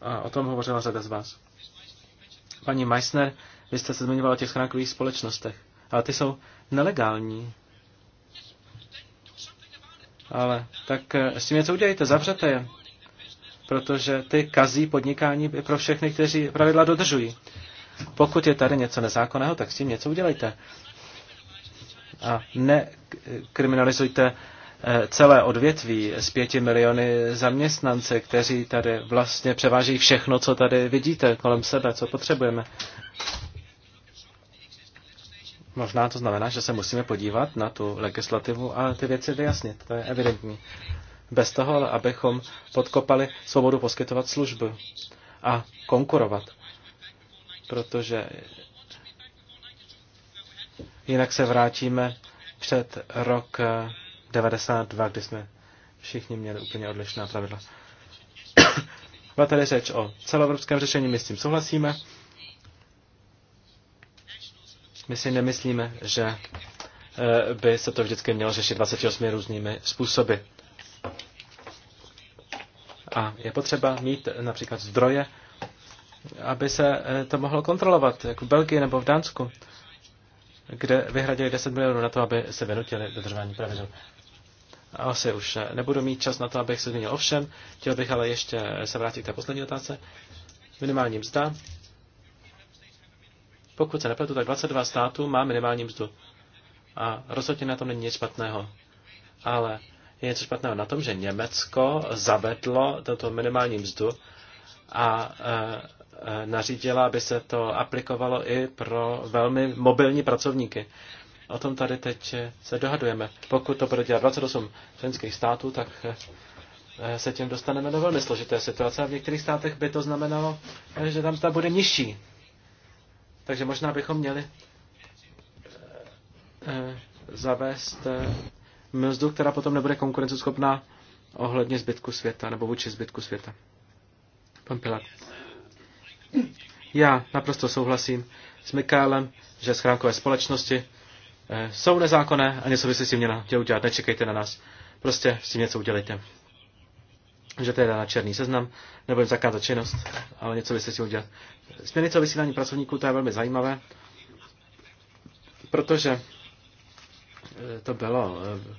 A o tom hovořila řada z vás. Paní Meissner, vy jste se zmiňovala o těch schránkových společnostech, ale ty jsou nelegální. Ale tak eh, s tím něco udělejte, zavřete je, protože ty kazí podnikání pro všechny, kteří pravidla dodržují. Pokud je tady něco nezákonného, tak s tím něco udělejte. A nekriminalizujte Eh, celé odvětví s pěti miliony zaměstnance, kteří tady vlastně převáží všechno, co tady vidíte kolem sebe, co potřebujeme. Možná to znamená, že se musíme podívat na tu legislativu a ty věci vyjasnit, to je evidentní. Bez toho, ale abychom podkopali svobodu poskytovat služby a konkurovat. Protože jinak se vrátíme před rok eh, 92, kdy jsme všichni měli úplně odlišná pravidla. Byla tady řeč o celoevropském řešení, my s tím souhlasíme. My si nemyslíme, že eh, by se to vždycky mělo řešit 28 různými způsoby. A je potřeba mít například zdroje, aby se eh, to mohlo kontrolovat, jako v Belgii nebo v Dánsku kde vyhradili 10 milionů na to, aby se vynutili dodržování pravidel. Asi už nebudu mít čas na to, abych se změnil. ovšem. Chtěl bych ale ještě se vrátit k té poslední otázce. Minimální mzda. Pokud se nepletu, tak 22 států má minimální mzdu. A rozhodně na tom není nic špatného. Ale je něco špatného na tom, že Německo zavedlo tento minimální mzdu a e, Eh, nařídila, aby se to aplikovalo i pro velmi mobilní pracovníky. O tom tady teď eh, se dohadujeme. Pokud to bude dělat 28 členských států, tak eh, se tím dostaneme do velmi složité situace a v některých státech by to znamenalo, že tam ta bude nižší. Takže možná bychom měli zavést mzdu, která potom nebude konkurenceschopná ohledně zbytku světa nebo vůči zbytku světa. Pan Pilat. Já naprosto souhlasím s Mikálem, že schránkové společnosti eh, jsou nezákonné a něco si s tím měla udělat. Nečekejte na nás. Prostě s tím něco udělejte. Že to je na černý seznam, nebo jim zakázat činnost, ale něco byste s tím udělat. Směrnice o vysílání pracovníků, to je velmi zajímavé, protože eh, to bylo eh,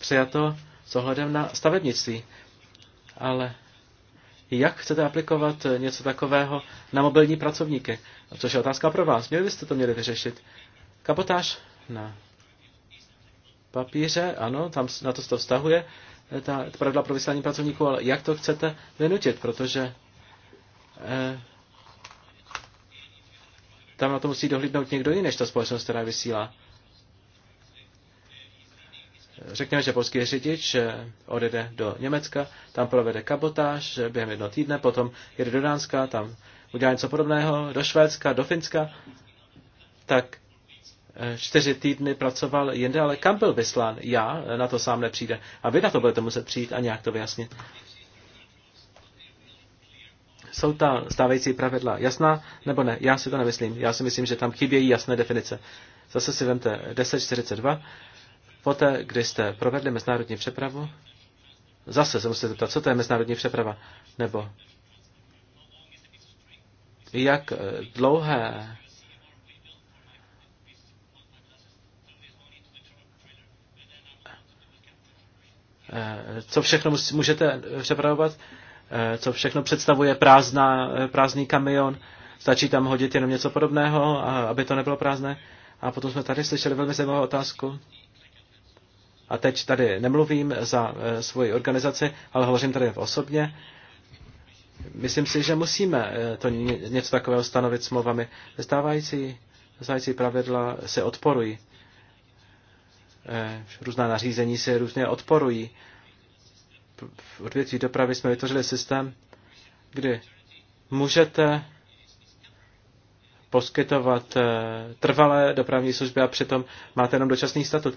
přijato s ohledem na stavebnictví, ale jak chcete aplikovat něco takového na mobilní pracovníky? Což je otázka pro vás. Měli byste to měli vyřešit. Kapotáž na papíře, ano, tam na to se to vztahuje, eh, ta pravidla pro vyslání pracovníků, ale jak to chcete vynutit, protože eh, tam na to musí dohlídnout někdo jiný, než ta společnost, která vysílá řekněme, že polský řidič eh, odjede do Německa, tam provede kabotáž eh, během jednoho týdne, potom jede do Dánska, tam udělá něco podobného, do Švédska, do Finska, tak eh, čtyři týdny pracoval jinde, ale kam byl vyslán? Já na to sám nepřijde. A vy na to budete muset přijít a nějak to vyjasnit. Jsou ta stávající pravidla jasná nebo ne? Já si to nemyslím. Já si myslím, že tam chybějí jasné definice. Zase si vemte 1042 Poté, kdy jste provedli mezinárodní přepravu, zase se musíte zeptat, co to je mezinárodní přeprava, nebo jak eh, dlouhé eh, co všechno můžete přepravovat, eh, co všechno představuje prázdná, prázdný kamion, stačí tam hodit jenom něco podobného, aby to nebylo prázdné. A potom jsme tady slyšeli velmi zajímavou otázku a teď tady nemluvím za eh, svoji organizaci, ale hovořím tady v osobně, myslím si, že musíme eh, to něco takového stanovit smlouvami. Stávající, stávající pravidla se odporují. Eh, různá nařízení se různě odporují. V odvětví dopravy jsme vytvořili systém, kdy můžete poskytovat trvalé dopravní služby a přitom máte jenom dočasný statut.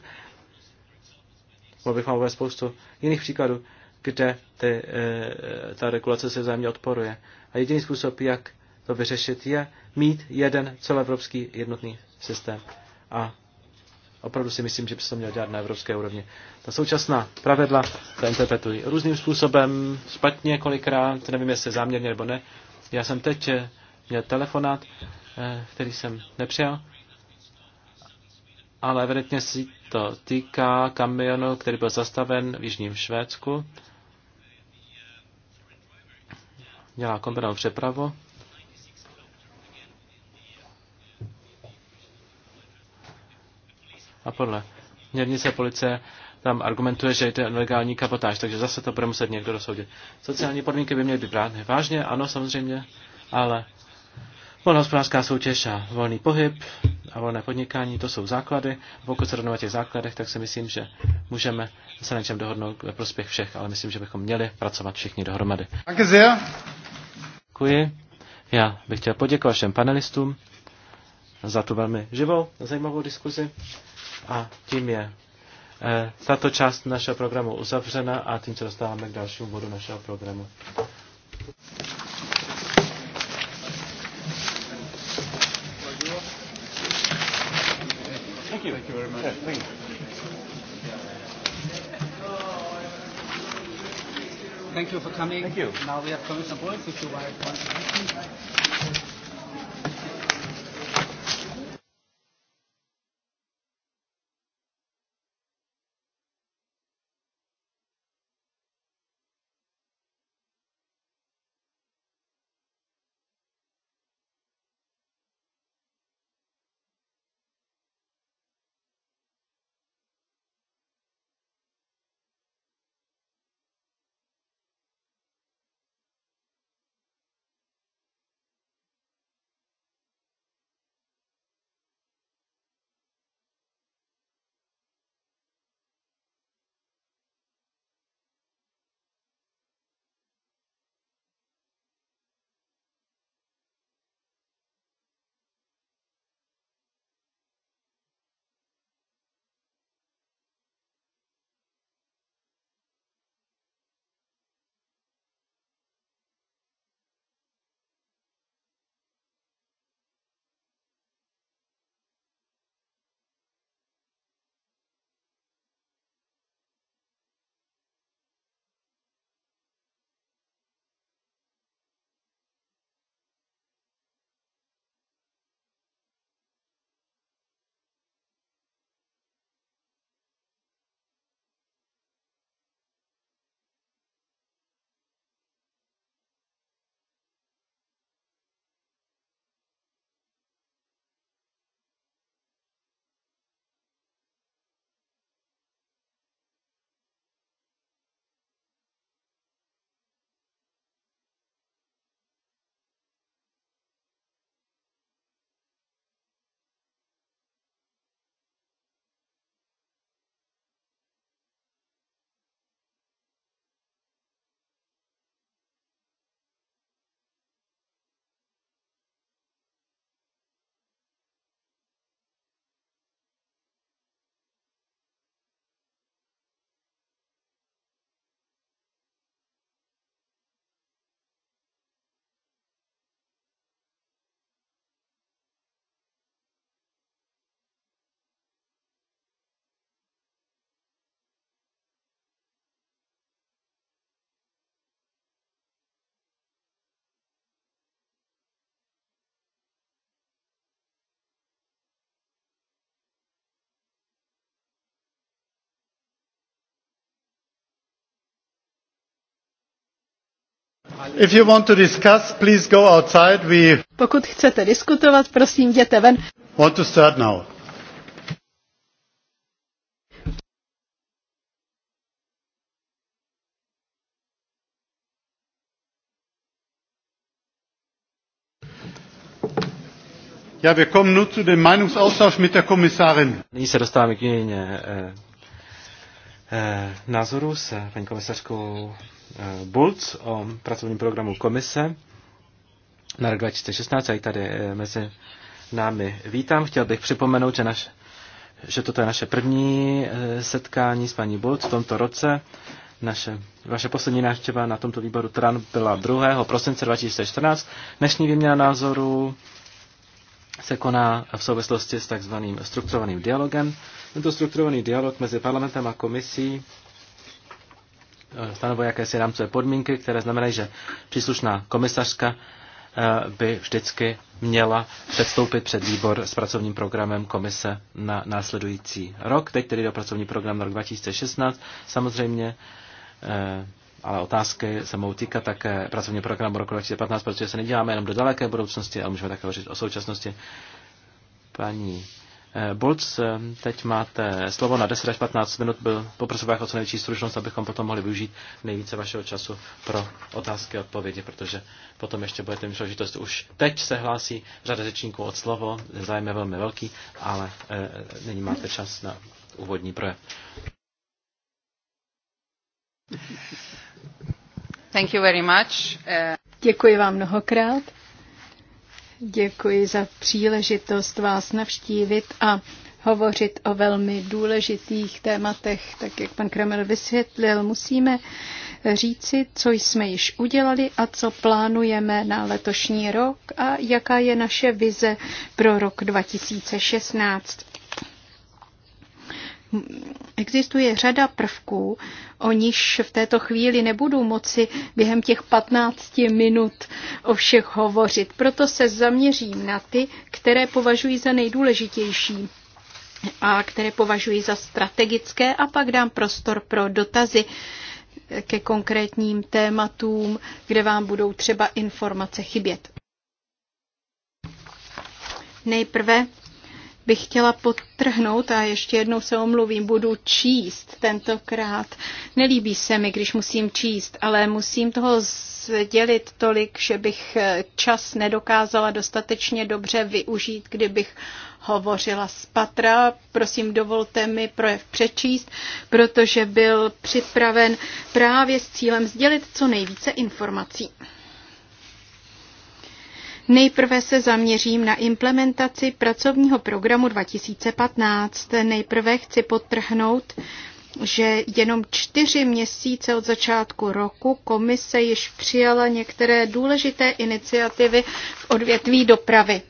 Mohl bych vám spoustu jiných příkladů, kde ty, eh, ta regulace se vzájemně odporuje. A jediný způsob, jak to vyřešit, je mít jeden celoevropský jednotný systém. A opravdu si myslím, že by se to mělo dělat na evropské úrovni. Ta současná pravidla se interpretují různým způsobem, špatně kolikrát, nevím, jestli záměrně nebo ne. Já jsem teď eh, měl telefonát, eh, který jsem nepřijal, ale evidentně si to týká kamionu, který byl zastaven v Jižním Švédsku. Dělá kombinovou přepravu. A podle měrnice policie tam argumentuje, že je to nelegální kapotáž, takže zase to bude muset někdo dosoudit. Sociální podmínky by měly být brány vážně, ano, samozřejmě, ale Volnohospodářská soutěž a volný pohyb a volné podnikání, to jsou základy. Pokud se rovnou těch základech, tak si myslím, že můžeme se na něčem dohodnout ve prospěch všech, ale myslím, že bychom měli pracovat všichni dohromady. Děkuji. Já bych chtěl poděkovat všem panelistům za tu velmi živou, zajímavou diskuzi a tím je eh, tato část našeho programu uzavřena a tím se dostáváme k dalšímu bodu našeho programu. you. Thank you very much. Yeah, thank you. Thank you for coming. Thank you. Now we have Commissioner Bulls, if you want to If you want to discuss, please go outside. We... Pokud chcete diskutovat, prosím, jděte ven. Want to start now. Ja, wir kommen nun zu dem Meinungsaustausch mit der Kommissarin. Nyní se dostáváme k jiné eh, eh, názoru s paní komisařkou Eh, Bulc o pracovním programu komise na rok 2016. Já tady eh, mezi námi vítám. Chtěl bych připomenout, že, naš, že toto je naše první eh, setkání s paní Bulc v tomto roce. Naše, vaše poslední návštěva na tomto výboru TRAN byla 2. prosince 2014. Dnešní výměna názorů se koná v souvislosti s takzvaným strukturovaným dialogem. Tento strukturovaný dialog mezi parlamentem a komisí Eh, stanovuje jakési rámcové podmínky, které znamenají, že příslušná komisařka eh, by vždycky měla předstoupit před výbor s pracovním programem komise na následující rok. Teď tedy do pracovní program na rok 2016. Samozřejmě eh, ale otázky se mohou týkat také pracovního programu roku 2015, protože se neděláme jenom do daleké budoucnosti, ale můžeme také hovořit o současnosti. Paní Eh, Bolc, eh, teď máte slovo na 10 až 15 minut. Byl, poprosil bych o co největší stručnost, abychom potom mohli využít nejvíce vašeho času pro otázky a odpovědi, protože potom ještě budete mít příležitost. Už teď se hlásí řada řečníků od slovo, zájem je velmi velký, ale e, nyní máte čas na úvodní projev. Thank you very much. Děkuji vám mnohokrát. Děkuji za příležitost vás navštívit a hovořit o velmi důležitých tématech, tak jak pan Kramer vysvětlil. Musíme říci, co jsme již udělali a co plánujeme na letošní rok a jaká je naše vize pro rok 2016. Existuje řada prvků, o níž v této chvíli nebudu moci během těch 15 minut o všech hovořit. Proto se zaměřím na ty, které považuji za nejdůležitější a které považuji za strategické a pak dám prostor pro dotazy ke konkrétním tématům, kde vám budou třeba informace chybět. Nejprve bych chtěla podtrhnout a ještě jednou se omluvím, budu číst tentokrát. Nelíbí se mi, když musím číst, ale musím toho sdělit tolik, že bych eh, čas nedokázala dostatečně dobře využít, kdybych hovořila z patra. Prosím, dovolte mi projev přečíst, protože byl připraven právě s cílem sdělit co nejvíce informací. Nejprve se zaměřím na implementaci pracovního programu 2015. Nejprve chci podtrhnout, že jenom čtyři měsíce od začátku roku komise již přijala některé důležité iniciativy v odvětví dopravy.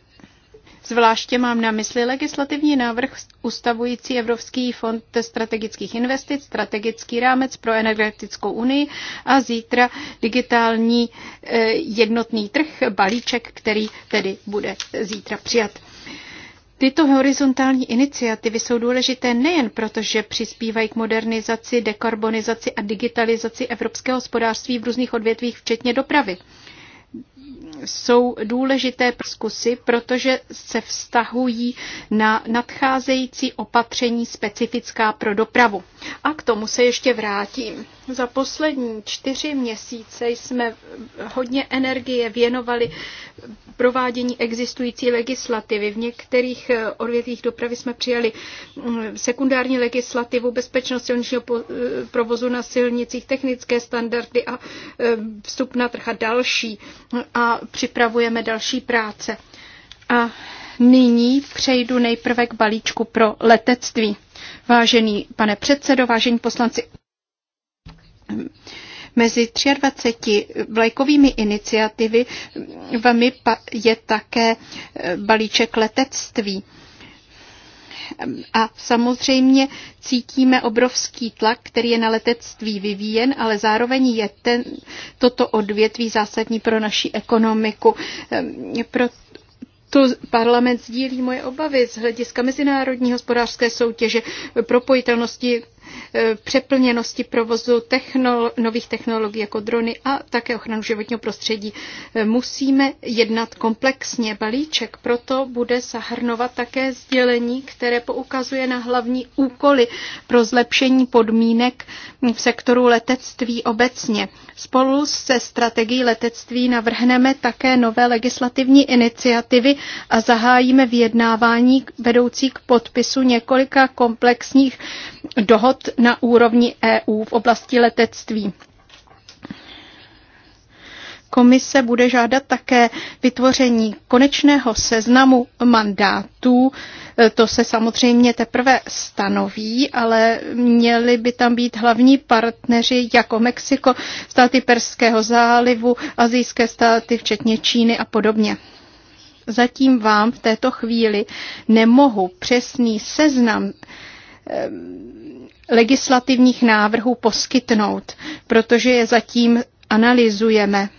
Zvláště mám na mysli legislativní návrh ustavující Evropský fond strategických investic, strategický rámec pro energetickou unii a zítra digitální eh, jednotný trh, balíček, který tedy bude zítra přijat. Tyto horizontální iniciativy jsou důležité nejen proto, že přispívají k modernizaci, dekarbonizaci a digitalizaci evropského hospodářství v různých odvětvích, včetně dopravy jsou důležité zkusy, protože se vztahují na nadcházející opatření specifická pro dopravu. A k tomu se ještě vrátím. Za poslední čtyři měsíce jsme hodně energie věnovali provádění existující legislativy. V některých eh, odvětvích dopravy jsme přijali mm, sekundární legislativu, bezpečnost silničního eh, provozu na silnicích, technické standardy a eh, vstup na trh a další a připravujeme další práce. A nyní přejdu nejprve k balíčku pro letectví. Vážený pane předsedo, vážení poslanci, mezi 23 vlajkovými iniciativy vami je také e, balíček letectví. A samozřejmě cítíme obrovský tlak, který je na letectví vyvíjen, ale zároveň je ten, toto odvětví zásadní pro naši ekonomiku. pro to parlament sdílí moje obavy z hlediska mezinárodní hospodářské soutěže, propojitelnosti Eh, přeplněnosti provozu technolo- nových technologií jako drony a také ochranu životního prostředí. Eh, musíme jednat komplexně. Balíček proto bude zahrnovat také sdělení, které poukazuje na hlavní úkoly pro zlepšení podmínek v sektoru letectví obecně. Spolu se strategií letectví navrhneme také nové legislativní iniciativy a zahájíme vyjednávání vedoucí k podpisu několika komplexních dohod na úrovni EU v oblasti letectví. Komise bude žádat také vytvoření konečného seznamu mandátů. E, to se samozřejmě teprve stanoví, ale měli by tam být hlavní partneři jako Mexiko, státy Perského zálivu, azijské státy, včetně Číny a podobně. Zatím vám v této chvíli nemohu přesný seznam Ehm, legislativních návrhů poskytnout, protože je zatím analyzujeme.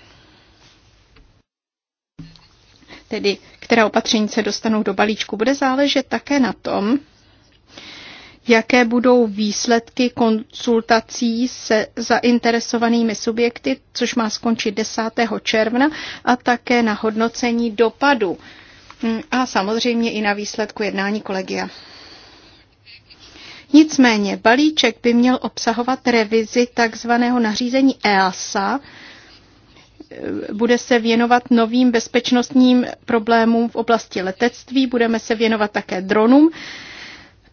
Tedy, která opatření se dostanou do balíčku, bude záležet také na tom, jaké budou výsledky konsultací se zainteresovanými subjekty, což má skončit 10. června, a také na hodnocení dopadu a samozřejmě i na výsledku jednání kolegia. Nicméně balíček by měl obsahovat revizi takzvaného nařízení EASA, bude se věnovat novým bezpečnostním problémům v oblasti letectví, budeme se věnovat také dronům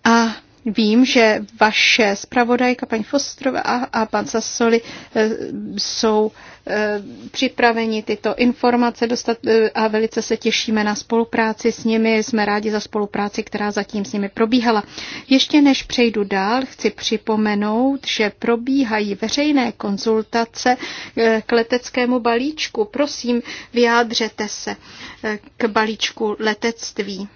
a Vím, že vaše zpravodajka, paní Fostrova a, a pan Sassoli eh, jsou eh, připraveni tyto informace dostat eh, a velice se těšíme na spolupráci s nimi. Jsme rádi za spolupráci, která zatím s nimi probíhala. Ještě než přejdu dál, chci připomenout, že probíhají veřejné konzultace k leteckému balíčku. Prosím, vyjádřete se k balíčku letectví.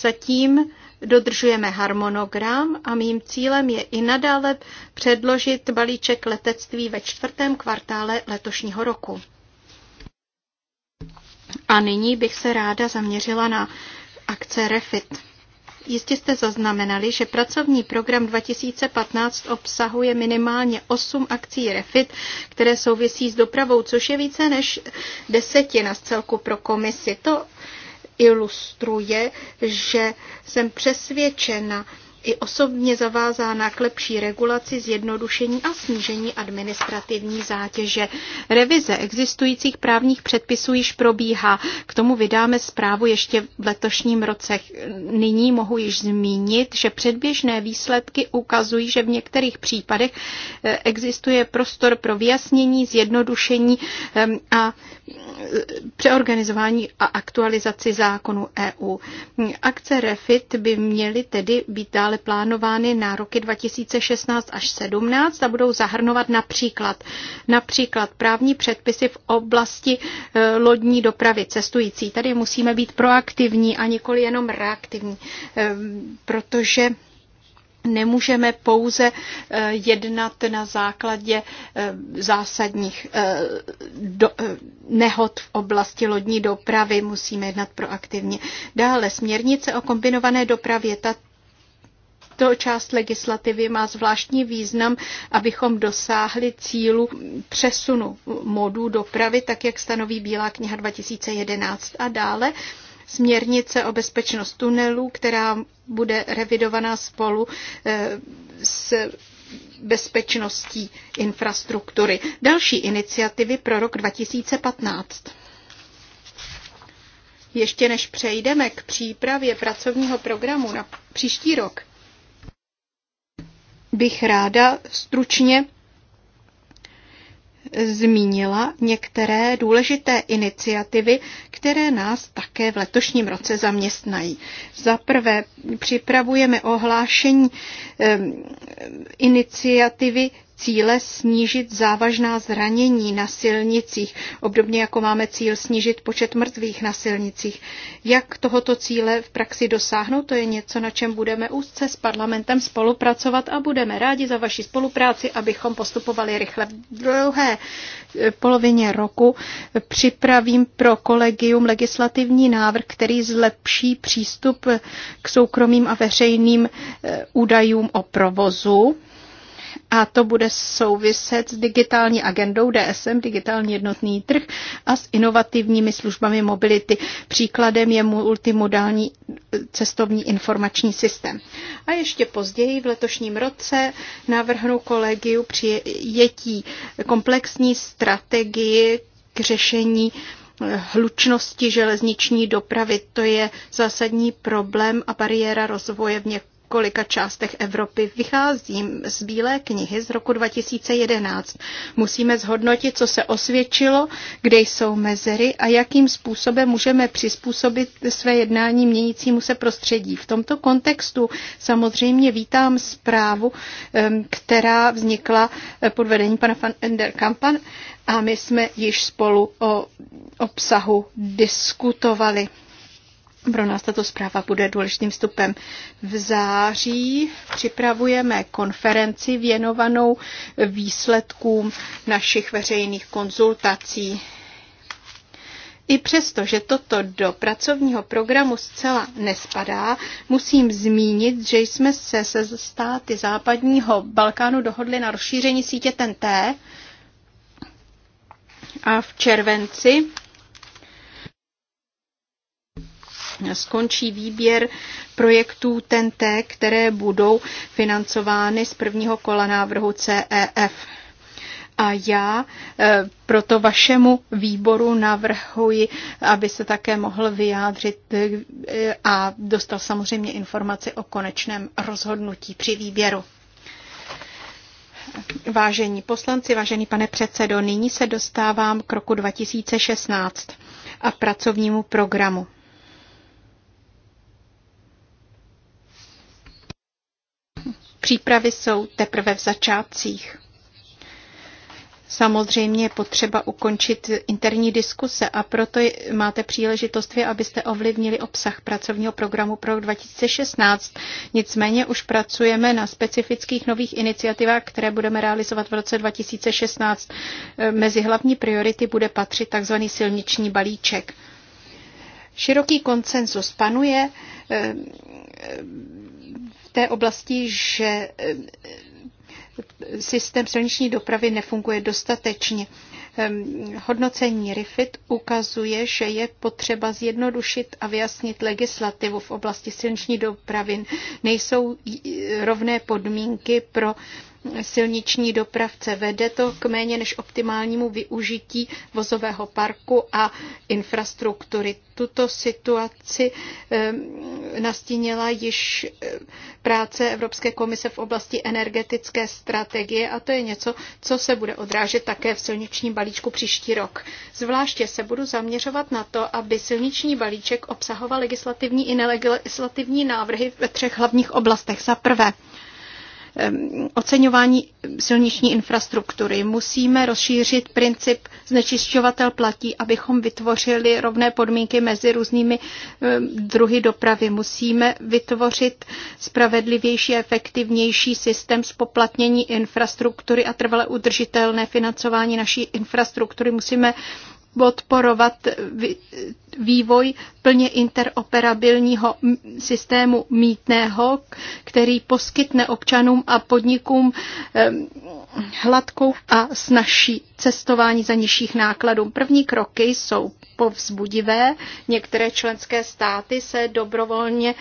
Zatím dodržujeme harmonogram a mým cílem je i nadále předložit balíček letectví ve čtvrtém kvartále letošního roku. A nyní bych se ráda zaměřila na akce REFIT. Jistě jste zaznamenali, že pracovní program 2015 obsahuje minimálně 8 akcí REFIT, které souvisí s dopravou, což je více než desetina z celku pro komisi. To ilustruje, že jsem přesvědčena, i osobně zavázána k lepší regulaci, zjednodušení a snížení administrativní zátěže. Revize existujících právních předpisů již probíhá. K tomu vydáme zprávu ještě v letošním roce. Nyní mohu již zmínit, že předběžné výsledky ukazují, že v některých případech eh, existuje prostor pro vyjasnění, zjednodušení a eh, přeorganizování a aktualizaci zákonu EU. Akce REFIT by měly tedy být dále byly plánovány na roky 2016 až 2017 a budou zahrnovat například, například právní předpisy v oblasti e, lodní dopravy cestující. Tady musíme být proaktivní a nikoli jenom reaktivní, e, protože nemůžeme pouze e, jednat na základě zásadních do, nehod v oblasti lodní dopravy, musíme jednat proaktivně. Dále směrnice o kombinované dopravě, ta tato část legislativy má zvláštní význam, abychom dosáhli cílu přesunu modů dopravy, tak jak stanoví Bílá kniha 2011 a dále směrnice o bezpečnost tunelů, která bude revidovaná spolu eh, s bezpečností infrastruktury. Další iniciativy pro rok 2015. Ještě než přejdeme k přípravě pracovního programu na příští rok, bych ráda stručně zmínila některé důležité iniciativy, které nás také v letošním roce zaměstnají. Za prvé připravujeme ohlášení iniciativy cíle snížit závažná zranění na silnicích, obdobně jako máme cíl snížit počet mrtvých na silnicích. Jak tohoto cíle v praxi dosáhnout, to je něco, na čem budeme úzce s parlamentem spolupracovat a budeme rádi za vaši spolupráci, abychom postupovali rychle. V druhé eh, polovině roku připravím pro kolegium legislativní návrh, který zlepší přístup k soukromým a veřejným eh, údajům o provozu a to bude souviset s digitální agendou DSM, digitální jednotný trh a s inovativními službami mobility. Příkladem je multimodální cestovní informační systém. A ještě později v letošním roce navrhnu kolegiu přijetí komplexní strategii k řešení hlučnosti železniční dopravy. To je zásadní problém a bariéra rozvoje v něk- kolika částech Evropy vycházím z Bílé knihy z roku 2011. Musíme zhodnotit, co se osvědčilo, kde jsou mezery a jakým způsobem můžeme přizpůsobit své jednání měnícímu se prostředí. V tomto kontextu samozřejmě vítám zprávu, která vznikla eh, pod vedením pana van Kampan a my jsme již spolu o obsahu diskutovali. Pro nás tato zpráva bude důležitým vstupem. V září připravujeme konferenci věnovanou výsledkům našich veřejných konzultací. I přesto, že toto do pracovního programu zcela nespadá, musím zmínit, že jsme se se státy západního Balkánu dohodli na rozšíření sítě TNT a v červenci skončí výběr projektů TNT, které budou financovány z prvního kola návrhu CEF. A já eh, proto vašemu výboru navrhuji, aby se také mohl vyjádřit eh, a dostal samozřejmě informaci o konečném rozhodnutí při výběru. Vážení poslanci, vážený pane předsedo, nyní se dostávám k roku 2016 a pracovnímu programu. Přípravy jsou teprve v začátcích. Samozřejmě je potřeba ukončit interní diskuse a proto máte příležitost vy, abyste ovlivnili obsah pracovního programu pro rok 2016. Nicméně už pracujeme na specifických nových iniciativách, které budeme realizovat v roce 2016. Mezi hlavní priority bude patřit tzv. silniční balíček. Široký konsenzus panuje eh, v té oblasti, že eh, systém silniční dopravy nefunguje dostatečně. Ehm, hodnocení RIFIT ukazuje, že je potřeba zjednodušit a vyjasnit legislativu v oblasti silniční dopravy. Nejsou rovné podmínky pro silniční dopravce. Vede to k méně než optimálnímu využití vozového parku a infrastruktury. Tuto situaci ehm, nastínila již eh, práce Evropské komise v oblasti energetické strategie a to je něco, co se bude odrážet také v silničním balíčku příští rok. Zvláště se budu zaměřovat na to, aby silniční balíček obsahoval legislativní i nelegislativní návrhy ve třech hlavních oblastech. Za prvé, oceňování silniční infrastruktury. Musíme rozšířit princip znečišťovatel platí, abychom vytvořili rovné podmínky mezi různými druhy dopravy. Musíme vytvořit spravedlivější a efektivnější systém spoplatnění infrastruktury a trvale udržitelné financování naší infrastruktury. Musíme podporovat vývoj plně interoperabilního systému mítného, který poskytne občanům a podnikům hladkou a snažší cestování za nižších nákladů. První kroky jsou povzbudivé. Některé členské státy se dobrovolně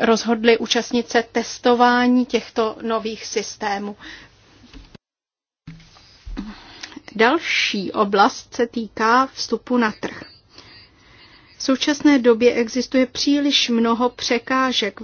rozhodly účastnit se testování těchto nových systémů. Další oblast se týká vstupu na trh. V současné době existuje příliš mnoho překážek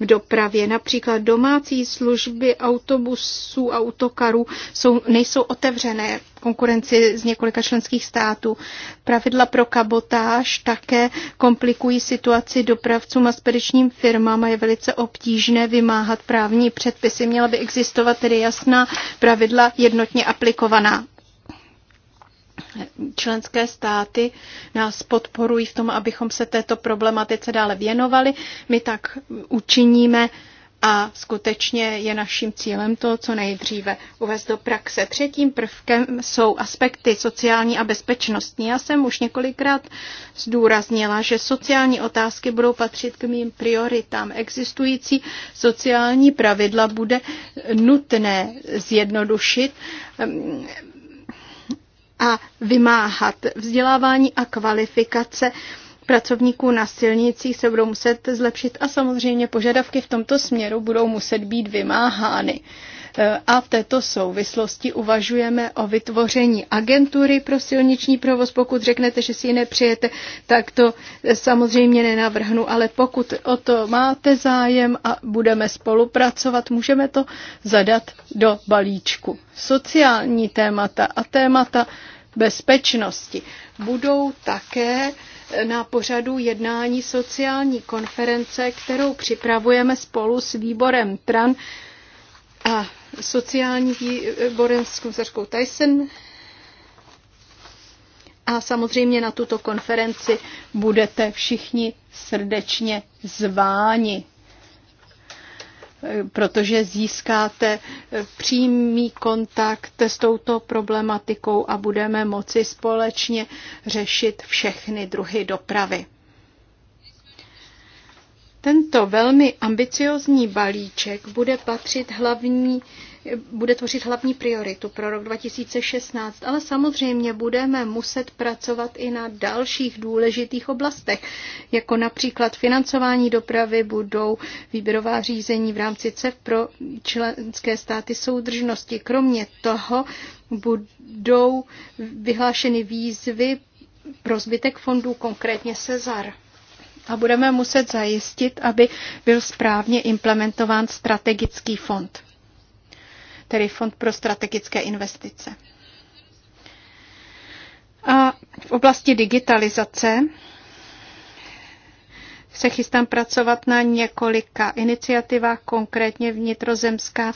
v dopravě. Například domácí služby autobusů, autokarů jsou, nejsou otevřené konkurenci z několika členských států. Pravidla pro kabotáž také komplikují situaci dopravcům a spedičním firmám a je velice obtížné vymáhat právní předpisy. Měla by existovat tedy jasná pravidla jednotně aplikovaná. Členské státy nás podporují v tom, abychom se této problematice dále věnovali. My tak učiníme a skutečně je naším cílem to, co nejdříve uvést do praxe. Třetím prvkem jsou aspekty sociální a bezpečnostní. Já jsem už několikrát zdůraznila, že sociální otázky budou patřit k mým prioritám. Existující sociální pravidla bude nutné zjednodušit a vymáhat. Vzdělávání a kvalifikace pracovníků na silnicích se budou muset zlepšit a samozřejmě požadavky v tomto směru budou muset být vymáhány. Eh, a v této souvislosti uvažujeme o vytvoření agentury pro silniční provoz. Pokud řeknete, že si ji nepřijete, tak to eh, samozřejmě nenavrhnu, ale pokud o to máte zájem a budeme spolupracovat, můžeme to zadat do balíčku. Sociální témata a témata bezpečnosti budou také eh, na pořadu jednání sociální konference, kterou připravujeme spolu s výborem TRAN a sociální výborem s komisařkou Tyson. A samozřejmě na tuto konferenci budete všichni srdečně zváni, protože získáte přímý kontakt s touto problematikou a budeme moci společně řešit všechny druhy dopravy. Tento velmi ambiciozní balíček bude patřit hlavní bude tvořit hlavní prioritu pro rok 2016, ale samozřejmě budeme muset pracovat i na dalších důležitých oblastech, jako například financování dopravy, budou výběrová řízení v rámci CEF pro členské státy soudržnosti. Kromě toho budou vyhlášeny výzvy pro zbytek fondů, konkrétně Cezar a budeme muset zajistit, aby byl správně implementován strategický fond, tedy fond pro strategické investice. A v oblasti digitalizace se chystám pracovat na několika iniciativách, konkrétně vnitrozemská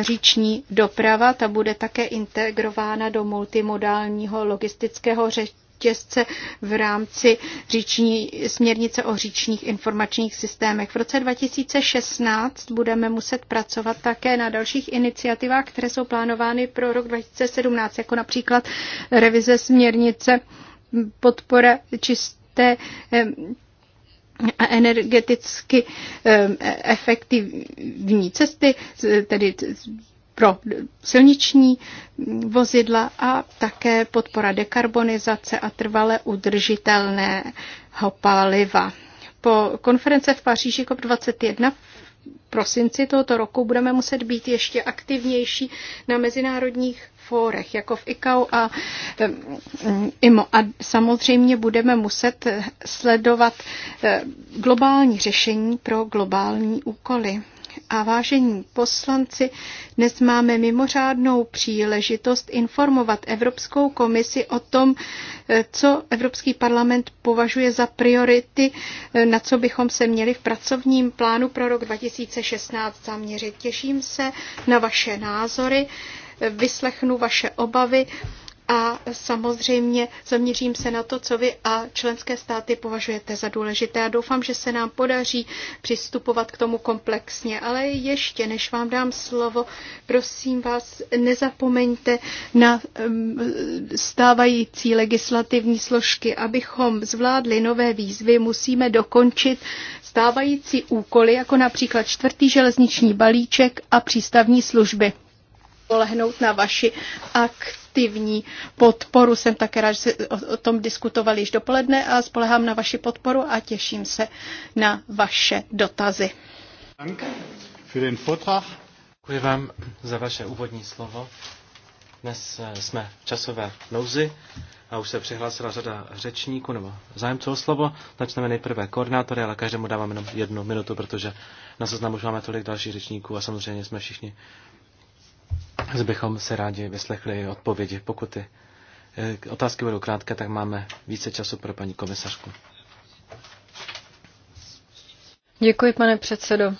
říční doprava. Ta bude také integrována do multimodálního logistického řešení řetězce v rámci říční, směrnice o říčních informačních systémech. V roce 2016 budeme muset pracovat také na dalších iniciativách, které jsou plánovány pro rok 2017, jako například revize směrnice podpora čisté a eh, energeticky eh, efektivní cesty, tedy pro silniční vozidla a také podpora dekarbonizace a trvale udržitelného paliva. Po konference v Paříži COP21 v prosinci tohoto roku budeme muset být ještě aktivnější na mezinárodních fórech, jako v ICAO a eh, IMO. A samozřejmě budeme muset sledovat eh, globální řešení pro globální úkoly a vážení poslanci, dnes máme mimořádnou příležitost informovat Evropskou komisi o tom, eh, co Evropský parlament považuje za priority, eh, na co bychom se měli v pracovním plánu pro rok 2016 zaměřit. Těším se na vaše názory, eh, vyslechnu vaše obavy a samozřejmě zaměřím se na to, co vy a členské státy považujete za důležité. A doufám, že se nám podaří přistupovat k tomu komplexně. Ale ještě, než vám dám slovo, prosím vás, nezapomeňte na stávající legislativní složky. Abychom zvládli nové výzvy, musíme dokončit stávající úkoly, jako například čtvrtý železniční balíček a přístavní služby polehnout na vaši akci aktivní podporu. Jsem také rád, že se o o tom diskutovali již dopoledne a spolehám na vaši podporu a těším se na vaše dotazy. Děkuji vám za vaše úvodní slovo. Dnes eh, jsme v časové nouzi a už se přihlásila řada řečníků nebo zájemců o slovo. Začneme nejprve koordinátory, ale každému dáváme jenom jednu minutu, protože na seznamu už máme tolik dalších řečníků a samozřejmě jsme všichni bychom se rádi vyslechli odpovědi. Pokud ty eh, otázky budou krátké, tak máme více času pro paní komisařku. Děkuji, pane předsedo.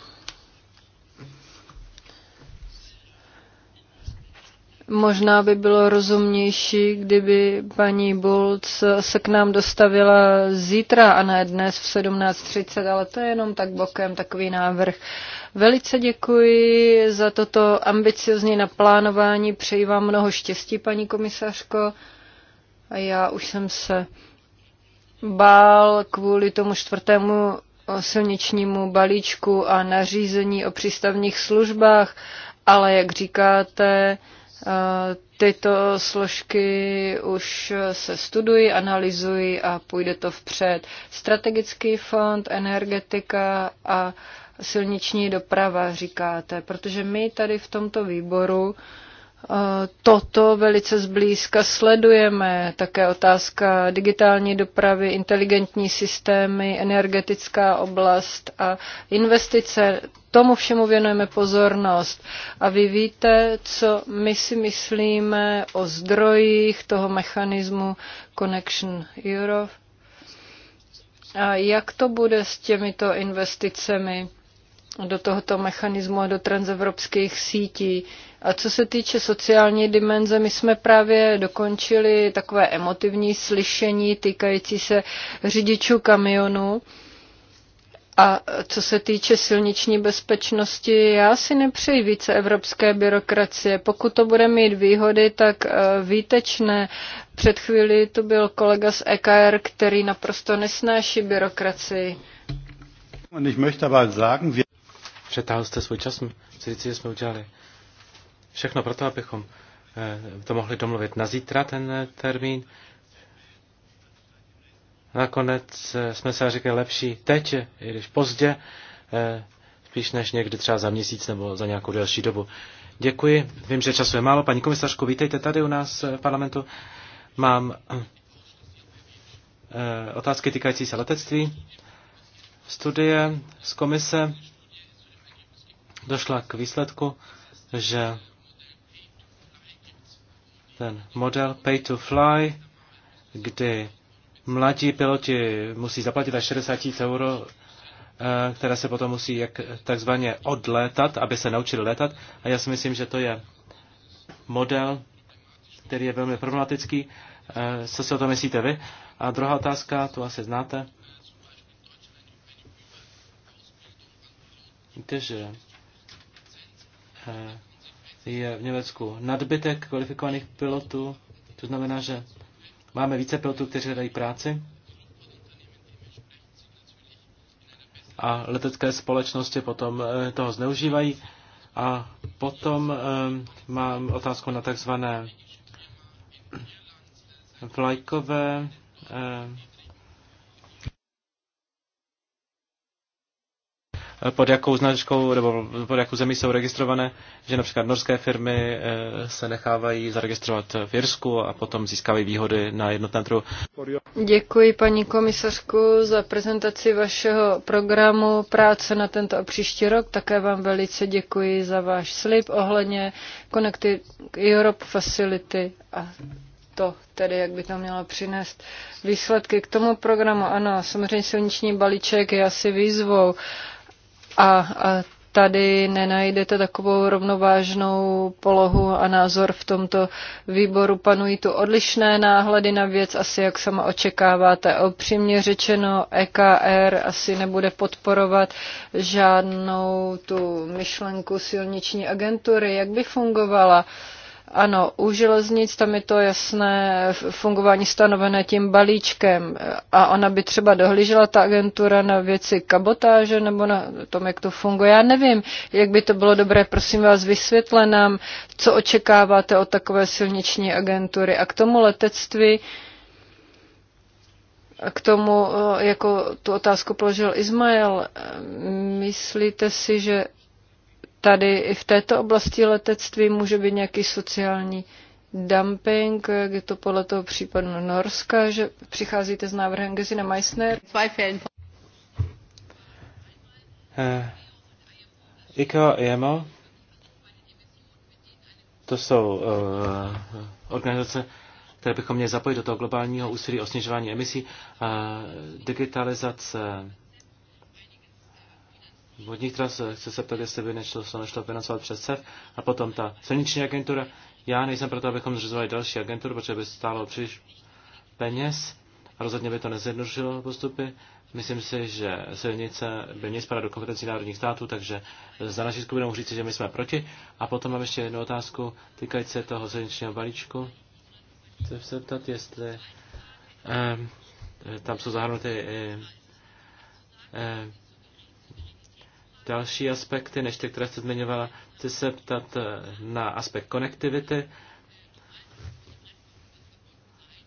Možná by bylo rozumnější, kdyby paní Bulc se k nám dostavila zítra a ne dnes v 17.30, ale to je jenom tak bokem takový návrh. Velice děkuji za toto ambiciozní naplánování. Přeji vám mnoho štěstí, paní komisařko. A já už jsem se bál kvůli tomu čtvrtému silničnímu balíčku a nařízení o přístavních službách, ale jak říkáte, Tyto složky už se studují, analyzují a půjde to vpřed. Strategický fond, energetika a silniční doprava, říkáte, protože my tady v tomto výboru uh, toto velice zblízka sledujeme. Také otázka digitální dopravy, inteligentní systémy, energetická oblast a investice. Tomu všemu věnujeme pozornost. A vy víte, co my si myslíme o zdrojích toho mechanismu Connection Europe? A jak to bude s těmito investicemi do tohoto mechanismu a do transevropských sítí? A co se týče sociální dimenze, my jsme právě dokončili takové emotivní slyšení týkající se řidičů kamionů. A co se týče silniční bezpečnosti, já si nepřeji více evropské byrokracie. Pokud to bude mít výhody, tak eh, výtečné. Před chvíli to byl kolega z EKR, který naprosto nesnáší byrokracii. Přetáhl jste svůj čas, co říci, že jsme udělali Všechno proto, abychom eh, to mohli domluvit na zítra, ten eh, termín. Nakonec eh, jsme se říkali lepší teď, i když pozdě, spíš než někdy třeba za měsíc nebo za nějakou delší dobu. Děkuji. Vím, že času je málo. Paní komisařko, vítejte tady u nás v parlamentu. Mám otázky týkající se letectví. Studie z komise došla k výsledku, že ten model pay to fly, kdy mladí piloti musí zaplatit až 60 000 euro, eh, které se potom musí jak, takzvaně odlétat, aby se naučili létat. A já si myslím, že to je model, který je velmi problematický. Eh, co si o to myslíte vy? A druhá otázka, tu asi znáte. Víte, že eh, je v Německu nadbytek kvalifikovaných pilotů, to znamená, že máme více pilotů, kteří hledají práci. A letecké společnosti potom eh, toho zneužívají. A potom eh, mám otázku na takzvané vlajkové eh, pod jakou značkou nebo pod jakou zemí jsou registrované, že například norské firmy eh, se nechávají zaregistrovat v Jirsku a potom získávají výhody na jednotném trhu. Děkuji paní komisařku za prezentaci vašeho programu práce na tento a příští rok. Také vám velice děkuji za váš slib ohledně Connected Europe Facility a to, tedy jak by to mělo přinést výsledky k tomu programu. Ano, samozřejmě silniční balíček je asi výzvou. Uh, a, a tady nenajdete takovou rovnovážnou polohu a názor v tomto výboru. Panují tu odlišné náhledy na věc, asi jak sama očekáváte. Opřímně řečeno, EKR asi nebude podporovat žádnou tu myšlenku silniční agentury. Jak by fungovala? Uh, ano, u železnic tam je to jasné fungování stanovené tím balíčkem a ona by třeba dohlížela ta agentura na věci kabotáže nebo na tom, jak to funguje. Já nevím, jak by to bylo dobré, prosím vás, vysvětle nám, co očekáváte od takové silniční agentury. A k tomu letectví, k tomu, jako tu otázku položil Izmael, myslíte si, že tady i v této oblasti letectví může být nějaký sociální dumping, jak je to podle toho případu Norska, že přicházíte s návrhem Gesina Meissner. Eh, ICAO a IMO, e to jsou uh, organizace, které bychom měli zapojit do toho globálního úsilí o snižování emisí. uh, digitalizace vodních tras, chci se ptát, jestli by nešlo, se nešlo financovat přes CEF a potom ta silniční agentura. Já nejsem proto, abychom zřizovali další agenturu, protože by stálo příliš peněz a rozhodně by to nezjednodušilo postupy. Myslím si, že silnice by měly spadat do kompetencí národních států, takže za naší skupinou říci, že my jsme proti. A potom mám ještě jednu otázku týkající se toho silničního balíčku. Chci se ptat, jestli eh, tam jsou zahrnuty i eh, eh, další aspekty, než ty, které jste zmiňovala. Chci se ptat eh, na aspekt konektivity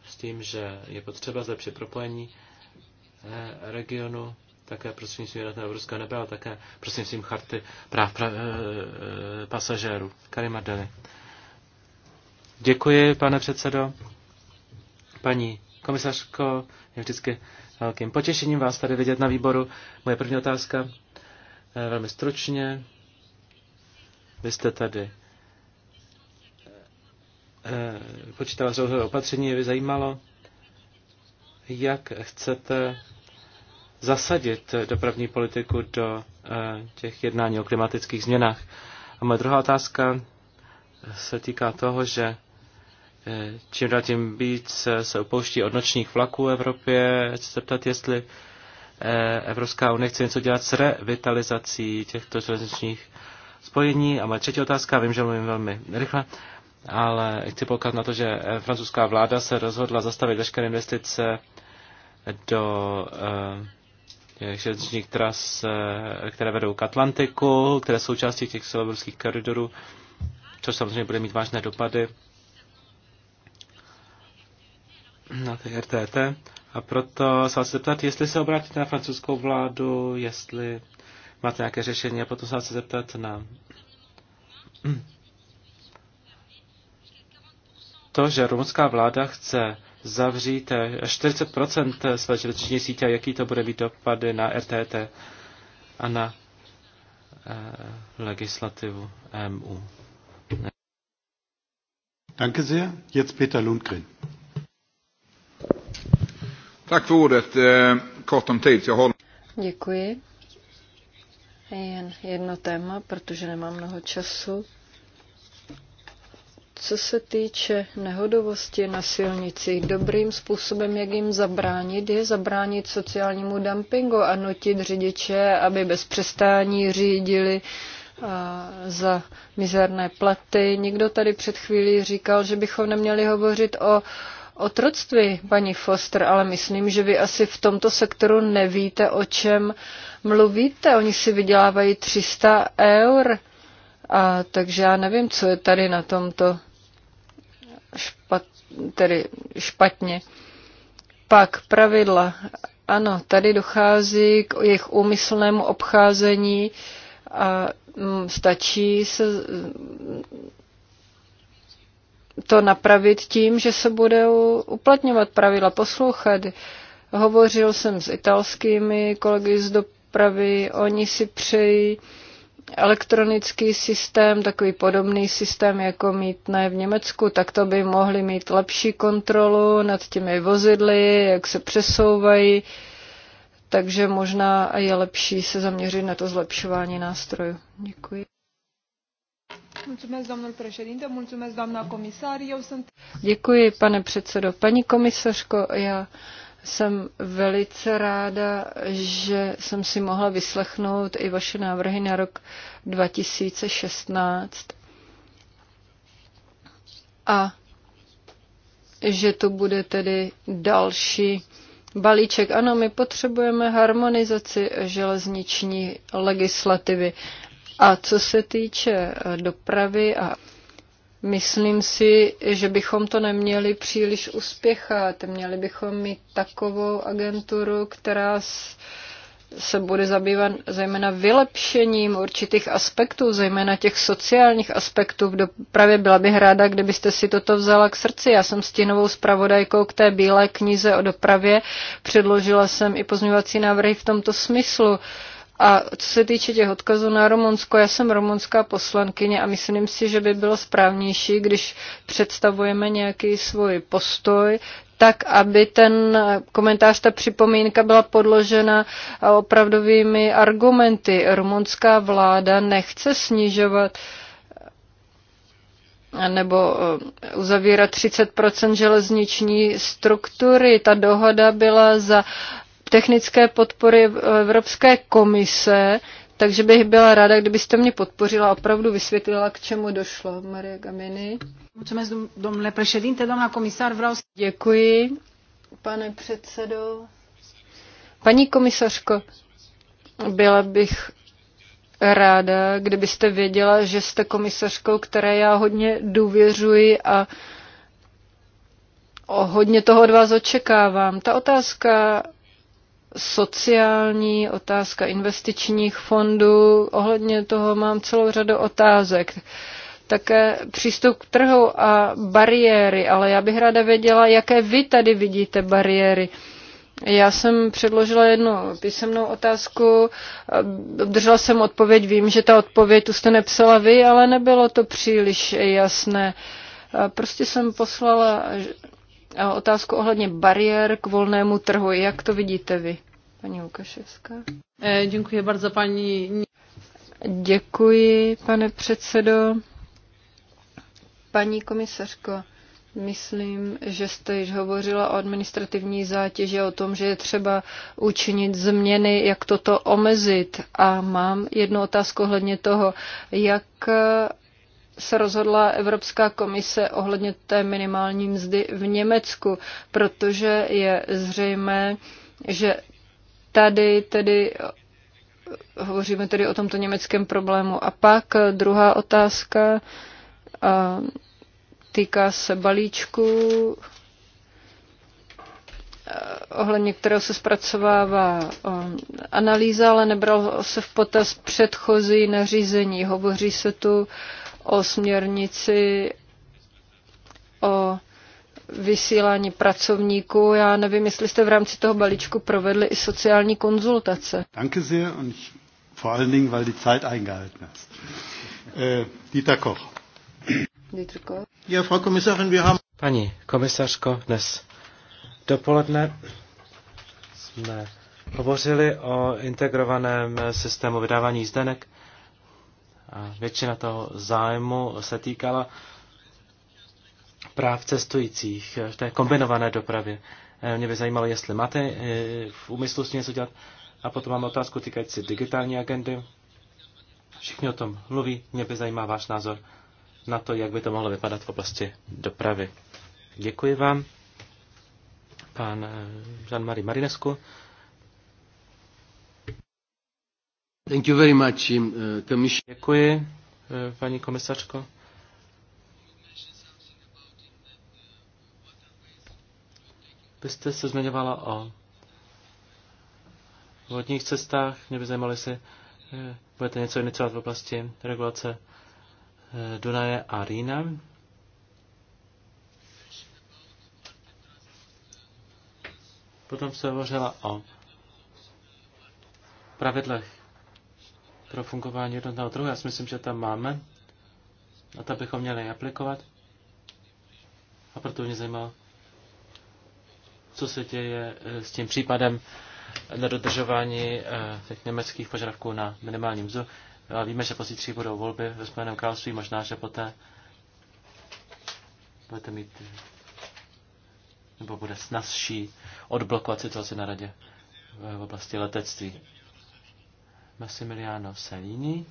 s tím, že je potřeba zlepšit propojení eh, regionu, také prostřednictvím jednotného evropského nebe, ale také prostřednictvím charty práv pra, eh, pasažérů. Karim Adeli. Děkuji, pane předsedo. Paní komisařko, je vždycky velkým potěšením vás tady vidět na výboru. Moje první otázka Eh, velmi stručně, vy jste tady eh, počítala řadu opatření, je by zajímalo, jak chcete zasadit dopravní politiku do eh, těch jednání o klimatických změnách. A moje druhá otázka se týká toho, že čím dál tím víc se opouští od nočních vlaků v Evropě. Chci se ptat, jestli Eh, Evropská unie chce něco dělat s revitalizací těchto železničních spojení. A moje třetí otázka, vím, že mluvím velmi rychle, ale chci poukázat na to, že eh, francouzská vláda se rozhodla zastavit veškeré investice do eh, těch železničních tras, které vedou k Atlantiku, které jsou částí těch celoevropských koridorů, což samozřejmě bude mít vážné dopady na ty RTT. A proto se vás zeptat, jestli se obrátíte na francouzskou vládu, jestli máte nějaké řešení a potom se vás zeptat na to, že rumunská vláda chce zavřít 40% své železniční sítě a jaký to bude mít dopady na RTT a na eh, legislativu MU. Danke sehr. Jetzt Peter Lundgren. Tack för ordet. Eh, kort om tid. Jag håller... Děkuji. Jen jedno téma, protože nemám mnoho času. Co se týče nehodovosti na silnicích, dobrým způsobem, jak jim zabránit, je zabránit sociálnímu dumpingu a nutit řidiče, aby bez přestání řídili za mizerné platy. Někdo tady před chvílí říkal, že bychom neměli hovořit o otroctví, paní Foster, ale myslím, že vy asi v tomto sektoru nevíte, o čem mluvíte. Oni si vydělávají 300 eur, a, takže já nevím, co je tady na tomto špat, tedy špatně. Pak pravidla. Ano, tady dochází k jejich úmyslnému obcházení a mm, stačí se to napravit tím, že se budou uplatňovat pravidla, poslouchat. Hovořil jsem s italskými kolegy z dopravy, oni si přejí elektronický systém, takový podobný systém, jako mít ne v Německu, tak to by mohli mít lepší kontrolu nad těmi vozidly, jak se přesouvají, takže možná je lepší se zaměřit na to zlepšování nástrojů. Děkuji. Děkuji, pane předsedo. Paní komisařko, já jsem velice ráda, že jsem si mohla vyslechnout i vaše návrhy na rok 2016 a že to bude tedy další balíček. Ano, my potřebujeme harmonizaci železniční legislativy a co se týče eh, dopravy a Myslím si, že bychom to neměli příliš uspěchat. Měli bychom mít takovou agenturu, která se bude zabývat zejména vylepšením určitých aspektů, zejména těch sociálních aspektů v dopravě. Byla bych ráda, kdybyste si toto vzala k srdci. Já jsem stínovou zpravodajkou k té bílé knize o dopravě. Předložila jsem i pozměňovací návrhy v tomto smyslu. Uh, a co se týče těch odkazů na Rumunsko, já jsem rumunská poslankyně a myslím si, že by bylo správnější, když představujeme nějaký svůj postoj, tak, aby ten komentář, ta připomínka byla podložena opravdovými argumenty. Rumunská vláda nechce snižovat nebo eh, uzavírat 30 železniční struktury. Ta dohoda byla za technické podpory Evropské komise, takže bych byla ráda, kdybyste mě podpořila a opravdu vysvětlila, k čemu došlo. Maria Gamini. Děkuji, pane předsedo. Paní komisařko, byla bych ráda, kdybyste věděla, že jste komisařkou, které já hodně důvěřuji a hodně toho od vás očekávám. Ta otázka sociální, otázka investičních fondů. Ohledně toho mám celou řadu otázek. Také přístup k trhu a bariéry, ale já bych ráda věděla, jaké vy tady vidíte bariéry. Já jsem předložila jednu písemnou otázku, obdržela jsem odpověď, vím, že ta odpověď tu jste nepsala vy, ale nebylo to příliš jasné. Prostě jsem poslala otázku ohledně bariér k volnému trhu. Jak to vidíte vy, paní Lukaševská? Eh, děkuji bardzo, paní. Děkuji, pane předsedo. Paní komisařko, Myslím, že jste již hovořila o administrativní zátěži, o tom, že je třeba učinit změny, jak toto omezit. A mám jednu otázku ohledně toho, jak se rozhodla Evropská komise ohledně té minimální mzdy v Německu, protože je zřejmé, že tady tedy hovoříme tedy o tomto německém problému. A pak druhá otázka týká se balíčku, eh, ohledně kterého se zpracovává eh, analýza, ale nebral se v potaz předchozí nařízení. Hovoří se tu o směrnici o vysílání pracovníků. Já nevím, jestli jste v rámci toho balíčku provedli i sociální konzultace. Danke sehr und vor allen Dingen, weil die Zeit eingehalten ist. Äh, Dieter Koch. Dieter Koch. Ja, Frau Kommissarin, wir haben... Paní komisařko, dnes dopoledne jsme hovořili o integrovaném systému vydávání jízdenek většina toho zájmu se týkala práv cestujících v té kombinované dopravě. Eh, Mě by zajímalo, jestli máte eh, v úmyslu s něco dělat. A potom mám otázku týkající digitální agendy. Všichni o tom mluví. Mě by zajímá váš názor na to, jak by to mohlo vypadat v oblasti dopravy. Děkuji vám, pan eh, Jean-Marie Marinescu. Thank you very much, uh, Děkuji, uh, paní komisařko. Vy jste se zmiňovala o vodních cestách. Mě by zajímalo, jestli uh, budete něco iniciovat v oblasti regulace uh, Dunaje a Rýna. Potom se hovořila o pravidlech pro fungování jednotného trhu. Já si myslím, že tam máme a ta bychom měli aplikovat. A proto mě zajímalo, co se děje eh, s tím případem nedodržování eh, těch německých požadavků na minimální mzdu. A víme, že pozítří budou volby ve Spojeném království, možná, že poté budete mít eh, nebo bude snazší odblokovat situaci na radě v oblasti letectví. Massimiliano Salini.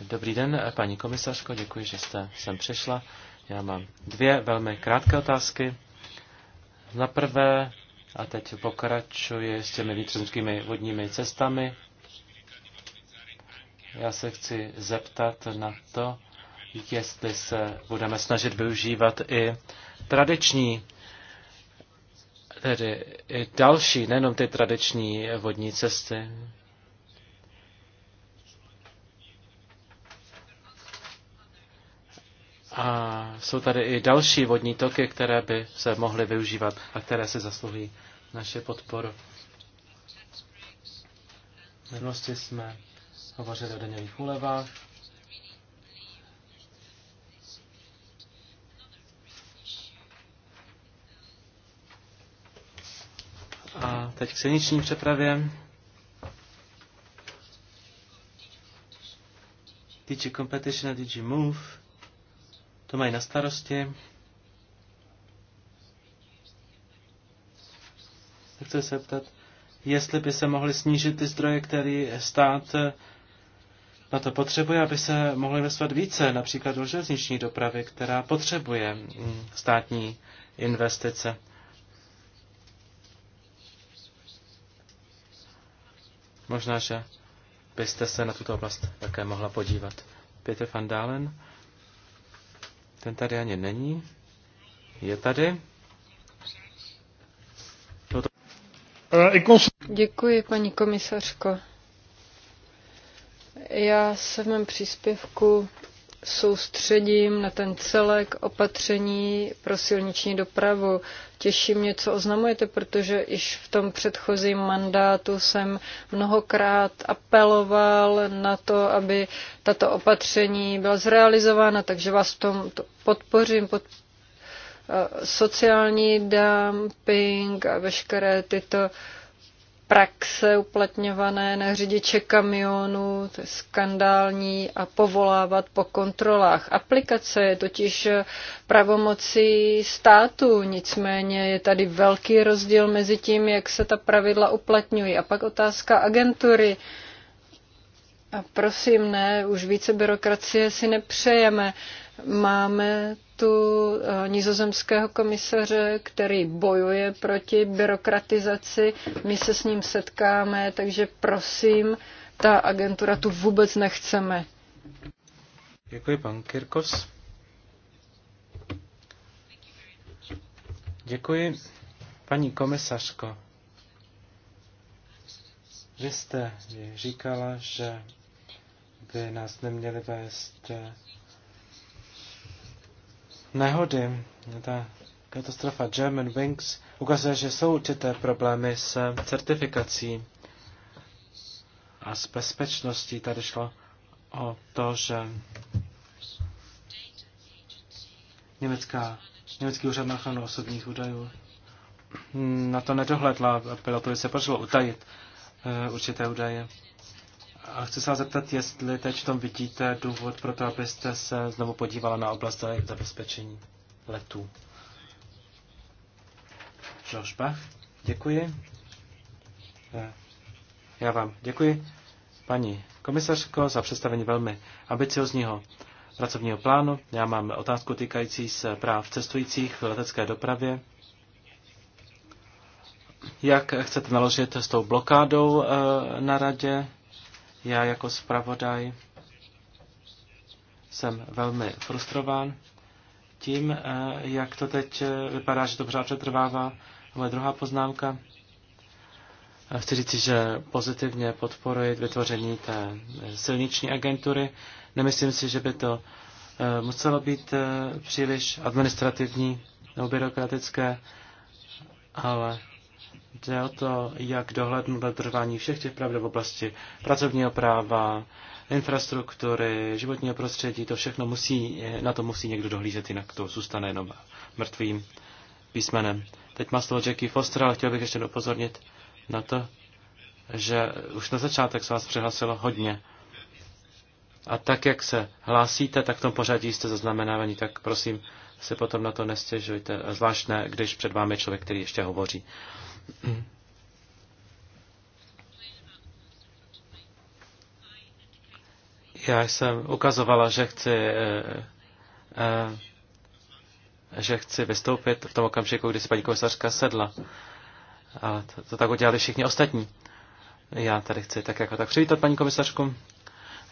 Dobrý den, paní komisařko, děkuji, že jste sem přišla. Já mám dvě velmi krátké otázky. Na prvé, a teď pokračuji s těmi vnitřemskými vodními cestami. Já se chci zeptat na to, jestli se budeme snažit využívat i tradiční, tedy i další, nejenom ty tradiční vodní cesty. A jsou tady i další vodní toky, které by se mohly využívat a které si zasluhují naše podporu. V minulosti jsme hovořili o daňových úlevách. A teď k silniční přepravě. DG Competition a DG Move to mají na starosti. Chci se ptat, jestli by se mohly snížit ty zdroje, které stát eh, na to potřebuje, aby se mohly investovat více, například do železniční dopravy, která potřebuje mm, státní investice. Možná, že byste se na tuto oblast také mohla podívat. Peter van Dalen. Ten tady ani není. Je tady. Děkuji, paní komisařko. Já se v mém příspěvku soustředím na ten celek opatření pro silniční dopravu. Těší mě, co oznamujete, protože již v tom předchozím mandátu jsem mnohokrát apeloval na to, aby tato opatření byla zrealizována, takže vás v tom podpořím, pod, eh, sociální dumping a veškeré tyto uh, praxe uplatňované na řidiče kamionu, to je skandální, a povolávat po kontrolách. Aplikace je totiž pravomocí státu, nicméně je tady velký rozdíl mezi tím, jak se ta pravidla uplatňují. A pak otázka agentury. A prosím, ne, už více byrokracie si nepřejeme. Uh, Máme tu eh, nizozemského komisaře, který bojuje proti byrokratizaci. My se s ním setkáme, takže prosím, ta agentura tu vůbec nechceme. Děkuji, pan Kirkos. Děkuji, paní komisařko. Vy jste říkala, že by nás neměli vést nehody, ta katastrofa German Wings, ukazuje, že jsou určité problémy s certifikací a s bezpečností. Tady šlo o to, že německá, německý úřad na ochranu osobních údajů na to nedohledla, pilotovi se podařilo utajit eh, určité údaje. A chci se vás zeptat, jestli teď v tom vidíte důvod pro to, abyste se znovu podívala na oblast zabezpečení letů. George Bach, děkuji. Eh, já vám děkuji, paní komisařko, za představení velmi ambiciozního pracovního plánu. Já mám otázku týkající se práv cestujících v letecké dopravě. Jak chcete naložit s tou blokádou eh, na radě? Já jako zpravodaj jsem velmi frustrován tím, eh, jak to teď eh, vypadá, že to pořád přetrvává. Moje druhá poznámka. Eh, chci říct, že pozitivně podporuji vytvoření té silniční agentury. Nemyslím si, že by to muselo být příliš administrativní nebo byrokratické, ale Jde o to, jak dohlednout dodržování všech těch pravd v oblasti pracovního práva, infrastruktury, životního prostředí, to všechno musí, na to musí někdo dohlížet, jinak to zůstane jenom mrtvým písmenem. Teď má slovo Jackie Foster, ale chtěl bych ještě dopozornit na to, že už na začátek se vás přihlásilo hodně. A tak, jak se hlásíte, tak v tom pořadí jste zaznamenávaní, tak prosím se potom na to nestěžujte, zvláštně, když před vámi je člověk, který ještě hovoří. Já jsem ukazovala, že chci, eh, eh, že chci vystoupit v tom okamžiku, kdy se paní komisařka sedla. a to, to tak udělali všichni ostatní. Já tady chci tak jako tak přivítat paní komisařku.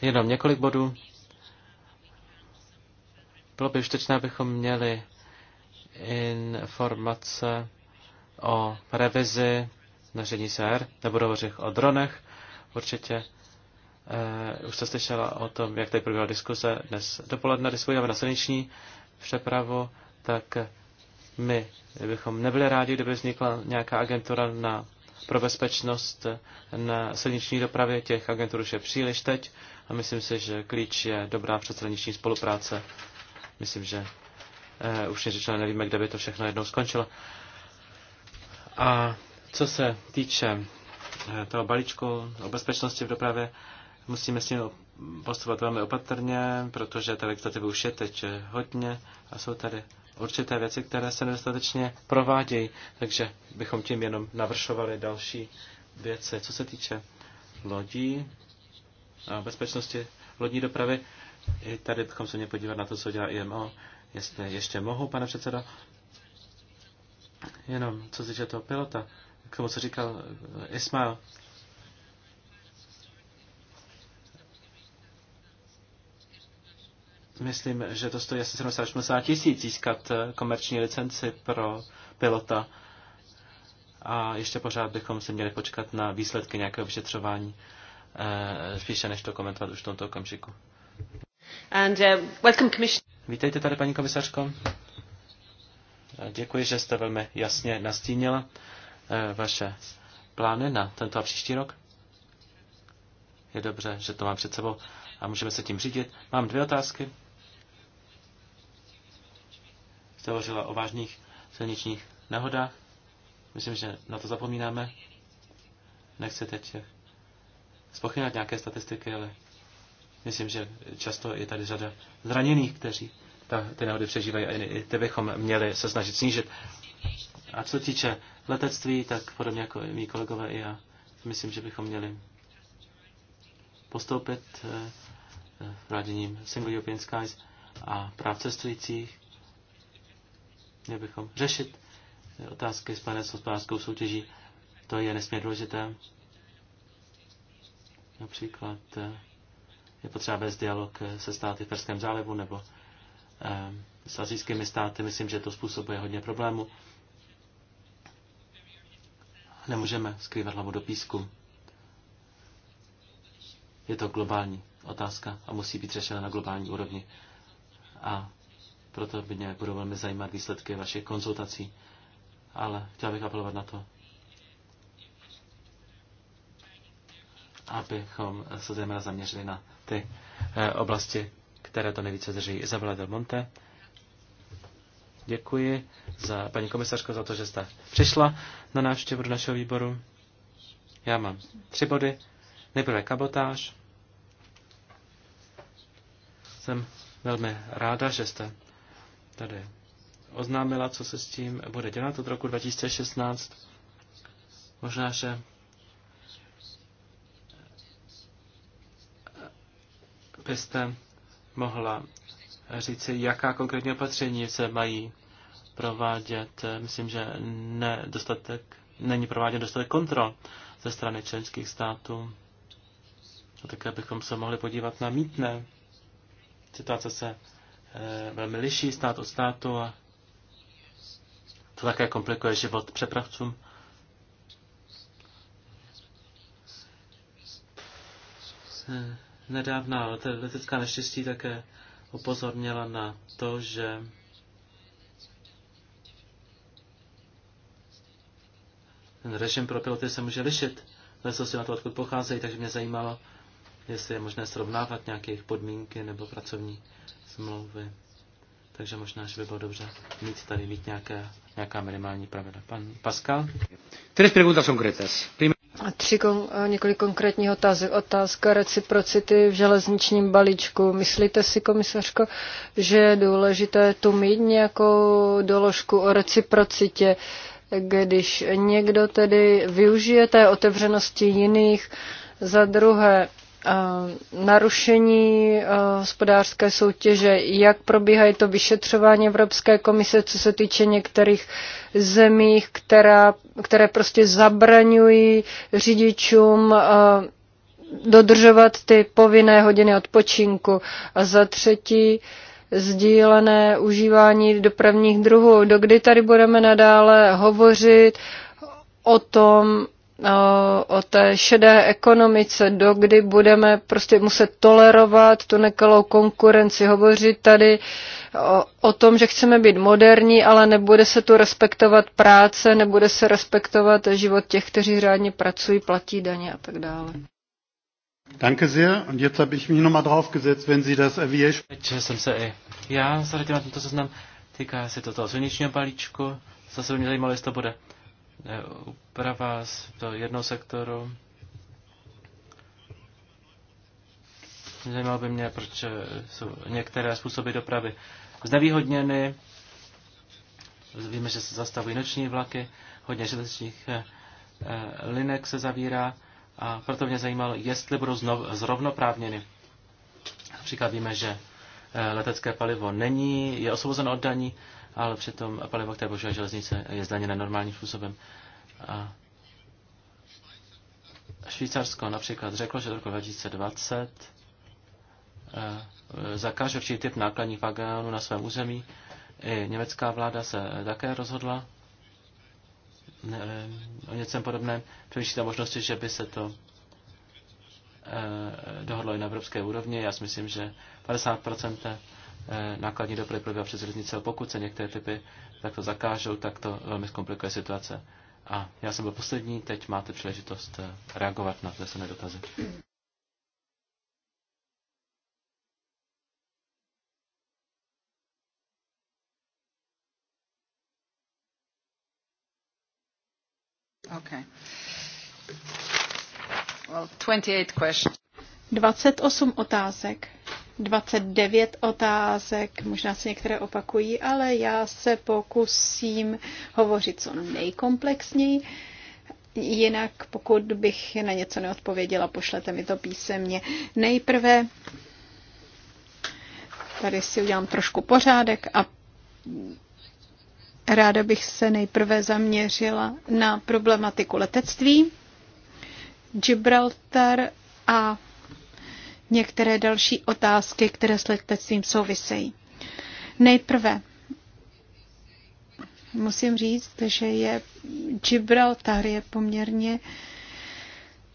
Jenom několik bodů. Bylo by užtečné, abychom měli informace o revizi nařízení CR, nebudu hovořit o dronech, určitě eh, už jste slyšela o tom, jak tady probíhala diskuse dnes dopoledne, když na silniční přepravu, tak my bychom nebyli rádi, kdyby vznikla nějaká agentura na, pro bezpečnost na silniční dopravě. Těch agentur už je příliš teď a myslím si, že klíč je dobrá přeshraniční spolupráce. Myslím, že eh, už řečeno nevíme, kde by to všechno jednou skončilo. Eh, a co se týče eh, toho balíčku o bezpečnosti v dopravě, musíme s ním postupovat velmi opatrně, protože ta legislativa už je teď eh, hodně a jsou tady určité věci, které se nedostatečně provádějí, takže bychom tím jenom navršovali další věci. Co se týče lodí a bezpečnosti lodní dopravy, i tady bychom se mě podívat na to, co dělá IMO, jestli ještě mohu, pane předsedo, Jenom co se týče toho pilota, k tomu, co říkal eh, Ismail. Myslím, že to stojí asi 70 tisíc získat eh, komerční licenci pro pilota. A ještě pořád bychom se měli počkat na výsledky nějakého vyšetřování, eh, spíše než to komentovat už v tomto okamžiku. And, uh, welcome, Vítejte tady, paní komisařko. Děkuji, že jste velmi jasně nastínila eh, vaše plány na tento a příští rok. Je dobře, že to mám před sebou a můžeme se tím řídit. Mám dvě otázky. Jste hovořila o vážných silničních nehodách. Myslím, že na to zapomínáme. Nechci teď spochybnat nějaké statistiky, ale myslím, že často je tady řada zraněných, kteří ta, ty nehody přežívají a i ty bychom měli se snažit snížit. A co týče letectví, tak podobně jako i mý kolegové i já, myslím, že bychom měli postoupit eh, eh, vláděním Single European Skies a práv cestujících. Měli bychom řešit eh, otázky s s hospodářskou soutěží. To je nesmírně důležité. Například je potřeba vést dialog se státy v Perském zálivu nebo Eh, s azijskými státy. Myslím, že to způsobuje hodně problémů. Nemůžeme skrývat hlavu do písku. Je to globální otázka a musí být řešena na globální úrovni. A proto by mě budou velmi zajímat výsledky vašich konzultací. Ale chtěl bych apelovat na to, abychom se zejména zaměřili na ty eh, oblasti které to nejvíce drží. Izabela Del Monte. Děkuji za paní komisařko za to, že jste přišla na návštěvu do našeho výboru. Já mám tři body. Nejprve kabotáž. Jsem velmi ráda, že jste tady oznámila, co se s tím bude dělat od roku 2016. Možná, že byste mohla říci, jaká konkrétní opatření se mají provádět. Myslím, že ne dostatek není prováděn dostatek kontrol ze strany členských států. A také bychom se mohli podívat na mítné. Situace se e, velmi liší stát od státu a to také komplikuje život přepravcům. Hmm. Nedávná letecká neštěstí také upozornila na to, že ten režim pro piloty se může lišit si na to, odkud pocházejí, takže mě zajímalo, jestli je možné srovnávat nějaké jejich podmínky nebo pracovní smlouvy. Takže možná, že by bylo dobře mít tady mít nějaké, nějaká minimální pravidla. Pan Pascal? Tres preguntas concretas. Tři kon, několik konkrétních otázek. Otázka reciprocity v železničním balíčku. Myslíte si, komisařko, že je důležité tu mít nějakou doložku o reciprocitě, když někdo tedy využije té otevřenosti jiných? Za druhé, Eh, narušení eh, hospodářské soutěže, jak probíhají to vyšetřování Evropské komise, co se týče některých zemí, která, které prostě zabraňují řidičům eh, dodržovat ty povinné hodiny odpočinku. A za třetí, sdílené užívání dopravních druhů. Dokdy tady budeme nadále hovořit o tom, o té šedé ekonomice, dokdy budeme prostě muset tolerovat tu nekalou konkurenci. hovořit tady o, o tom, že chceme být moderní, ale nebude se tu respektovat práce, nebude se respektovat život těch, kteří řádně pracují, platí daně a tak dále. Danke sehr. Und jetzt habe ich mich nochmal draufgesetzt, wenn Sie das Aviation... jsem se i já zaradil na tento seznam. Týká se toto silničního balíčku. Zase by mě zajímalo, jestli to bude Eh, úprava z toho jednoho sektoru. Zajímalo by mě, proč eh, jsou některé způsoby dopravy znevýhodněny. Víme, že se zastavují noční vlaky, hodně železničních eh, linek se zavírá a proto mě zajímalo, jestli budou zrovnoprávněny. Například víme, že letecké palivo není, je osvobozeno od daní ale přitom palivo, které používá železnice, je zdaněné normálním způsobem. A Švýcarsko například řeklo, že do roku 2020 eh, zakáže určitý typ nákladních vagónů na svém území. I německá vláda se také rozhodla eh, o něčem podobném. Přemýšlíte o možnosti, že by se to eh, dohodlo i na evropské úrovni. Já si myslím, že 50% Eh, nákladní dopravy probíhá přes železnice, pokud se některé typy takto zakážou, tak to velmi zkomplikuje situace. A já jsem byl poslední, teď máte příležitost eh, reagovat na vznesené dotazy. Okay. Well, 28 questions. 28 otázek. 29 otázek, možná se některé opakují, ale já se pokusím hovořit co nejkomplexněji. Jinak, pokud bych na něco neodpověděla, pošlete mi to písemně. Nejprve tady si udělám trošku pořádek a ráda bych se nejprve zaměřila na problematiku letectví. Gibraltar a některé další otázky, které s letectvím souvisejí. Nejprve musím říct, že je Gibraltar je poměrně uh,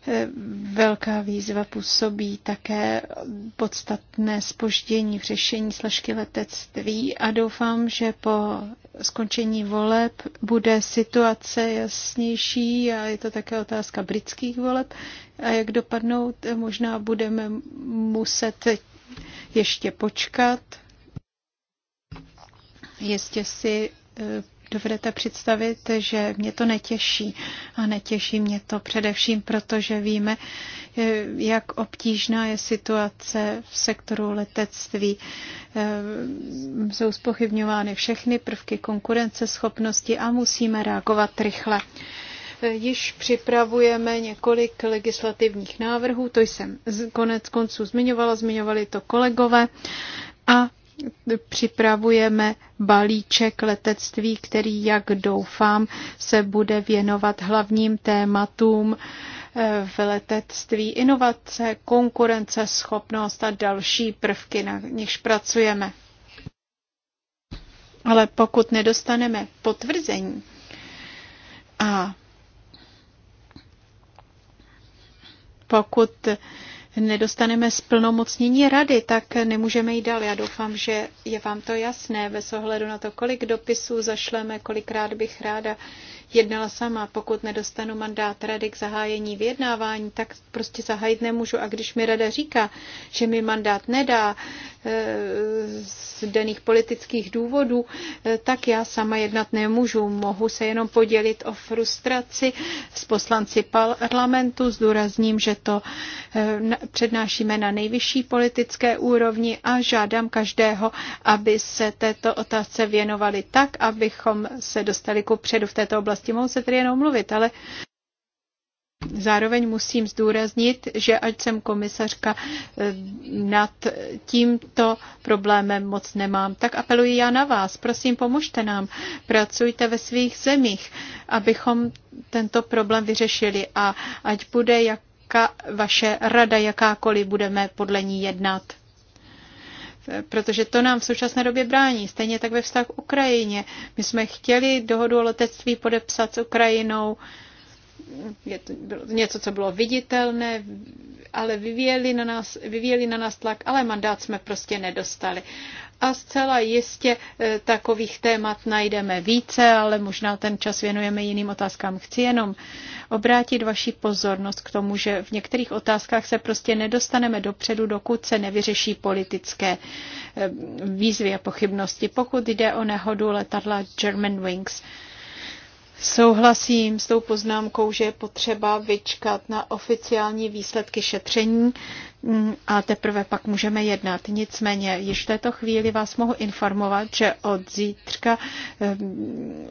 Eh, velká výzva působí také podstatné spoždění v řešení složky letectví a doufám, že po skončení voleb bude situace jasnější a je to také otázka britských voleb a jak dopadnou, eh, možná budeme muset ještě počkat. Jestli si eh, dovedete představit, že mě to netěší. A netěší mě to především proto, že víme, eh, jak obtížná je situace v sektoru letectví. Eh, jsou spochybňovány všechny prvky konkurenceschopnosti a musíme reagovat rychle eh, již připravujeme několik legislativních návrhů, to jsem konec konců zmiňovala, zmiňovali to kolegové a připravujeme balíček letectví, který, jak doufám, se bude věnovat hlavním tématům eh, v letectví inovace, konkurence, schopnost a další prvky, na nichž pracujeme. Ale pokud nedostaneme potvrzení a pokud nedostaneme splnomocnění rady, tak nemůžeme jít dál. Já doufám, že je vám to jasné, bez ohledu na to, kolik dopisů zašleme, kolikrát bych ráda jednala sama. Pokud nedostanu mandát rady k zahájení vyjednávání, tak prostě zahájit nemůžu. A když mi rada říká, že mi mandát nedá e, z daných politických důvodů, e, tak já sama jednat nemůžu. Mohu se jenom podělit o frustraci s poslanci parlamentu. Zdůrazním, že to e, přednášíme na nejvyšší politické úrovni a žádám každého, aby se této otázce věnovali tak, abychom se dostali ku předu v této oblasti oblasti. Mohu se tedy jenom mluvit, ale Zároveň musím zdůraznit, že ať jsem komisařka eh, nad tímto problémem moc nemám, tak apeluji já na vás. Prosím, pomožte nám. Pracujte ve svých zemích, abychom tento problém vyřešili a ať bude jaká vaše rada jakákoliv, budeme podle ní jednat protože to nám v současné době brání. Stejně tak ve vztahu k Ukrajině. My jsme chtěli dohodu o letectví podepsat s Ukrajinou, je to bylo něco, co bylo viditelné, ale vyvíjeli na, nás, vyvíjeli na nás tlak, ale mandát jsme prostě nedostali. A zcela jistě e, takových témat najdeme více, ale možná ten čas věnujeme jiným otázkám. Chci jenom obrátit vaši pozornost k tomu, že v některých otázkách se prostě nedostaneme dopředu, dokud se nevyřeší politické e, výzvy a pochybnosti. Pokud jde o nehodu letadla Germanwings, Souhlasím s tou poznámkou, že je potřeba vyčkat na oficiální výsledky šetření mm, a teprve pak můžeme jednat. Nicméně již v této chvíli vás mohu informovat, že od zítřka ehm,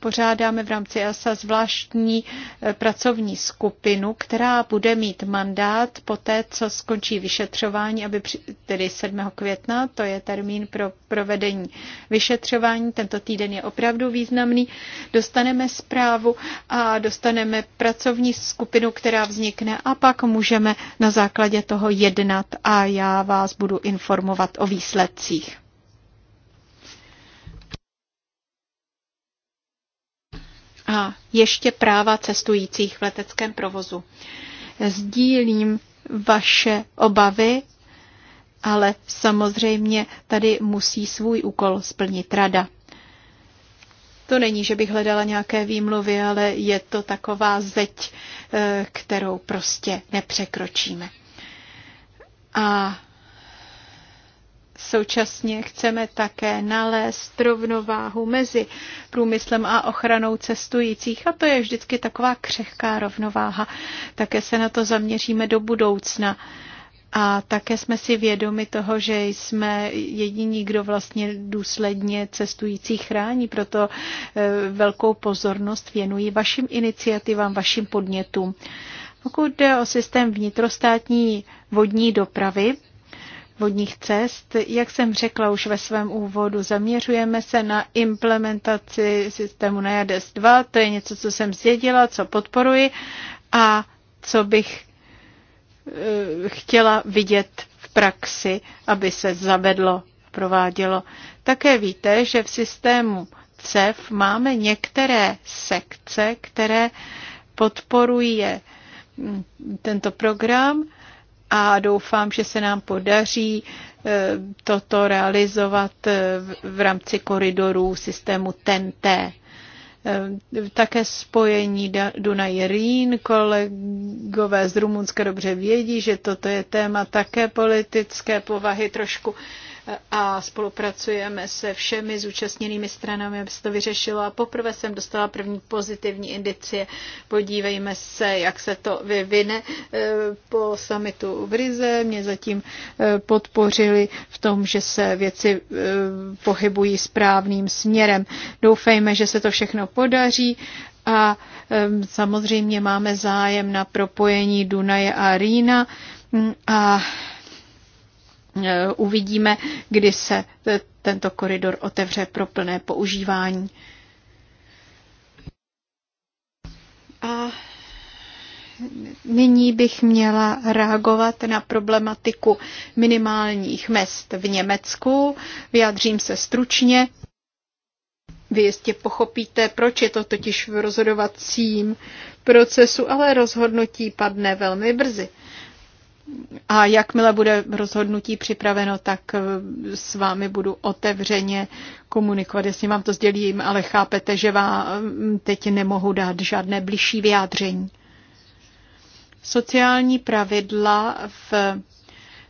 pořádáme v rámci ASA zvláštní eh, pracovní skupinu, která bude mít mandát po té, co skončí vyšetřování, aby při, tedy 7. května, to je termín pro provedení vyšetřování, tento týden je opravdu významný, dostane dostaneme zprávu a dostaneme pracovní skupinu, která vznikne a pak můžeme na základě toho jednat a já vás budu informovat o výsledcích. A ještě práva cestujících v leteckém provozu. Sdílím vaše obavy, ale samozřejmě tady musí svůj úkol splnit rada. To není, že bych hledala nějaké výmluvy, ale je to taková zeď, eh, kterou prostě nepřekročíme. A Současně chceme také nalézt rovnováhu mezi průmyslem a ochranou cestujících a to je vždycky taková křehká rovnováha. Také se na to zaměříme do budoucna. A také jsme si vědomi toho, že jsme jediní, kdo vlastně důsledně cestující chrání, proto e, velkou pozornost věnují vašim iniciativám, vašim podnětům. Pokud jde o systém vnitrostátní vodní dopravy, vodních cest. Jak jsem řekla už ve svém úvodu, zaměřujeme se na implementaci systému NAJADES 2, to je něco, co jsem zjedila, co podporuji a co bych Eh, chtěla vidět v praxi, aby se zavedlo, provádělo. Také víte, že v systému CEF máme některé sekce, které podporují eh, tento program a doufám, že se nám podaří eh, toto realizovat v rámci koridorů systému TEN-T. E Ehm, také spojení Dunaj rín kolegové z Rumunska dobře vědí, že toto je téma také politické povahy trošku a spolupracujeme se všemi zúčastněnými stranami, aby se to vyřešilo. A poprvé jsem dostala první pozitivní indicie. Podívejme se, jak se to vyvine eh, po samitu v Rize. Mě zatím eh, podpořili v tom, že se věci eh, pohybují správným směrem. Doufejme, že se to všechno podaří a samozřejmě máme zájem na propojení Dunaje a Rýna mm, a Eh, uvidíme, kdy se tento koridor otevře pro plné používání. A nyní bych měla reagovat na problematiku minimálních mest v Německu. Vyjádřím se stručně. Vy jistě pochopíte, proč je to totiž v rozhodovacím procesu, ale rozhodnutí padne velmi brzy. A jakmile bude rozhodnutí připraveno, tak eh, s vámi budu otevřeně komunikovat. Jestli vám to sdělím, ale chápete, že vám hm, teď nemohu dát žádné bližší vyjádření. Sociální pravidla v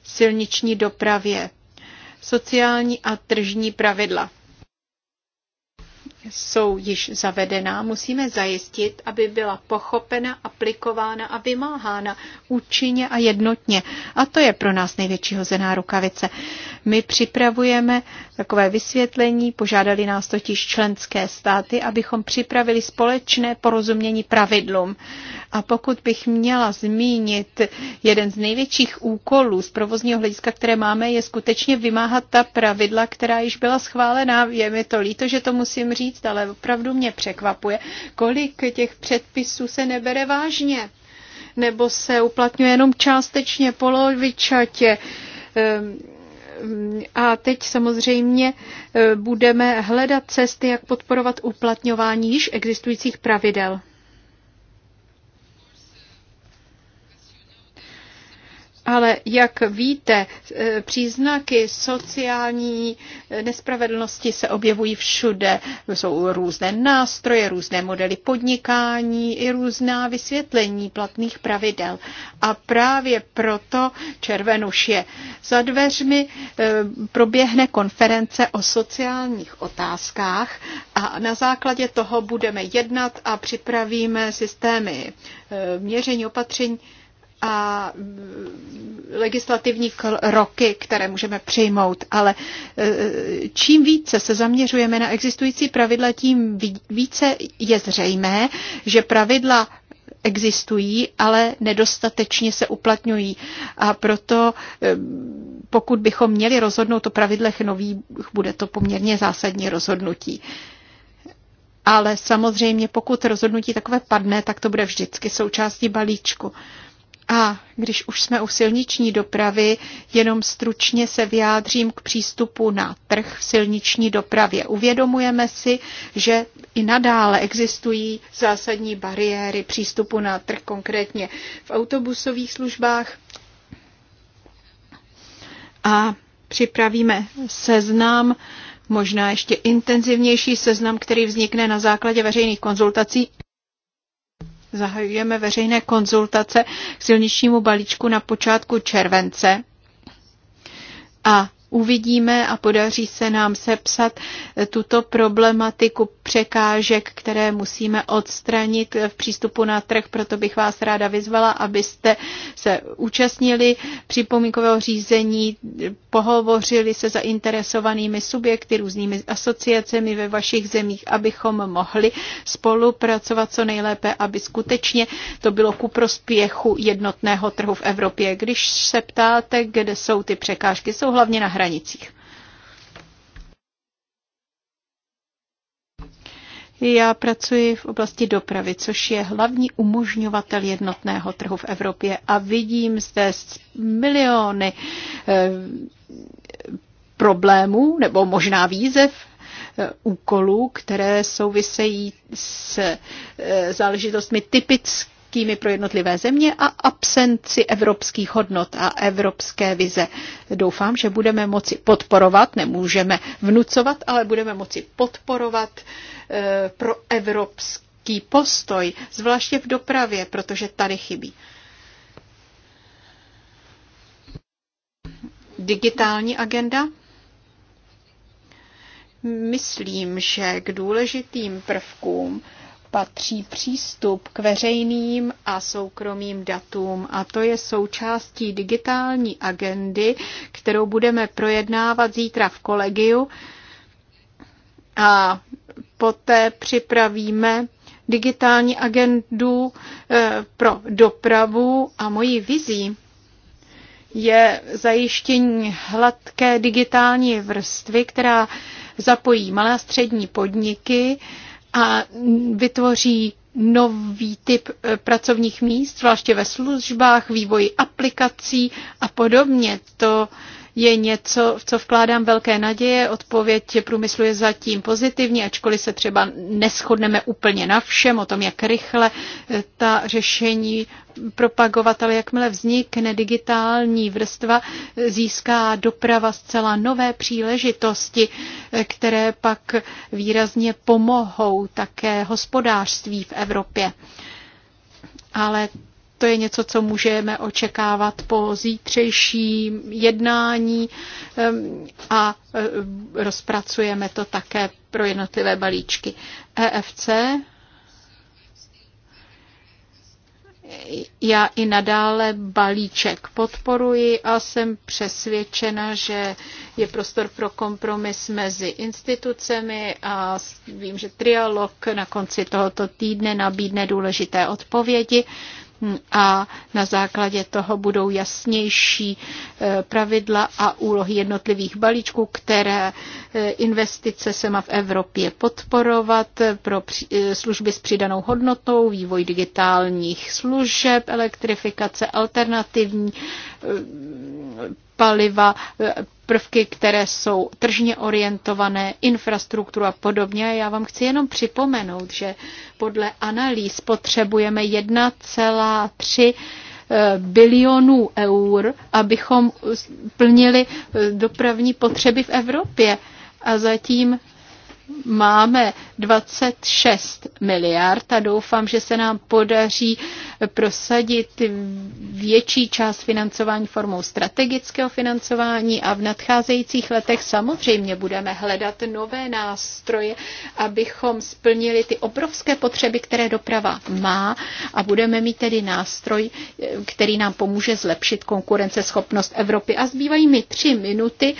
silniční dopravě. Sociální a tržní pravidla jsou již zavedená, musíme zajistit, aby byla pochopena, aplikována a vymáhána účinně a jednotně. A to je pro nás největší hozená rukavice. My připravujeme takové vysvětlení, požádali nás totiž členské státy, abychom připravili společné porozumění pravidlům. A pokud bych měla zmínit jeden z největších úkolů z provozního hlediska, které máme, je skutečně vymáhat ta pravidla, která již byla schválená. Je mi to líto, že to musím říct, ale opravdu mě překvapuje, kolik těch předpisů se nebere vážně nebo se uplatňuje jenom částečně, polovičatě. Ehm, a teď samozřejmě e, budeme hledat cesty, jak podporovat uplatňování již existujících pravidel. Ale jak víte, e, příznaky sociální e, nespravedlnosti se objevují všude. Jsou různé nástroje, různé modely podnikání i různá vysvětlení platných pravidel. A právě proto Červenuš je za dveřmi, e, proběhne konference o sociálních otázkách a na základě toho budeme jednat a připravíme systémy měření opatření a mm, legislativní kroky, které můžeme přijmout, ale e, čím více se zaměřujeme na existující pravidla, tím více je zřejmé, že pravidla existují, ale nedostatečně se uplatňují. A proto, e, pokud bychom měli rozhodnout o pravidlech nových, bude to poměrně zásadní rozhodnutí. Ale samozřejmě, pokud rozhodnutí takové padne, tak to bude vždycky součástí balíčku. A když už jsme u silniční dopravy, jenom stručně se vyjádřím k přístupu na trh v silniční dopravě. Uvědomujeme si, že i nadále existují zásadní bariéry přístupu na trh, konkrétně v autobusových službách. A připravíme seznam, možná ještě intenzivnější seznam, který vznikne na základě veřejných konzultací Zahajujeme veřejné konzultace k silničnímu balíčku na počátku července. A uvidíme a podaří se nám sepsat eh, tuto problematiku překážek, které musíme odstranit eh, v přístupu na trh. Proto bych vás ráda vyzvala, abyste se účastnili připomínkového řízení, pohovořili se zainteresovanými subjekty, různými asociacemi ve vašich zemích, abychom mohli spolupracovat co nejlépe, aby skutečně to bylo ku prospěchu jednotného trhu v Evropě. Když se ptáte, kde jsou ty překážky, jsou hlavně na hranicích hranicích. Já pracuji v oblasti dopravy, což je hlavní umožňovatel jednotného trhu v Evropě a vidím zde miliony eh, problémů nebo možná výzev eh, úkolů, které souvisejí s eh, záležitostmi typickými velkými pro jednotlivé země a absenci evropských hodnot a evropské vize. Doufám, že budeme moci podporovat, nemůžeme vnucovat, ale budeme moci podporovat eh, pro evropský postoj, zvláště v dopravě, protože tady chybí. Digitální agenda? Myslím, že k důležitým prvkům patří přístup k veřejným a soukromým datům a to je součástí digitální agendy, kterou budeme projednávat zítra v kolegiu a poté připravíme digitální agendu eh, pro dopravu a mojí vizí je zajištění hladké digitální vrstvy, která zapojí malé a střední podniky, a vytvoří nový typ e, pracovních míst, zvláště ve službách, vývoji aplikací a podobně. To je něco, v co vkládám velké naděje. Odpověď průmyslu je zatím pozitivní, ačkoliv se třeba neschodneme úplně na všem o tom, jak rychle eh, ta řešení propagovat, ale jakmile vznikne digitální vrstva, získá doprava zcela nové příležitosti, eh, které pak výrazně pomohou také hospodářství v Evropě. Ale to je něco, co můžeme očekávat po zítřejším jednání a e, rozpracujeme to také pro jednotlivé balíčky. EFC já i nadále balíček podporuji a jsem přesvědčena, že je prostor pro kompromis mezi institucemi a vím, že trialog na konci tohoto týdne nabídne důležité odpovědi a na základě toho budou jasnější e, pravidla a úlohy jednotlivých balíčků, které e, investice se má v Evropě podporovat pro e, služby s přidanou hodnotou, vývoj digitálních služeb, elektrifikace, alternativní paliva, eh, prvky, které jsou tržně orientované, infrastrukturu a podobně. Já vám chci jenom připomenout, že podle analýz potřebujeme 1,3 eh, bilionů eur, abychom plnili eh, dopravní potřeby v Evropě. A zatím máme 26 miliard a doufám, že se nám podaří prosadit větší část financování formou strategického financování a v nadcházejících letech samozřejmě budeme hledat nové nástroje, abychom splnili ty obrovské potřeby, které doprava má a budeme mít tedy nástroj, který nám pomůže zlepšit konkurenceschopnost Evropy. A zbývají mi tři minuty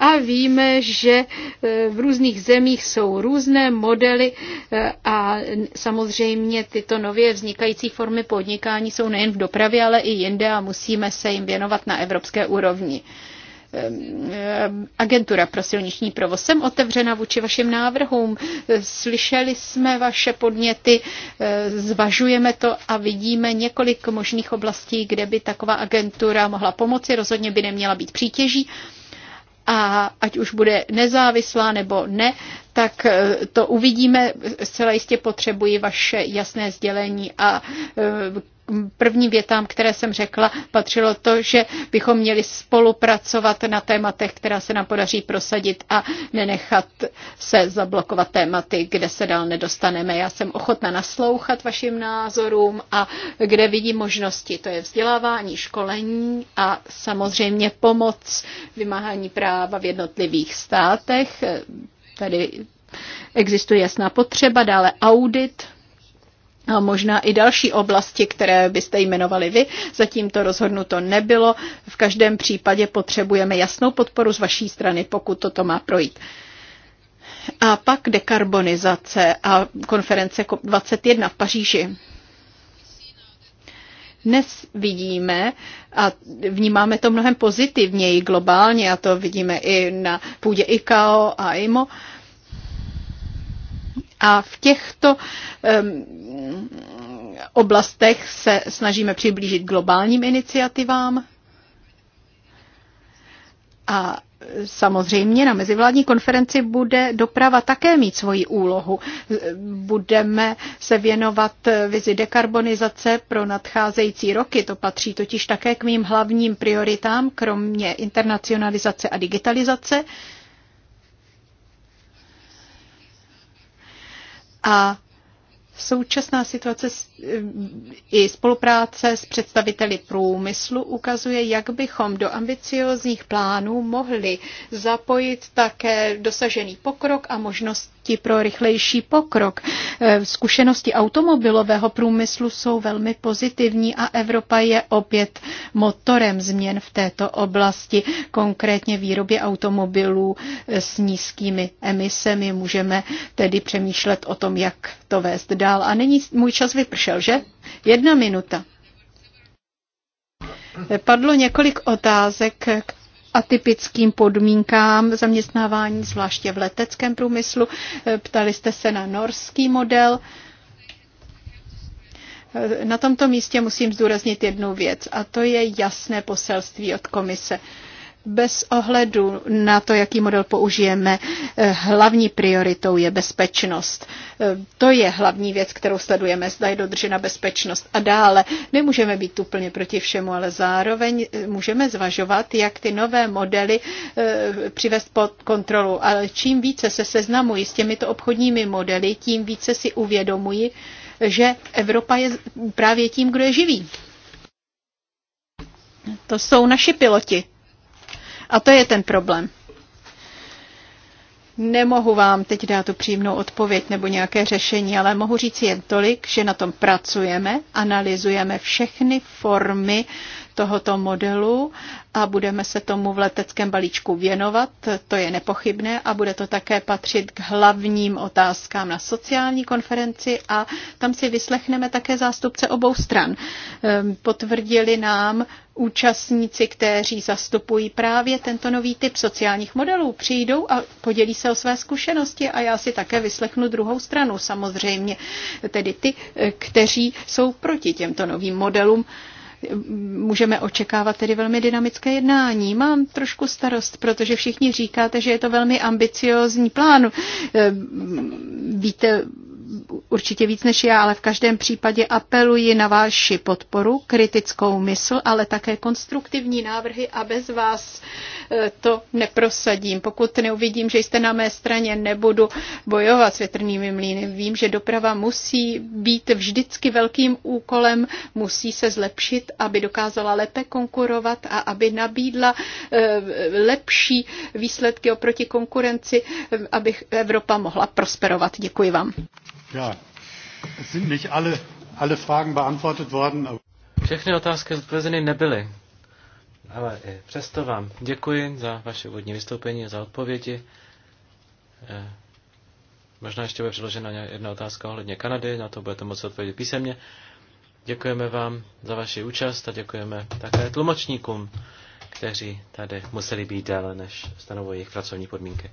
a víme, že e, v různých zemích jsou různé modely e, a samozřejmě tyto nově vznikající formy podnikání jsou nejen v dopravě, ale i jinde a musíme se jim věnovat na evropské úrovni e, agentura pro silniční provoz. Jsem otevřena vůči vašim návrhům. Slyšeli jsme vaše podněty, zvažujeme to a vidíme několik možných oblastí, kde by taková agentura mohla pomoci. Rozhodně by neměla být přítěží a ať už bude nezávislá nebo ne, tak eh, to uvidíme. Zcela jistě potřebuji vaše jasné sdělení a eh, první větám, které jsem řekla, patřilo to, že bychom měli spolupracovat na tématech, která se nám podaří prosadit a nenechat se zablokovat tématy, kde se dál nedostaneme. Já jsem ochotna naslouchat vašim názorům a kde vidím možnosti. To je vzdělávání, školení a samozřejmě pomoc vymáhání práva v jednotlivých státech. Tady existuje jasná potřeba, dále audit, a možná i další oblasti, které byste jmenovali vy. Zatím to rozhodnuto nebylo. V každém případě potřebujeme jasnou podporu z vaší strany, pokud toto má projít. A pak dekarbonizace a konference 21 v Paříži. Dnes vidíme a vnímáme to mnohem pozitivněji globálně a to vidíme i na půdě ICAO a IMO, a v těchto um, oblastech se snažíme přiblížit globálním iniciativám. A samozřejmě na mezivládní konferenci bude doprava také mít svoji úlohu. Budeme se věnovat vizi dekarbonizace pro nadcházející roky. To patří totiž také k mým hlavním prioritám, kromě internacionalizace a digitalizace. Uh, A Současná situace eh, i spolupráce s představiteli průmyslu ukazuje, jak bychom do ambiciozních plánů mohli zapojit také dosažený pokrok a možnost možnosti pro rychlejší pokrok. E, zkušenosti automobilového průmyslu jsou velmi pozitivní a Evropa je opět motorem změn v této oblasti, konkrétně výrobě automobilů e, s nízkými emisemi. Můžeme tedy přemýšlet o tom, jak to vést dál. A není můj čas vypršel, že? Jedna minuta. Padlo několik otázek k atypickým podmínkám zaměstnávání, zvláště v leteckém průmyslu. Eh, ptali jste se na norský model. Eh, na tomto místě musím zdůraznit jednu věc a to je jasné poselství od komise bez ohledu na to, jaký model použijeme, eh, hlavní prioritou je bezpečnost. Eh, to je hlavní věc, kterou sledujeme, zda je dodržena bezpečnost. A dále nemůžeme být úplně proti všemu, ale zároveň eh, můžeme zvažovat, jak ty nové modely přivést pod kontrolu. Ale čím více se seznamuji s těmito obchodními modely, tím více si uvědomuji, že Evropa je právě tím, kdo je živý. To jsou naši piloti, a to je ten problém. Nemohu vám teď dát tu přímnou odpověď nebo nějaké řešení, ale mohu říct jen tolik, že na tom pracujeme, analyzujeme všechny formy tohoto modelu a budeme se tomu v leteckém balíčku věnovat, to je nepochybné a bude to také patřit k hlavním otázkám na sociální konferenci a tam si vyslechneme také zástupce obou stran. Ehm, potvrdili nám účastníci, kteří zastupují právě tento nový typ sociálních modelů, přijdou a podělí se o své zkušenosti a já si také vyslechnu druhou stranu samozřejmě, tedy ty, eh, kteří jsou proti těmto novým modelům můžeme očekávat tedy velmi dynamické jednání. Mám trošku starost, protože všichni říkáte, že je to velmi ambiciozní plán. Víte určitě víc než já, ale v každém případě apeluji na vaši podporu, kritickou mysl, ale také konstruktivní návrhy a bez vás eh, to neprosadím. Pokud neuvidím, že jste na mé straně, nebudu bojovat s větrnými mlýny. Vím, že doprava musí být vždycky velkým úkolem, musí se zlepšit, aby dokázala lépe konkurovat a aby nabídla eh, lepší výsledky oproti konkurenci, eh, aby Evropa mohla prosperovat. Děkuji vám. Ja, es sind nicht alle, alle Fragen beantwortet worden. Aber... Všechny otázky zodpovězeny nebyly, ale i přesto vám děkuji za vaše úvodní vystoupení a za odpovědi. Eh, možná ještě bude předložena jedna otázka ohledně Kanady, na to budete moci odpovědět písemně. Děkujeme vám za vaši účast a děkujeme také tlumočníkům, kteří tady museli být déle, než stanovují jejich pracovní podmínky.